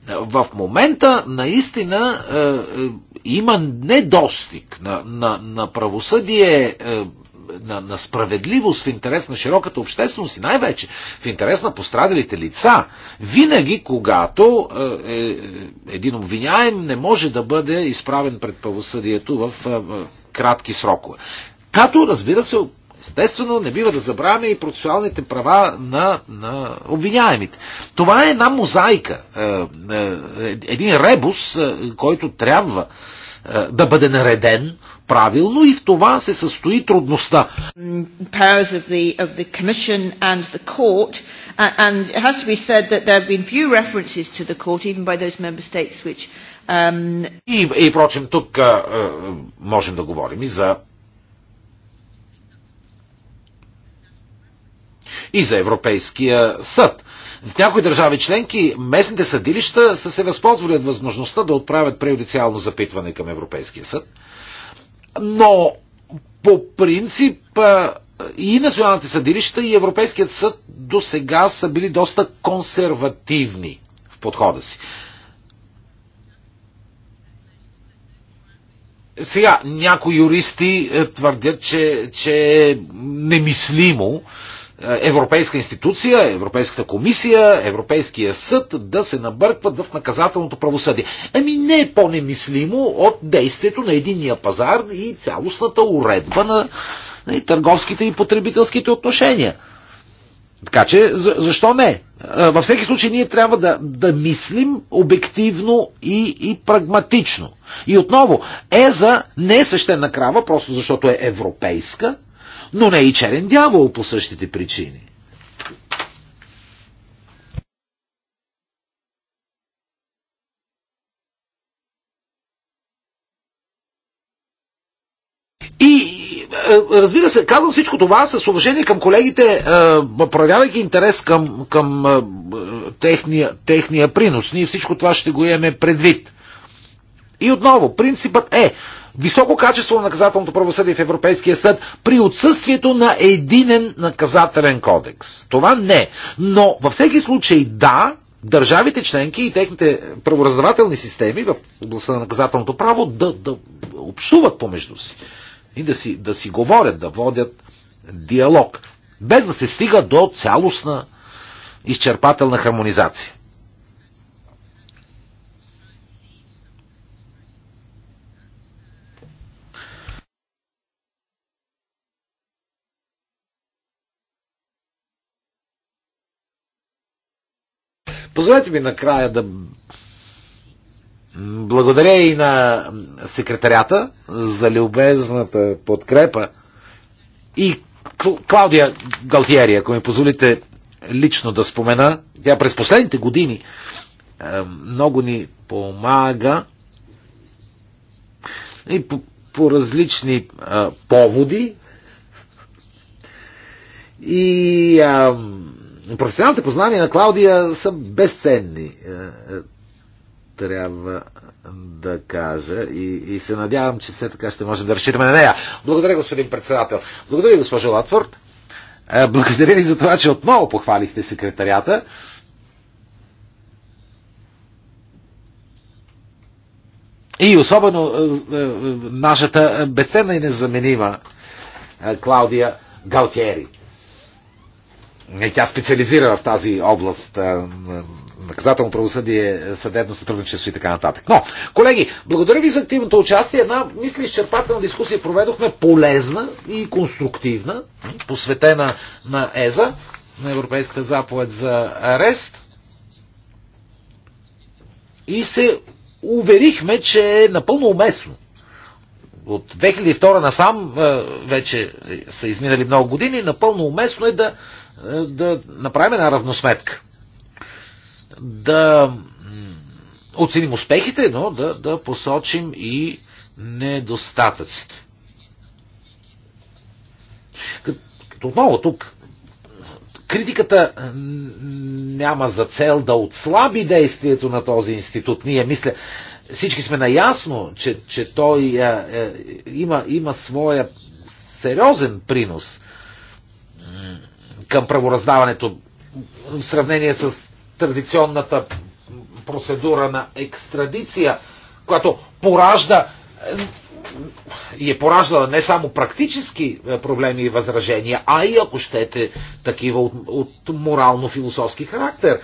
в момента наистина е, е, има недостиг на, на, на правосъдие, е, на, на справедливост в интерес на широката общественост и най-вече в интерес на пострадалите лица. Винаги, когато е, е, един обвиняем не може да бъде изправен пред правосъдието в е, кратки срокове. Като, разбира се, Естествено, не бива да забравяме и процесуалните права на, на обвиняемите. Това е една мозайка, е, е, един ребус, е, който трябва да бъде нареден правилно и в това се състои трудността. Um, and it has to be said that there have been few references to the court, even by those member states which Um... И, и прочим, тук а, можем да говорим и за и за Европейския съд. В някои държави членки местните съдилища са се възползвали от възможността да отправят преюдициално запитване към Европейския съд. Но по принцип и националните съдилища, и Европейският съд до сега са били доста консервативни в подхода си. Сега, някои юристи е, твърдят, че, че е немислимо е, европейска институция, Европейската комисия, Европейския съд да се набъркват в наказателното правосъдие. Ами не е по-немислимо от действието на единния пазар и цялостната уредба на, на и търговските и потребителските отношения. Така че, защо не? Във всеки случай ние трябва да, да мислим обективно и, и прагматично. И отново, Еза не е свещена крава, просто защото е европейска, но не и черен дявол по същите причини. И е, разбира се, казвам всичко това с уважение към колегите, е, проявявайки интерес към, към е, техния, техния принос. Ние всичко това ще го имаме предвид. И отново, принципът е високо качество на наказателното правосъдие в Европейския съд при отсъствието на единен наказателен кодекс. Това не. Но във всеки случай да, държавите членки и техните правораздавателни системи в областта на наказателното право да, да общуват помежду си и да си, да си говорят, да водят диалог, без да се стига до цялостна изчерпателна хармонизация. Позволете ми накрая да благодаря и на секретарята за любезната подкрепа и Клаудия Галтиери, ако ми позволите лично да спомена, тя през последните години е, много ни помага и по, по различни а, е, поводи. И а, е, професионалните познания на Клаудия са безценни, е, е, трябва да кажа. И, и се надявам, че все така ще може да разчитаме на нея. Благодаря, господин председател. Благодаря, госпожо Латфорд. Е, благодаря ви за това, че отново похвалихте секретарията. И особено нашата безценна и незаменима Клаудия Галтиери тя специализира в тази област наказателно правосъдие, съдебно сътрудничество и така нататък. Но, колеги, благодаря ви за активното участие. Една, мисля, изчерпателна дискусия проведохме, полезна и конструктивна, посветена на ЕЗА, на Европейската заповед за арест. И се уверихме, че е напълно уместно от 2002 насам вече са изминали много години, напълно уместно е да е, да направим една равносметка. Да оценим успехите, но да, да посочим и недостатъците. Като отново тук, критиката няма за цел да отслаби действието на този институт. Ние мисля, всички сме наясно, че, че той е, е, има, има своя сериозен принос към правораздаването в сравнение с традиционната процедура на екстрадиция, която поражда е, и е пораждала не само практически е, проблеми и възражения, а и ако щете такива от, от морално-философски характер.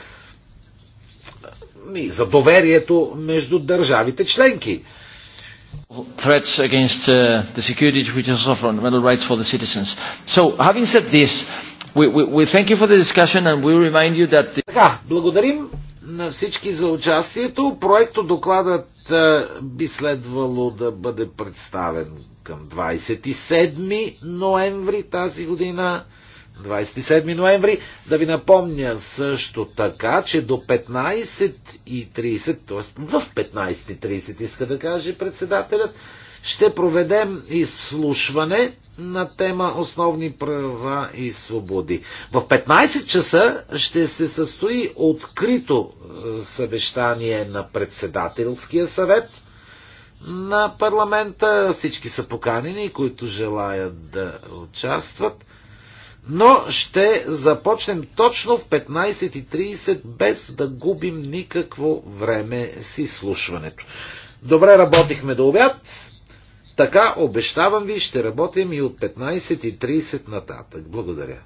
И за доверието между държавите членки. Threats against uh, the security which is offered, the rights for the citizens. So, having said this, благодарим на всички за участието. Проекто докладът е, би следвало да бъде представен към 27 ноември тази година. 27 ноември. Да ви напомня също така, че до 15.30, т.е. в 15.30 иска да каже председателят, ще проведем изслушване на тема основни права и свободи. В 15 часа ще се състои открито е, съвещание на председателския съвет на парламента. Всички са поканени, които желаят да участват. Но ще започнем точно в 15.30, без да губим никакво време с изслушването. Добре работихме до обяд. Така обещавам ви, ще работим и от 15.30 нататък. Благодаря.